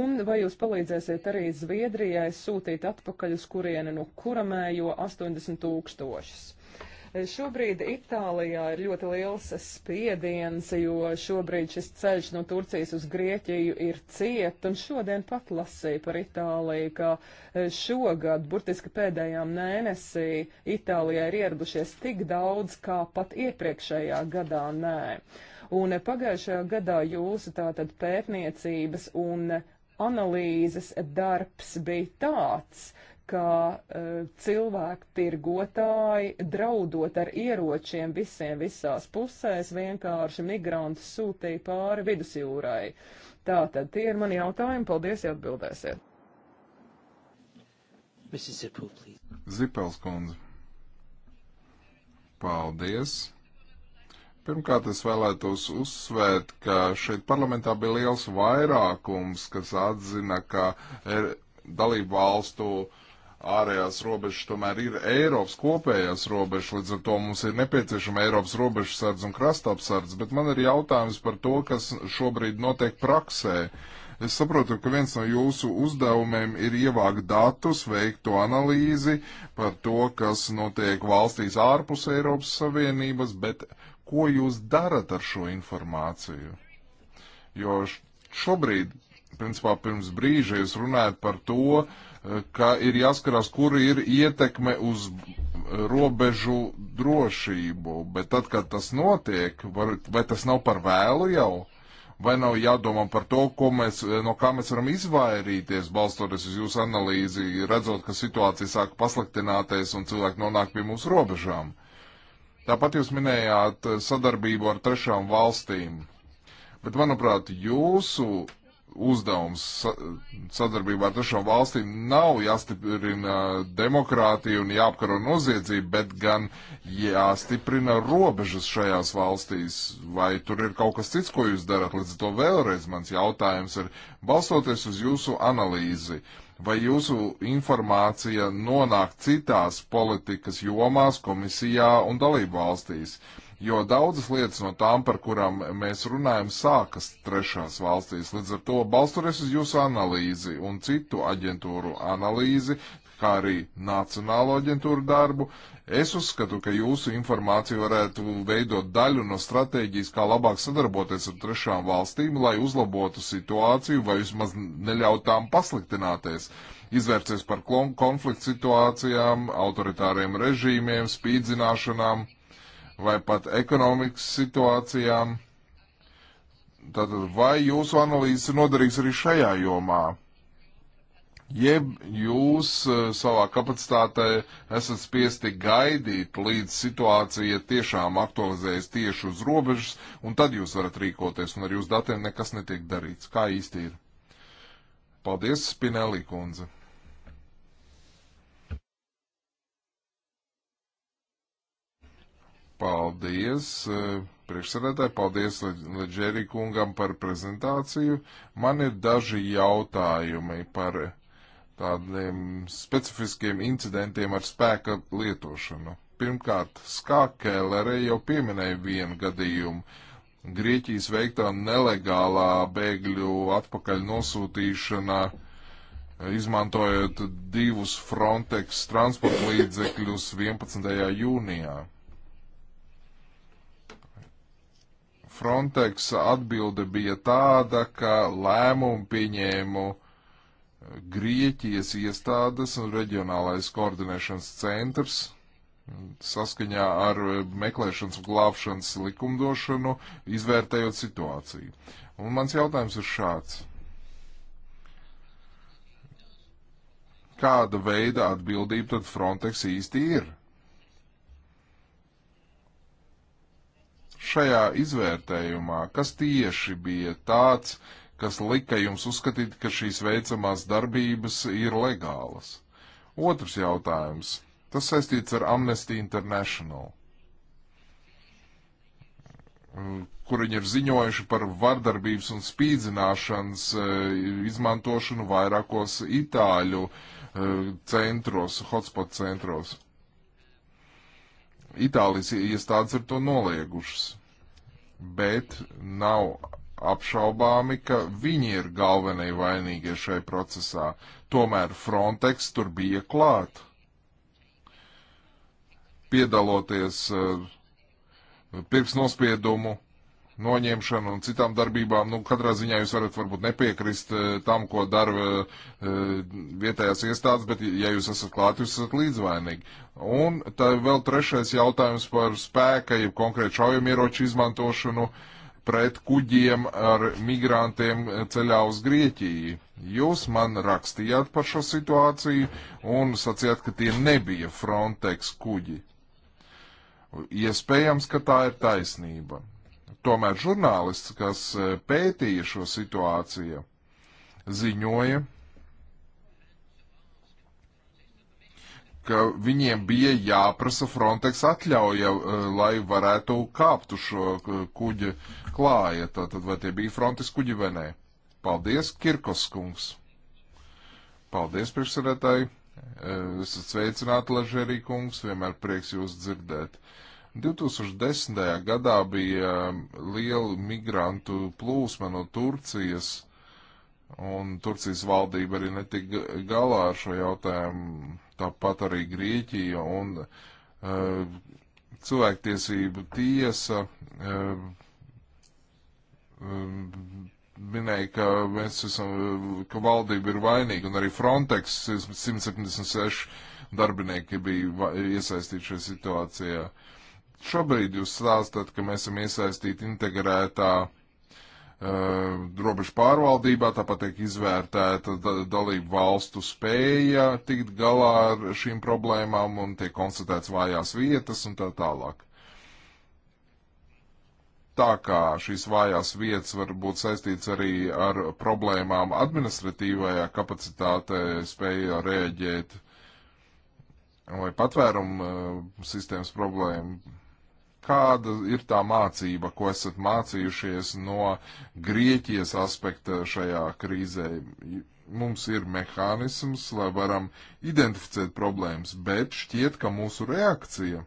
Un vai jūs palīdzēsiet arī Zviedrijai sūtīt atpakaļ uz kurieni, no kuramējo 80 tūkstošus? E, šobrīd Itālijā ir ļoti liels spiediens, jo šobrīd šis ceļš no Turcijas uz Grieķiju ir ciet, un šodien pat lasīju par Itāliju, ka e, šogad, burtiski pēdējā mēnesī, Itālijā ir ieradušies tik daudz, kā pat iepriekšējā gadā nē. Un pagājušajā gadā jūsu tātad pētniecības un analīzes darbs bija tāds, ka uh, cilvēku tirgotāji draudot ar ieročiem visiem visās pusēs vienkārši migrantus sūtīja pāri vidusjūrai. Tātad tie ir mani jautājumi. Paldies, ja atbildēsiet. Zipels kundze. Paldies. Pirmkārt, es vēlētos uzsvērt, ka šeit parlamentā bija liels vairākums, kas atzina, ka er, dalību valstu ārējās robežas tomēr ir Eiropas kopējās robežas, līdz ar to mums ir nepieciešama Eiropas robežas sardz un krastapsardz, bet man ir jautājums par to, kas šobrīd notiek praksē. Es saprotu, ka viens no jūsu uzdevumiem ir ievākt datus, veikt to analīzi par to, kas notiek valstīs ārpus Eiropas Savienības, bet ko jūs darat ar šo informāciju. Jo šobrīd, principā pirms brīža, jūs runājat par to, eh, ka ir jāskarās, kur ir ietekme uz robežu drošību, bet tad, kad tas notiek, var, vai tas nav par vēlu jau? vai nav jādomā par to, mēs, eh, no kā mēs varam izvairīties, balstoties uz jūsu analīzi, redzot, ka situācija sāk pasliktināties un cilvēki nonāk pie mūsu robežām. Tāpat jūs minējāt eh, sadarbību ar trešām valstīm, bet manuprāt, jūsu uzdevums sadarbībā ar trešām valstīm nav jāstiprina demokrātija un jāapkaro noziedzību, bet gan jāstiprina robežas šajās valstīs. Vai tur ir kaut kas cits, ko jūs darat? Līdz ar to vēlreiz mans jautājums ir, balstoties uz jūsu analīzi, uh, Vai jūsu informācija nonāk citās politikas jomās, komisijā un dalību valstīs? Jo daudzas lietas no tām, par kurām mēs runājam, sākas trešās valstīs. Līdz ar to balstoties uz jūsu analīzi un citu aģentūru analīzi, kā arī Nacionālo aģentūru darbu. Es uzskatu, ka jūsu informācija varētu veidot daļu no stratēģijas, kā labāk sadarboties ar trešām valstīm, lai uzlabotu situāciju vai vismaz neļautām pasliktināties, izvērsties par konfliktu situācijām, autoritāriem režīmiem, spīdzināšanām vai pat ekonomikas situācijām. Tātad, vai jūsu analīzes ir noderīgs arī šajā jomā? jeb jūs eh, savā kapacitātē esat spiesti gaidīt, līdz situācija tiešām aktualizējas tieši uz robežas, un tad jūs varat rīkoties, un ar jūsu datiem nekas netiek darīts. Kā īsti ir? Paldies, Spinelli kundze! Paldies, eh, priekšsēdētāji, paldies Leģerī kungam par prezentāciju. Man ir daži jautājumi par tādiem specifiskiem incidentiem ar spēka lietošanu. Pirmkārt, Skā Kēlere jau pieminēja vienu gadījumu. Grieķijas veiktā nelegālā bēgļu atpakaļ nosūtīšana, izmantojot divus Frontex transporta līdzekļus 11. jūnijā. Frontex atbilde bija tāda, ka lēmumu pieņēmu uh, Grieķijas iestādes un reģionālais koordinēšanas centrs saskaņā ar eh, meklēšanas un glābšanas likumdošanu, izvērtējot situāciju. Un mans jautājums ir šāds. Kāda veida atbildība tad Frontex īsti ir? Šajā izvērtējumā, kas tieši bija tāds, uh, kas lika jums uzskatīt, ka šīs veicamās darbības ir legālas? Otrs jautājums. Tas saistīts ar Amnesty International kur viņi ir ziņojuši par vardarbības un spīdzināšanas eh, izmantošanu vairākos itāļu eh, centros, hotspot centros. Itālijas iestādes ir to noliegušas, bet nav apšaubāmi, ka viņi ir galvenie vainīgie šai procesā. Tomēr Frontex tur bija klāt. Piedaloties eh, pirksnospiedumu noņemšanu un citām darbībām, nu, katrā ziņā jūs varat varbūt nepiekrist eh, tam, ko dara eh, vietējās iestādes, bet ja jūs esat klāt, jūs esat līdzvainīgi. Un tā vēl trešais jautājums par spēka, ja konkrēt šaujamieroču izmantošanu. Uh, pret kuģiem ar migrantiem ceļā uz Grieķiju. Jūs man rakstījāt par šo situāciju un sacījāt, ka tie nebija Frontex kuģi. Iespējams, ka tā ir taisnība. Tomēr žurnālists, kas eh, pētīja šo situāciju, ziņoja, ka viņiem bija jāprasa Frontex atļauja, eh, lai varētu kāpt uz šo eh, kuģa klāja. Tātad, vai tie bija Frontex kuģi vai nē? Paldies, Kirkos kungs! Paldies, priekšsēdētāji! Eh, Esat sveicināti, Ležerī kungs, vienmēr prieks jūs dzirdēt. 2010. gadā bija liela migrantu plūsma no Turcijas, un Turcijas valdība arī netika galā ar šo jautājumu tāpat arī Grieķija un uh, cilvēktiesību tiesa uh, uh, minēja, ka mēs esam, ka valdība ir vainīga un arī Frontex 176 darbinieki bija iesaistīti šajā situācijā. Šobrīd jūs stāstat, ka mēs esam iesaistīti integrētā uh, Eh, robežu pārvaldībā, tāpat tiek izvērtēta dalību valstu spēja tikt galā ar šīm problēmām un tiek konstatēts vājās vietas un tā tālāk. Tā kā šīs vājās vietas var būt saistīts arī ar problēmām administratīvajā kapacitāte, spēja rēģēt vai patvērumu eh, sistēmas problēmu Kāda ir tā mācība, ko esat mācījušies no Grieķijas aspekta šajā krīzē? Mums ir mehānisms, lai varam identificēt problēmas, bet šķiet, ka mūsu reakcija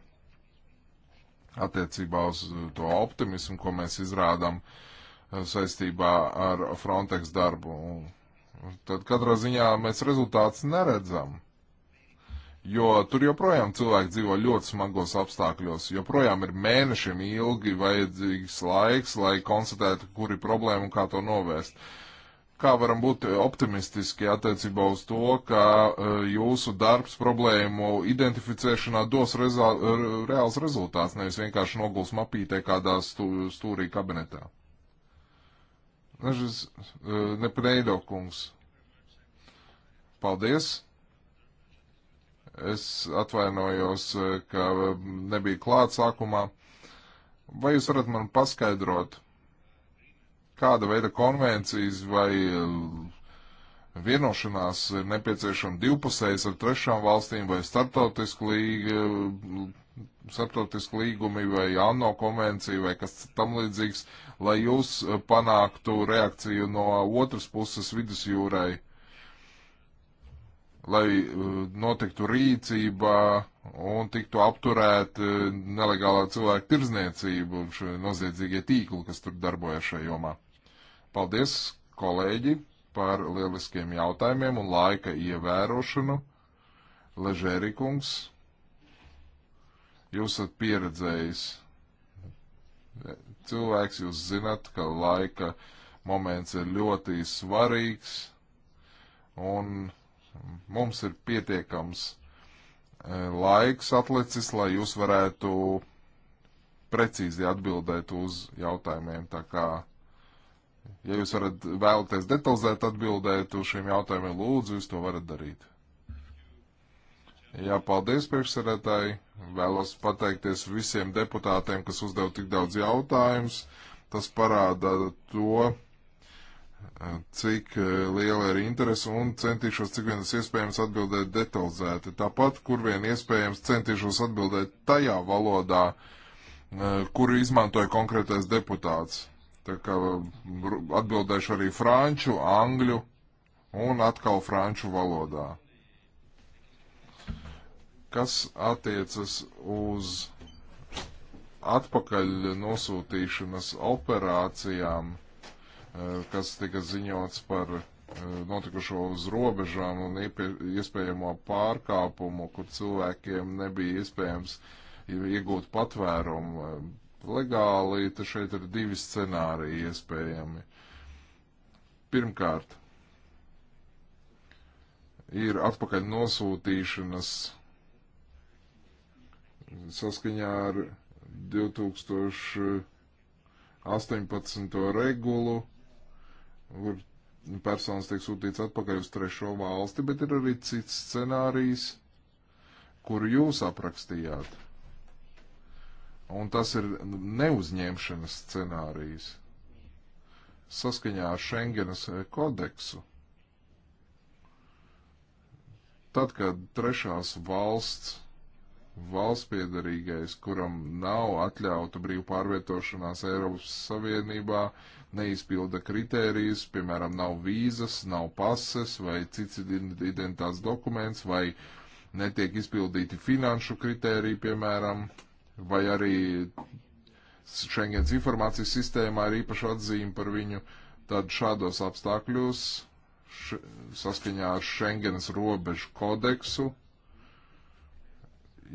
attiecībā uz to optimismu, ko mēs izrādām eh, saistībā ar Frontex darbu, tad katrā ziņā mēs rezultātus neredzam jo tur joprojām cilvēki dzīvo ļoti smagos apstākļos, joprojām ir mēnešiem ilgi vajadzīgs laiks, lai konstatētu, kur ir problēma un kā to novērst. Kā varam būt optimistiski attiecībā uz to, ka eh, jūsu darbs problēmu identificēšanā dos rezā, reāls rezultāts, nevis vienkārši noguls mapītē kādā stū, stūrī kabinetā? Nežas, eh, nepreido kungs. Paldies! Es atvainojos, e, ka nebija klāt sākumā. Vai jūs varat man paskaidrot, kāda veida konvencijas vai e, vienošanās ir nepieciešama divpusējas ar trešām valstīm vai startautisku, līgu, e, startautisku līgumi vai ANO konvencija vai kas tam līdzīgs, lai jūs panāktu reakciju no otras puses vidusjūrai? lai eh, notiktu rīcība un tiktu apturēta eh, nelegālā cilvēka tirzniecība un šie noziedzīgie tīkli, kas tur darbojas šajā jomā. Paldies, kolēģi, par lieliskiem jautājumiem un laika ievērošanu. Ležērikungs, jūs esat pieredzējis cilvēks, jūs zinat, ka laika moments ir ļoti svarīgs un mums ir pietiekams e, laiks atlicis, lai jūs varētu precīzi atbildēt uz jautājumiem. Tā kā, ja jūs varat vēlaties detalizēt atbildēt uz šiem jautājumiem, lūdzu, jūs to varat darīt. Jā, paldies priekšsarētāji. Vēlos pateikties visiem deputātiem, kas uzdev tik daudz jautājumus. Tas parāda to, cik eh, liela ir interese un centīšos, cik vien tas iespējams, atbildēt detalizēti. Tāpat, kur vien iespējams, centīšos atbildēt tajā valodā, eh, kuru izmantoja konkrētais deputāts. Tā kā atbildēšu arī franču, angļu un atkal franču valodā. Kas attiecas uz atpakaļ nosūtīšanas operācijām? Eh, kas tika ziņots par eh, notikušo uz robežām un iespējamo pārkāpumu, kur cilvēkiem nebija iespējams iegūt patvērumu. Eh, legāli te šeit ir divi scenāriji iespējami. Pirmkārt, ir atpakaļ nosūtīšanas saskaņā ar 2018. regulu kur personas tiek sūtīts atpakaļ uz trešo valsti, bet ir arī cits scenārijs, kuru jūs aprakstījāt. Un tas ir neuzņemšanas scenārijs saskaņā ar Schengenas kodeksu. Tad, kad trešās valsts valsts piedarīgais, kuram nav atļauta brīvu pārvietošanās Eiropas Savienībā, uh, neizpilda kritērijas, piemēram, nav vīzas, nav pases vai cits identitātes dokuments, vai netiek izpildīti finanšu kritēriji, piemēram, vai arī Schengens informācijas sistēmā ir īpaša atzīme par viņu, tad šādos apstākļos š, saskaņā ar Schengens robežu kodeksu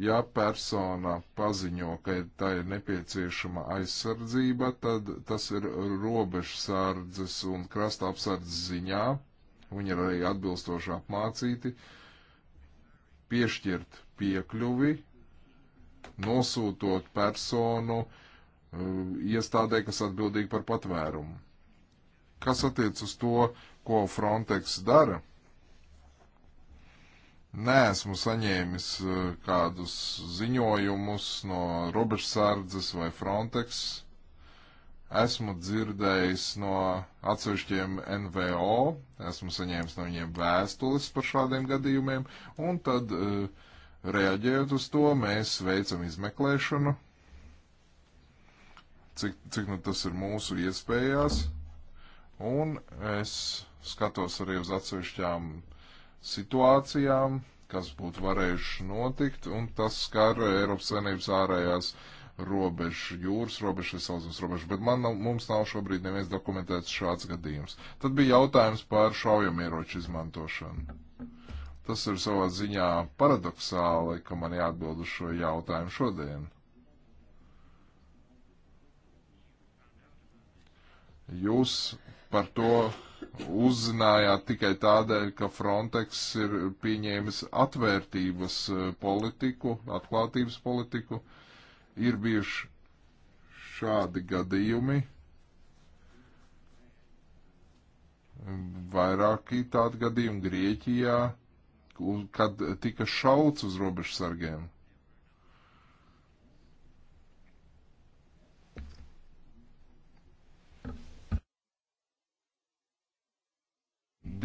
ja persona paziņo, ka tā ir nepieciešama aizsardzība, tad tas ir robežsardzes un krasta apsardzes ziņā, viņi ir arī atbilstoši apmācīti, piešķirt piekļuvi, nosūtot personu eh, iestādē, kas atbildīgi par patvērumu. Kas attiec uz to, ko Frontex dara? neesmu saņēmis eh, kādus ziņojumus no robežsardzes vai Frontex. Esmu dzirdējis no atsevišķiem NVO, esmu saņēmis no viņiem vēstules par šādiem gadījumiem, un tad eh, reaģējot uz to, mēs veicam izmeklēšanu, cik, cik nu tas ir mūsu iespējās, un es skatos arī uz atsevišķām uh, situācijām, kas būtu varējuši notikt, un tas skar Eiropas Savienības ārējās robežu, jūras robežu, sauzemes robežu, bet man, nav, mums nav šobrīd neviens dokumentēts šāds gadījums. Tad bija jautājums par šaujamieroču izmantošanu. Tas ir savā ziņā paradoxāli, ka man jāatbild uz šo jautājumu šodien. Jūs par to uzzinājāt tikai tādēļ, ka Frontex ir pieņēmis atvērtības eh, politiku, atklātības politiku. Ir bijuši šādi gadījumi. Vairāki tādi gadījumi Grieķijā, kad tika šauts uz robežsargiem.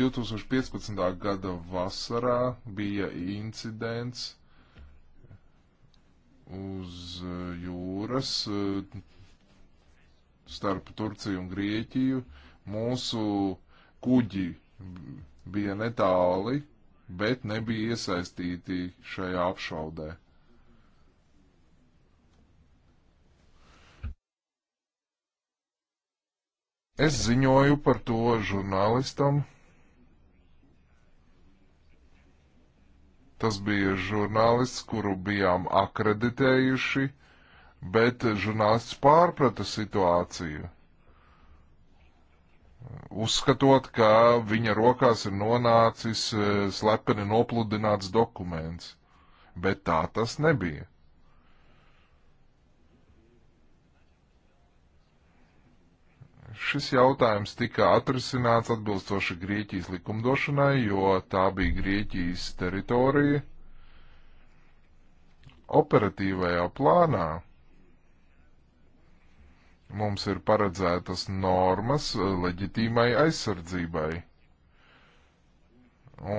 2015. gada vasarā bija incidents uz jūras eh, starp Turciju un Grieķiju. Mūsu kuģi bija netāli, bet nebija iesaistīti šajā apšaudē. Es ziņoju par to žurnālistam, Tas bija žurnālists, kuru bijām akreditējuši, bet žurnālists pārprata situāciju. Uzskatot, ka viņa rokās ir nonācis e, slepeni nopludināts dokuments, bet tā tas nebija. Šis jautājums tika atrisināts atbilstoši Grieķijas likumdošanai, jo tā bija Grieķijas teritorija. Operatīvajā plānā mums ir paredzētas normas leģitīmai aizsardzībai.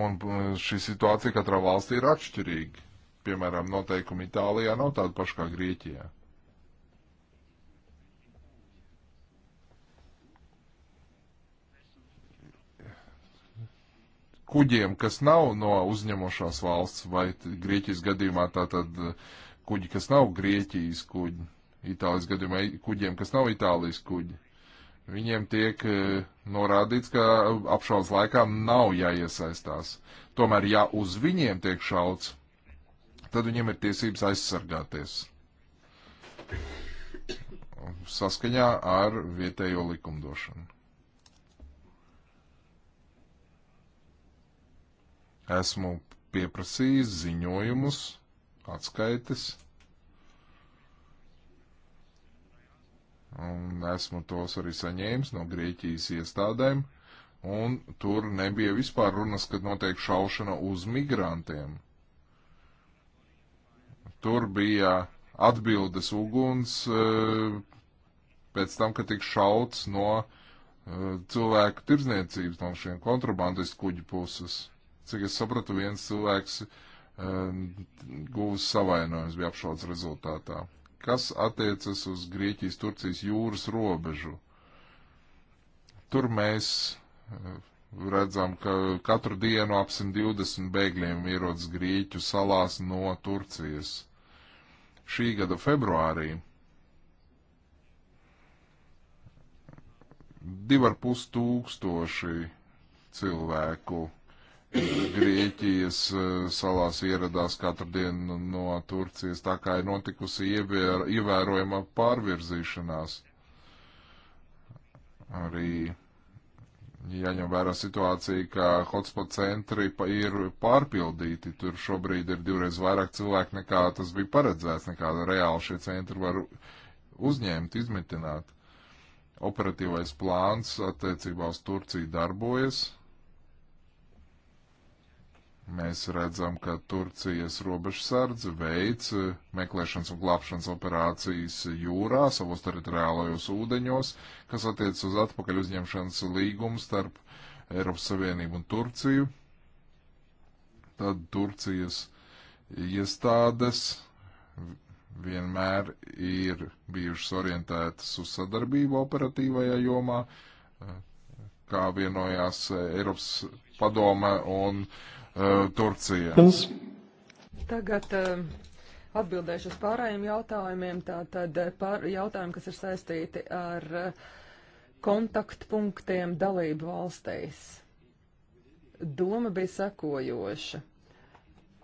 Un e, šī situācija katrā valstī ir atšķirīga. Piemēram, noteikumi Itālijā nav tādi paši kā Grieķijā. kuģiem, kas nav no uzņemošās valsts, vai Grieķijas gadījumā tātad eh, kuģi, kas nav Grieķijas kuģi, Itālijas gadījumā kuģiem, kas nav Itālijas kuģi. Viņiem tiek eh, norādīts, ka apšaudas laikā nav jāiesaistās. Tomēr, ja uz viņiem tiek šauts, tad viņiem ir tiesības aizsargāties saskaņā ar vietējo likumdošanu. Esmu pieprasījis ziņojumus, atskaites, un esmu tos arī saņēmis no Grieķijas iestādēm, un tur nebija vispār runas, kad notiek šaušana uz migrantiem. Tur bija atbildes uguns eh, pēc tam, kad tika šauts no eh, cilvēku tirdzniecības, no šiem kontrabandistu kuģu puses. Cik es sapratu, viens cilvēks eh, guvis savainojums bija apšaudas rezultātā. Kas attiecas uz Grieķijas-Turcijas jūras robežu? Tur mēs eh, redzam, ka katru dienu ap 120 bēgļiem ierodas Grieķu salās no Turcijas. Šī gada februārī divi ar pus tūkstoši cilvēku Grieķijas eh, salās ieradās katru dienu no Turcijas, tā kā ir notikusi ievēr, ievērojama pārvirzīšanās. Arī jaņem vērā situācija, ka hotspot centri ir pārpildīti. Tur šobrīd ir divreiz vairāk cilvēku nekā tas bija paredzēts, nekā reāli šie centri var uzņemt, izmitināt. Operatīvais plāns attiecībā uz Turciju darbojas. Mēs redzam, ka Turcijas robežsardze veic meklēšanas un glābšanas operācijas jūrā, savos teritoriālajos ūdeņos, kas attiec uz atpakaļ uzņemšanas līgumu starp Eiropas Savienību un Turciju. Tad Turcijas iestādes vienmēr ir bijušas orientētas uz sadarbību operatīvajā jomā, kā vienojās Eiropas padome un uh, Eh, Turcija. Tagad eh, atbildēšu uz pārējiem jautājumiem. Tātad eh, pār, jautājumi, kas ir saistīti ar kontaktpunktiem dalību valstīs. Doma bija sekojoša.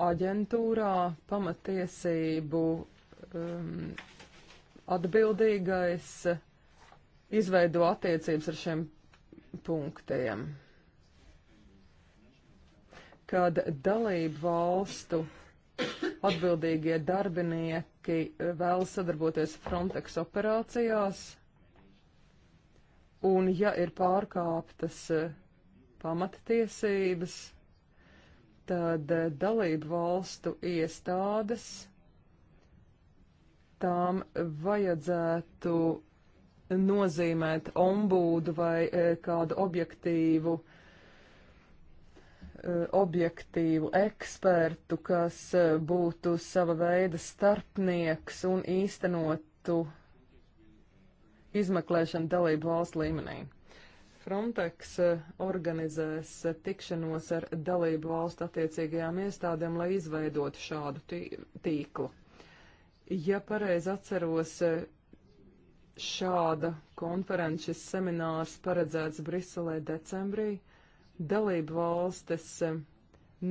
Aģentūrā pamatiesību um, atbildīgais izveido attiecības ar šiem punktiem kad dalību valstu atbildīgie darbinieki vēlas sadarboties Frontex operācijās, un ja ir pārkāptas eh, pamattiesības, tad eh, dalību valstu iestādes tām vajadzētu nozīmēt ombūdu vai eh, kādu objektīvu uh, E, objektīvu ekspertu, kas e, būtu sava veida starpnieks un īstenotu izmeklēšanu dalību valsts līmenī. Frontex e, organizēs tikšanos ar dalību valstu attiecīgajām iestādēm, lai izveidotu šādu tīklu. Ja pareizi atceros, šāda konferences seminārs paredzēts Briselē decembrī, dalību valstis eh,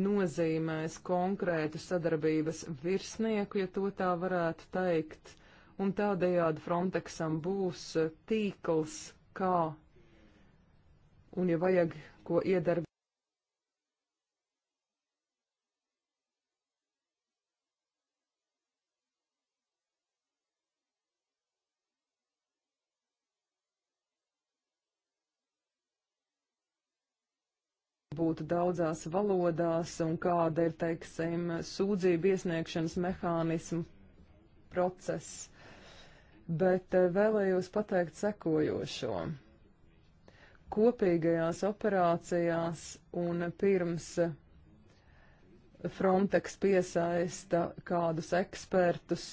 nozīmēs konkrētu sadarbības virsnieku, ja to tā varētu teikt, un tādējādi Frontexam būs eh, tīkls, kā un, ja vajag ko iedarbināt. būtu daudzās valodās un kāda ir, teiksim, sūdzību iesniegšanas mehānismu process. Bet eh, vēlējos pateikt sekojošo. Kopīgajās operācijās un pirms Frontex piesaista kādus ekspertus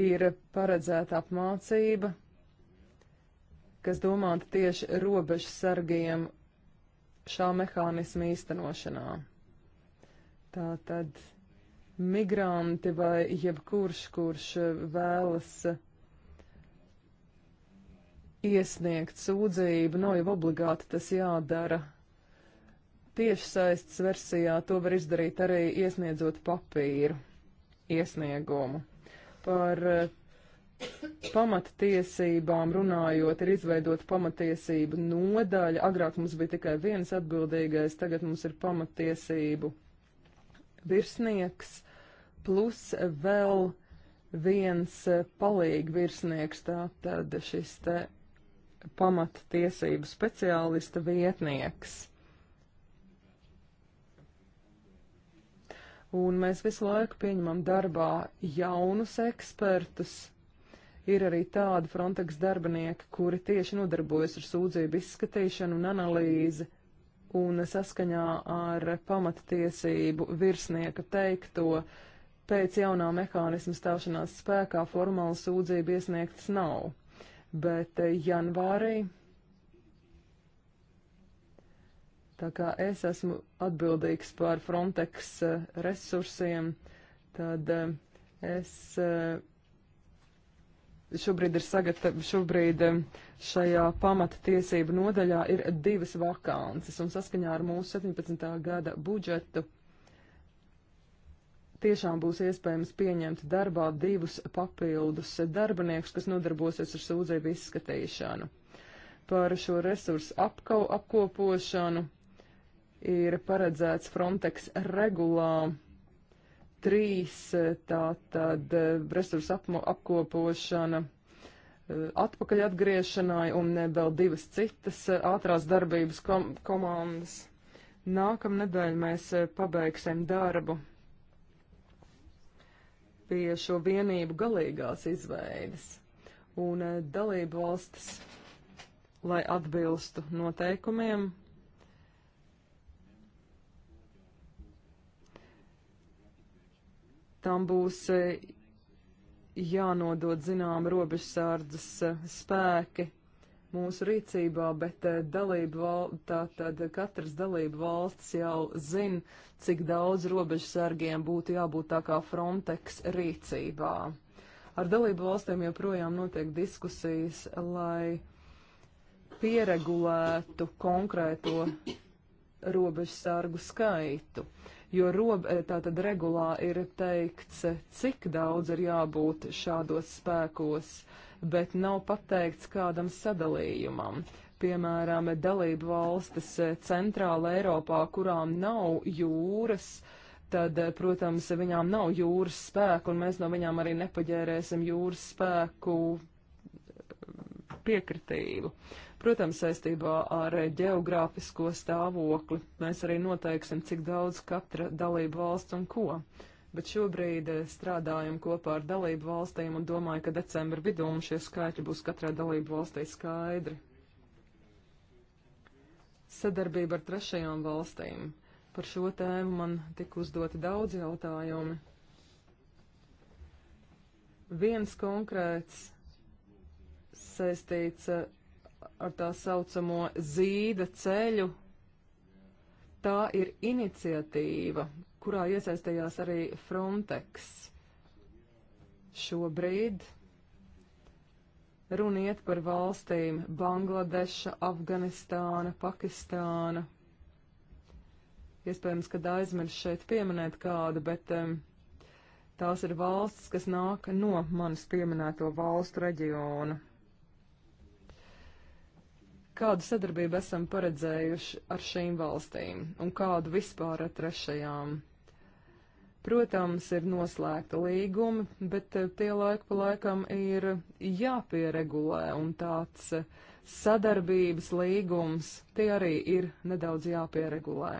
ir paredzēta apmācība, kas domāta tieši robežu sargiem šā mehānisma īstenošanā. Tā tad migranti vai jebkurš, kurš vēlas iesniegt sūdzību, nav jau obligāti tas jādara. Tiešsaistes versijā to var izdarīt arī iesniedzot papīru iesniegumu. Par eh, pamatiesībām runājot, ir izveidot pamatiesību nodaļa. Agrāk mums bija tikai viens atbildīgais, tagad mums ir pamatiesību virsnieks, plus vēl viens palīgi virsnieks, tātad šis te pamatiesību speciālista vietnieks. Un mēs visu laiku pieņemam darbā jaunus ekspertus, Ir arī tādi Frontex darbinieki, kuri tieši nodarbojas ar sūdzību izskatīšanu un analīzi, un saskaņā ar pamatiesību virsnieka teikto, pēc jaunā mehānisma stāšanās spēkā formāla sūdzība iesniegtas nav. Bet eh, janvārī Tā kā es esmu atbildīgs par Frontex eh, resursiem, tad eh, es šobrīd ir sagatavota, šobrīd šajā pamata tiesību nodaļā ir divas vakances, un saskaņā ar mūsu 17. gada budžetu tiešām būs iespējams pieņemt darbā divus papildus darbiniekus, kas nodarbosies ar sūdzību izskatīšanu. Par šo resursu apkau, apkopošanu ir paredzēts Frontex regulā trīs e, tātad e, resursu apmo, apkopošana e, atpakaļ atgriešanai un vēl divas citas ātrās darbības kom komandas. Nākamnedēļ mēs pabeigsim darbu pie šo vienību galīgās izveidas un dalību valstis, lai atbilstu noteikumiem, tam būs eh, jānodod zinām robežsārdzes eh, spēki mūsu rīcībā, bet eh, dalību val, tātad katras dalību valsts jau zin, cik daudz robežsargiem būtu jābūt tā kā Frontex rīcībā. Ar dalību valstīm joprojām notiek diskusijas, lai pieregulētu konkrēto robežsargu skaitu jo rob, eh, tātad regulā ir teikts, cik daudz ir jābūt šādos spēkos, bet nav pateikts kādam sadalījumam. Piemēram, dalību valstis eh, centrāla Eiropā, kurām nav jūras, tad, eh, protams, viņām nav jūras spēku, un mēs no viņām arī nepaģērēsim jūras spēku piekritību. Uh, Protams, saistībā ar geogrāfisko stāvokli mēs arī noteiksim, cik daudz katra dalība valsts un ko. Bet šobrīd eh, strādājam kopā ar dalību valstīm un domāju, ka decembra vidū mums šie skaitļi būs katrā dalību valstī skaidri. Sadarbība ar trešajām valstīm. Par šo tēmu man tika uzdoti daudz jautājumi viens konkrēts saistīts eh, ar tā saucamo zīda ceļu. Tā ir iniciatīva, kurā iesaistījās arī Frontex. Šobrīd runa iet par valstīm Bangladeša, Afganistāna, Pakistāna. Iespējams, kad aizmirst šeit pieminēt kādu, bet um, tās ir valstis, kas nāk no manis pieminēto valstu reģionu. Kādu sadarbību esam paredzējuši ar šīm valstīm un kādu vispār ar trešajām? Protams, ir noslēgta līguma, bet eh, tie laiku pa laikam ir jāpieregulē un tāds eh, sadarbības līgums, tie arī ir nedaudz jāpieregulē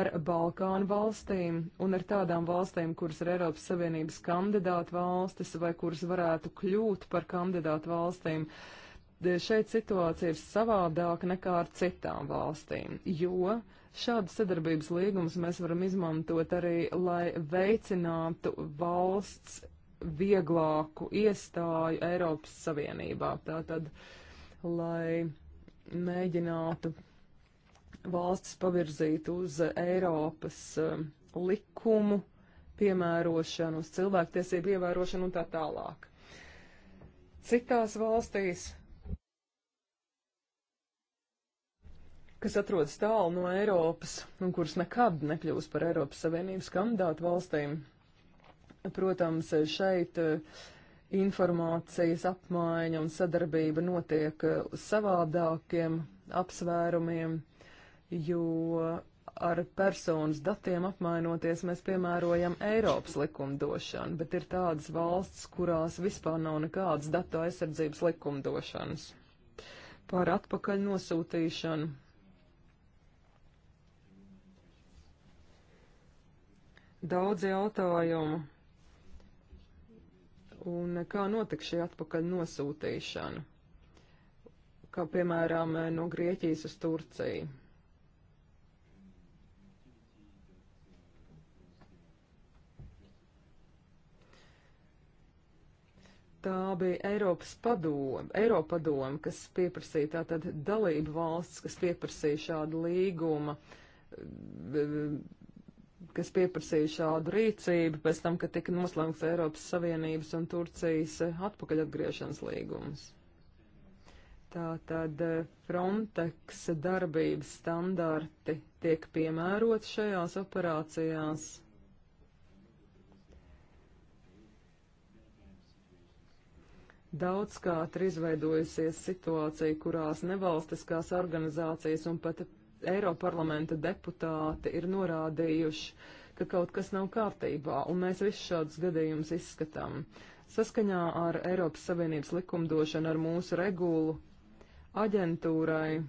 ar Balkānu valstīm un ar tādām valstīm, kuras ir Eiropas Savienības kandidātu valstis vai kuras varētu kļūt par kandidātu valstīm šeit situācija ir savādāka nekā ar citām valstīm, jo šādas sadarbības līgumus mēs varam izmantot arī, lai veicinātu valsts vieglāku iestāju Eiropas Savienībā. Tātad, lai mēģinātu valsts pavirzīt uz Eiropas uh, likumu piemērošanu, uz cilvēktiesību ievērošanu un tā tālāk. Citās valstīs kas atrodas tālu no Eiropas un kuras nekad nekļūs par Eiropas Savienības kandidātu valstīm. Protams, šeit eh, informācijas apmaiņa un sadarbība notiek eh, uz savādākiem apsvērumiem, jo ar personas datiem apmainoties, mēs piemērojam Eiropas likumdošanu, bet ir tādas valsts, kurās vispār nav nekādas datu aizsardzības likumdošanas. Par atpakaļ nosūtīšanu daudz jautājumu. Un kā notika šī atpakaļ nosūtīšana? Kā piemēram no Grieķijas uz Turciju. Tā bija Eiropas padoma, Eiropa padoma, kas pieprasīja tātad dalību valsts, kas pieprasīja šādu līguma kas pieprasīja šādu rīcību pēc tam, kad tika noslēgts Eiropas Savienības un Turcijas eh, atpakaļatgriešanas līgums. Tātad eh, Frontex darbības standarti tiek piemērot šajās operācijās. Daudzkārt ir izveidojusies situācija, kurās nevalstiskās organizācijas un pat Eiroparlamenta deputāti ir norādījuši, ka kaut kas nav kārtībā, un mēs visus šādus gadījumus izskatām. Saskaņā ar Eiropas Savienības likumdošanu, ar mūsu regulu, aģentūrai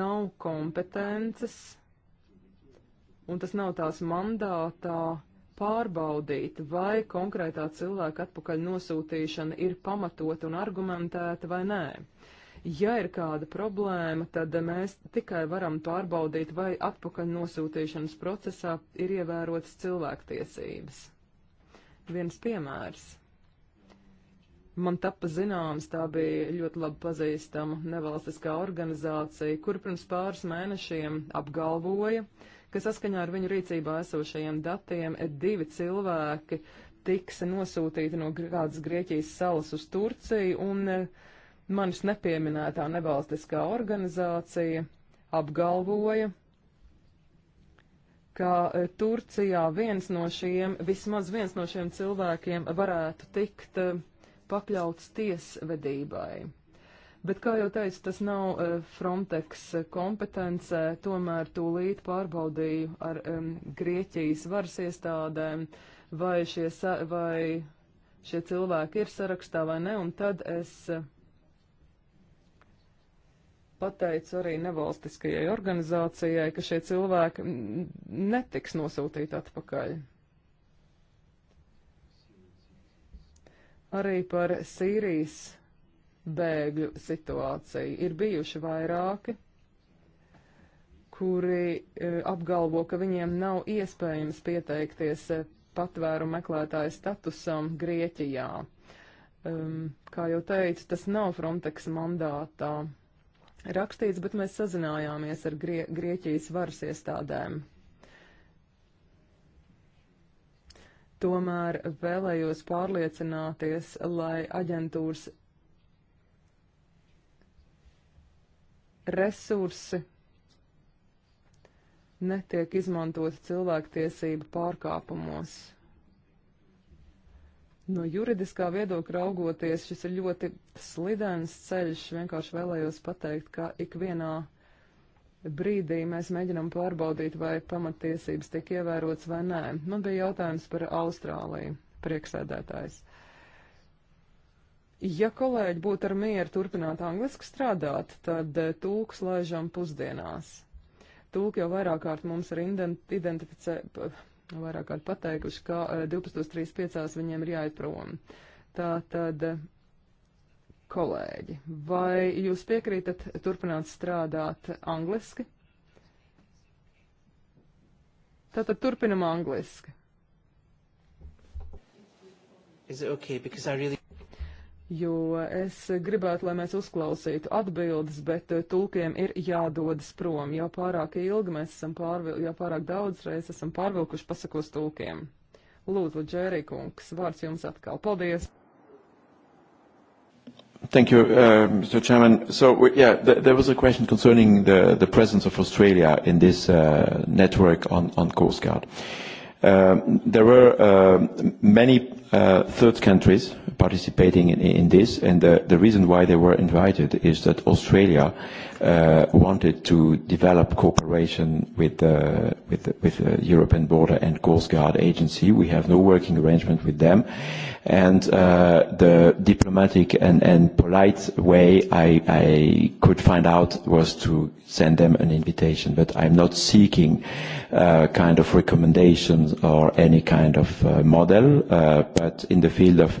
nav kompetences, un tas nav tās mandātā pārbaudīt, vai konkrētā cilvēka atpakaļ nosūtīšana ir pamatota un argumentēta vai nē. Ja ir kāda problēma, tad mēs tikai varam pārbaudīt, vai atpakaļ nosūtīšanas procesā ir ievērotas cilvēktiesības. Viens piemērs. Man tapa zināms, tā bija ļoti labi pazīstama nevalstiskā organizācija, kur pirms pāris mēnešiem apgalvoja, ka saskaņā ar viņu rīcībā esošajiem datiem divi cilvēki tiks nosūtīti no kādas Grieķijas salas uz Turciju, un manis nepieminētā nevalstiskā organizācija apgalvoja, ka e, Turcijā viens no šiem, vismaz viens no šiem cilvēkiem varētu tikt e, pakļauts tiesvedībai. Bet, kā jau teicu, tas nav e, Frontex kompetence, tomēr tūlīt pārbaudīju ar um, Grieķijas varas iestādēm, vai šie, vai šie cilvēki ir sarakstā vai ne, un tad es pateicu arī nevalstiskajai organizācijai, ka šie cilvēki netiks nosūtīti atpakaļ. Arī par Sīrijas bēgļu situāciju ir bijuši vairāki, kuri e, apgalvo, ka viņiem nav iespējams pieteikties e, patvēru meklētāju statusam Grieķijā. Um, kā jau teicu, tas nav Frontex mandātā rakstīts, bet mēs sazinājāmies ar Grie Grieķijas varas iestādēm. Tomēr vēlējos pārliecināties, lai aģentūras resursi netiek izmantoti cilvēktiesību pārkāpumos. No juridiskā viedokļa raugoties, šis ir ļoti slidens ceļš. Vienkārši vēlējos pateikt, ka ikvienā brīdī mēs mēģinām pārbaudīt, vai pamatiesības tiek ievērotas vai nē. Man bija jautājums par Austrāliju, prieksēdētājs. Ja kolēģi būtu ar mieru turpināt angliski strādāt, tad eh, tūks laižam pusdienās. Tūki jau vairāk kārt mums ir identificē, vairāk kārt pateikuši, ka 12.35 eh, viņiem ir jāiet prom. Tā tad, eh, kolēģi, vai jūs piekrītat turpināt strādāt angliski? Tātad turpinam angliski. Is it okay? Because I really jo es gribētu, lai mēs uzklausītu atbildes, bet eh, tulkiem ir jādodas prom, jau pārāk ilgi mēs esam pārvilkuši, jau pārāk daudz reizes esam pārvilkuši pasakos tulkiem. Lūdzu, Džērī kungs, vārds jums atkal. Paldies! Thank you, uh, Mr. Chairman. So, yeah, th there was a question concerning the, the presence of Australia in this uh, network on, on Coast Guard. Uh, Uh, there were uh, many uh, third countries participating in, in this, and the, the reason why they were invited is that Australia uh, wanted to develop cooperation with the uh, with, with the uh, European Border and Coast Guard Agency. We have no working arrangement with them, and uh, the diplomatic and, and polite way I, I could find out was to send them an invitation. But I'm not seeking uh, kind of recommendations or any kind of uh, model, uh, but in the field of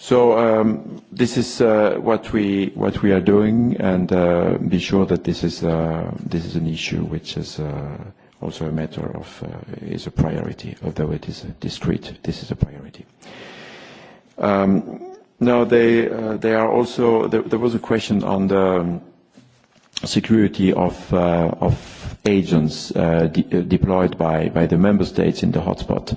So um, this is uh, what we what we are doing, and uh, be sure that this is uh, this is an issue which is uh, also a matter of uh, is a priority, although it is discrete. This is a priority. Um, now they uh, they are also there, there was a question on the um, security of uh, of agents uh, de- uh, deployed by by the member states in the hotspot. Uh,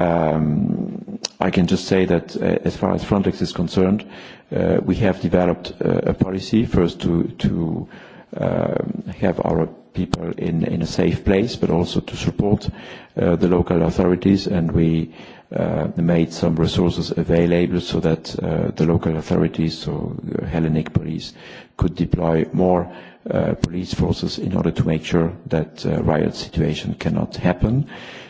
Um, I can just say that uh, as far as Frontex is concerned, uh, we have developed uh, a policy first to, to um, have our people in, in a safe place, but also to support uh, the local authorities. And we uh, made some resources available so that uh, the local authorities, so Hellenic Police, could deploy more police forces in order to make sure that riot situation cannot happen. Uh,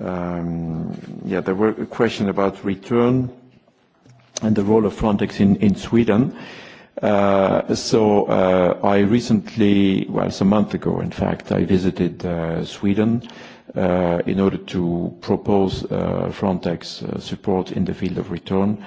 Um, yeah, there were a question about return and the role of Frontex in, in Sweden. Uh, so uh, I recently, well, some month ago, in fact, I visited uh, Sweden uh, in order to propose uh, Frontex uh, support in the field of return. Uh,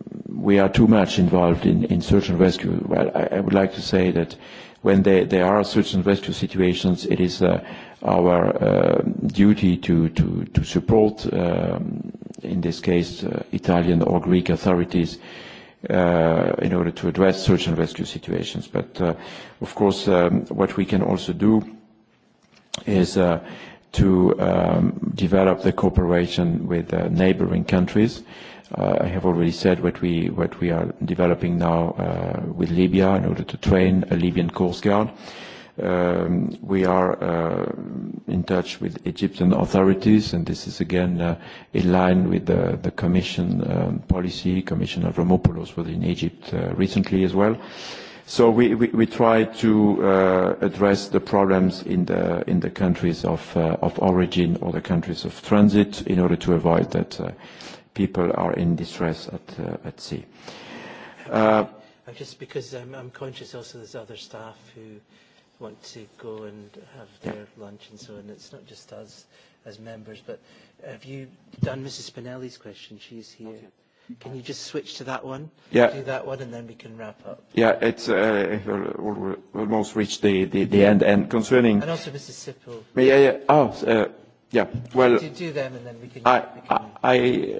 we are too much involved in, in search and rescue. Well, I, I would like to say that when there, there are search and rescue situations, it is uh, our uh, duty to, to, to support, um, in this case, uh, Italian or Greek authorities uh, in order to address search and rescue situations. But, uh, of course, um, what we can also do is uh, to um, develop the cooperation with uh, neighboring countries. Uh, Uh, I have already said what we, what we are developing now uh, with Libya in order to train a Libyan Coast Guard. Um, we are uh, in touch with Egyptian authorities, and this is again uh, in line with the, the commission um, policy. Commissioner Avramopoulos was in Egypt uh, recently as well. So we, we, we try to uh, address the problems in the, in the countries of, uh, of origin or the countries of transit in order to avoid that uh, people are in distress at, uh, at sea. Uh, just because I'm, I'm conscious also there's other staff who want to go and have their yeah. lunch and so on. It's not just us as members, but have you done Mrs. Spinelli's question? She's here. Okay. Can you just switch to that one? Yeah. Do that one, and then we can wrap up. Yeah, it's uh, almost reached the, the, the end. And concerning- And also Mrs. Sippel. Yeah, yeah. Oh, uh, yeah. Well- Do, do them, and then we can- I, we can... I,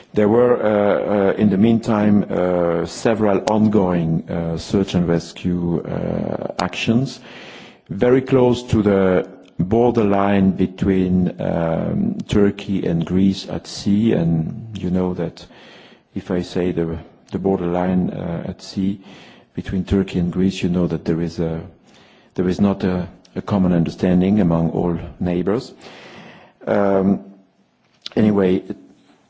There were, uh, uh, in the meantime, uh, several ongoing search and rescue actions very close to the borderline between um, Turkey and Greece at sea. And you know that if I say the, the borderline uh, at sea between Turkey and Greece, you know that there is, a, there is not a, a common understanding among all neighbors. Um, anyway,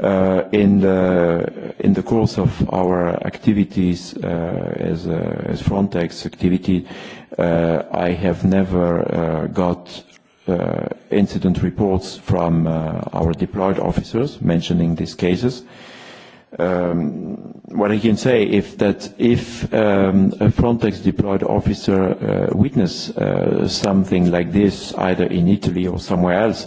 Uh, in the in the course of our activities uh, as a, uh, as Frontex activity, uh, I have never uh, got uh, incident reports from our deployed officers mentioning these cases. Um, what I can say is that if um, a Frontex deployed officer witness something like this, either in Italy or somewhere else,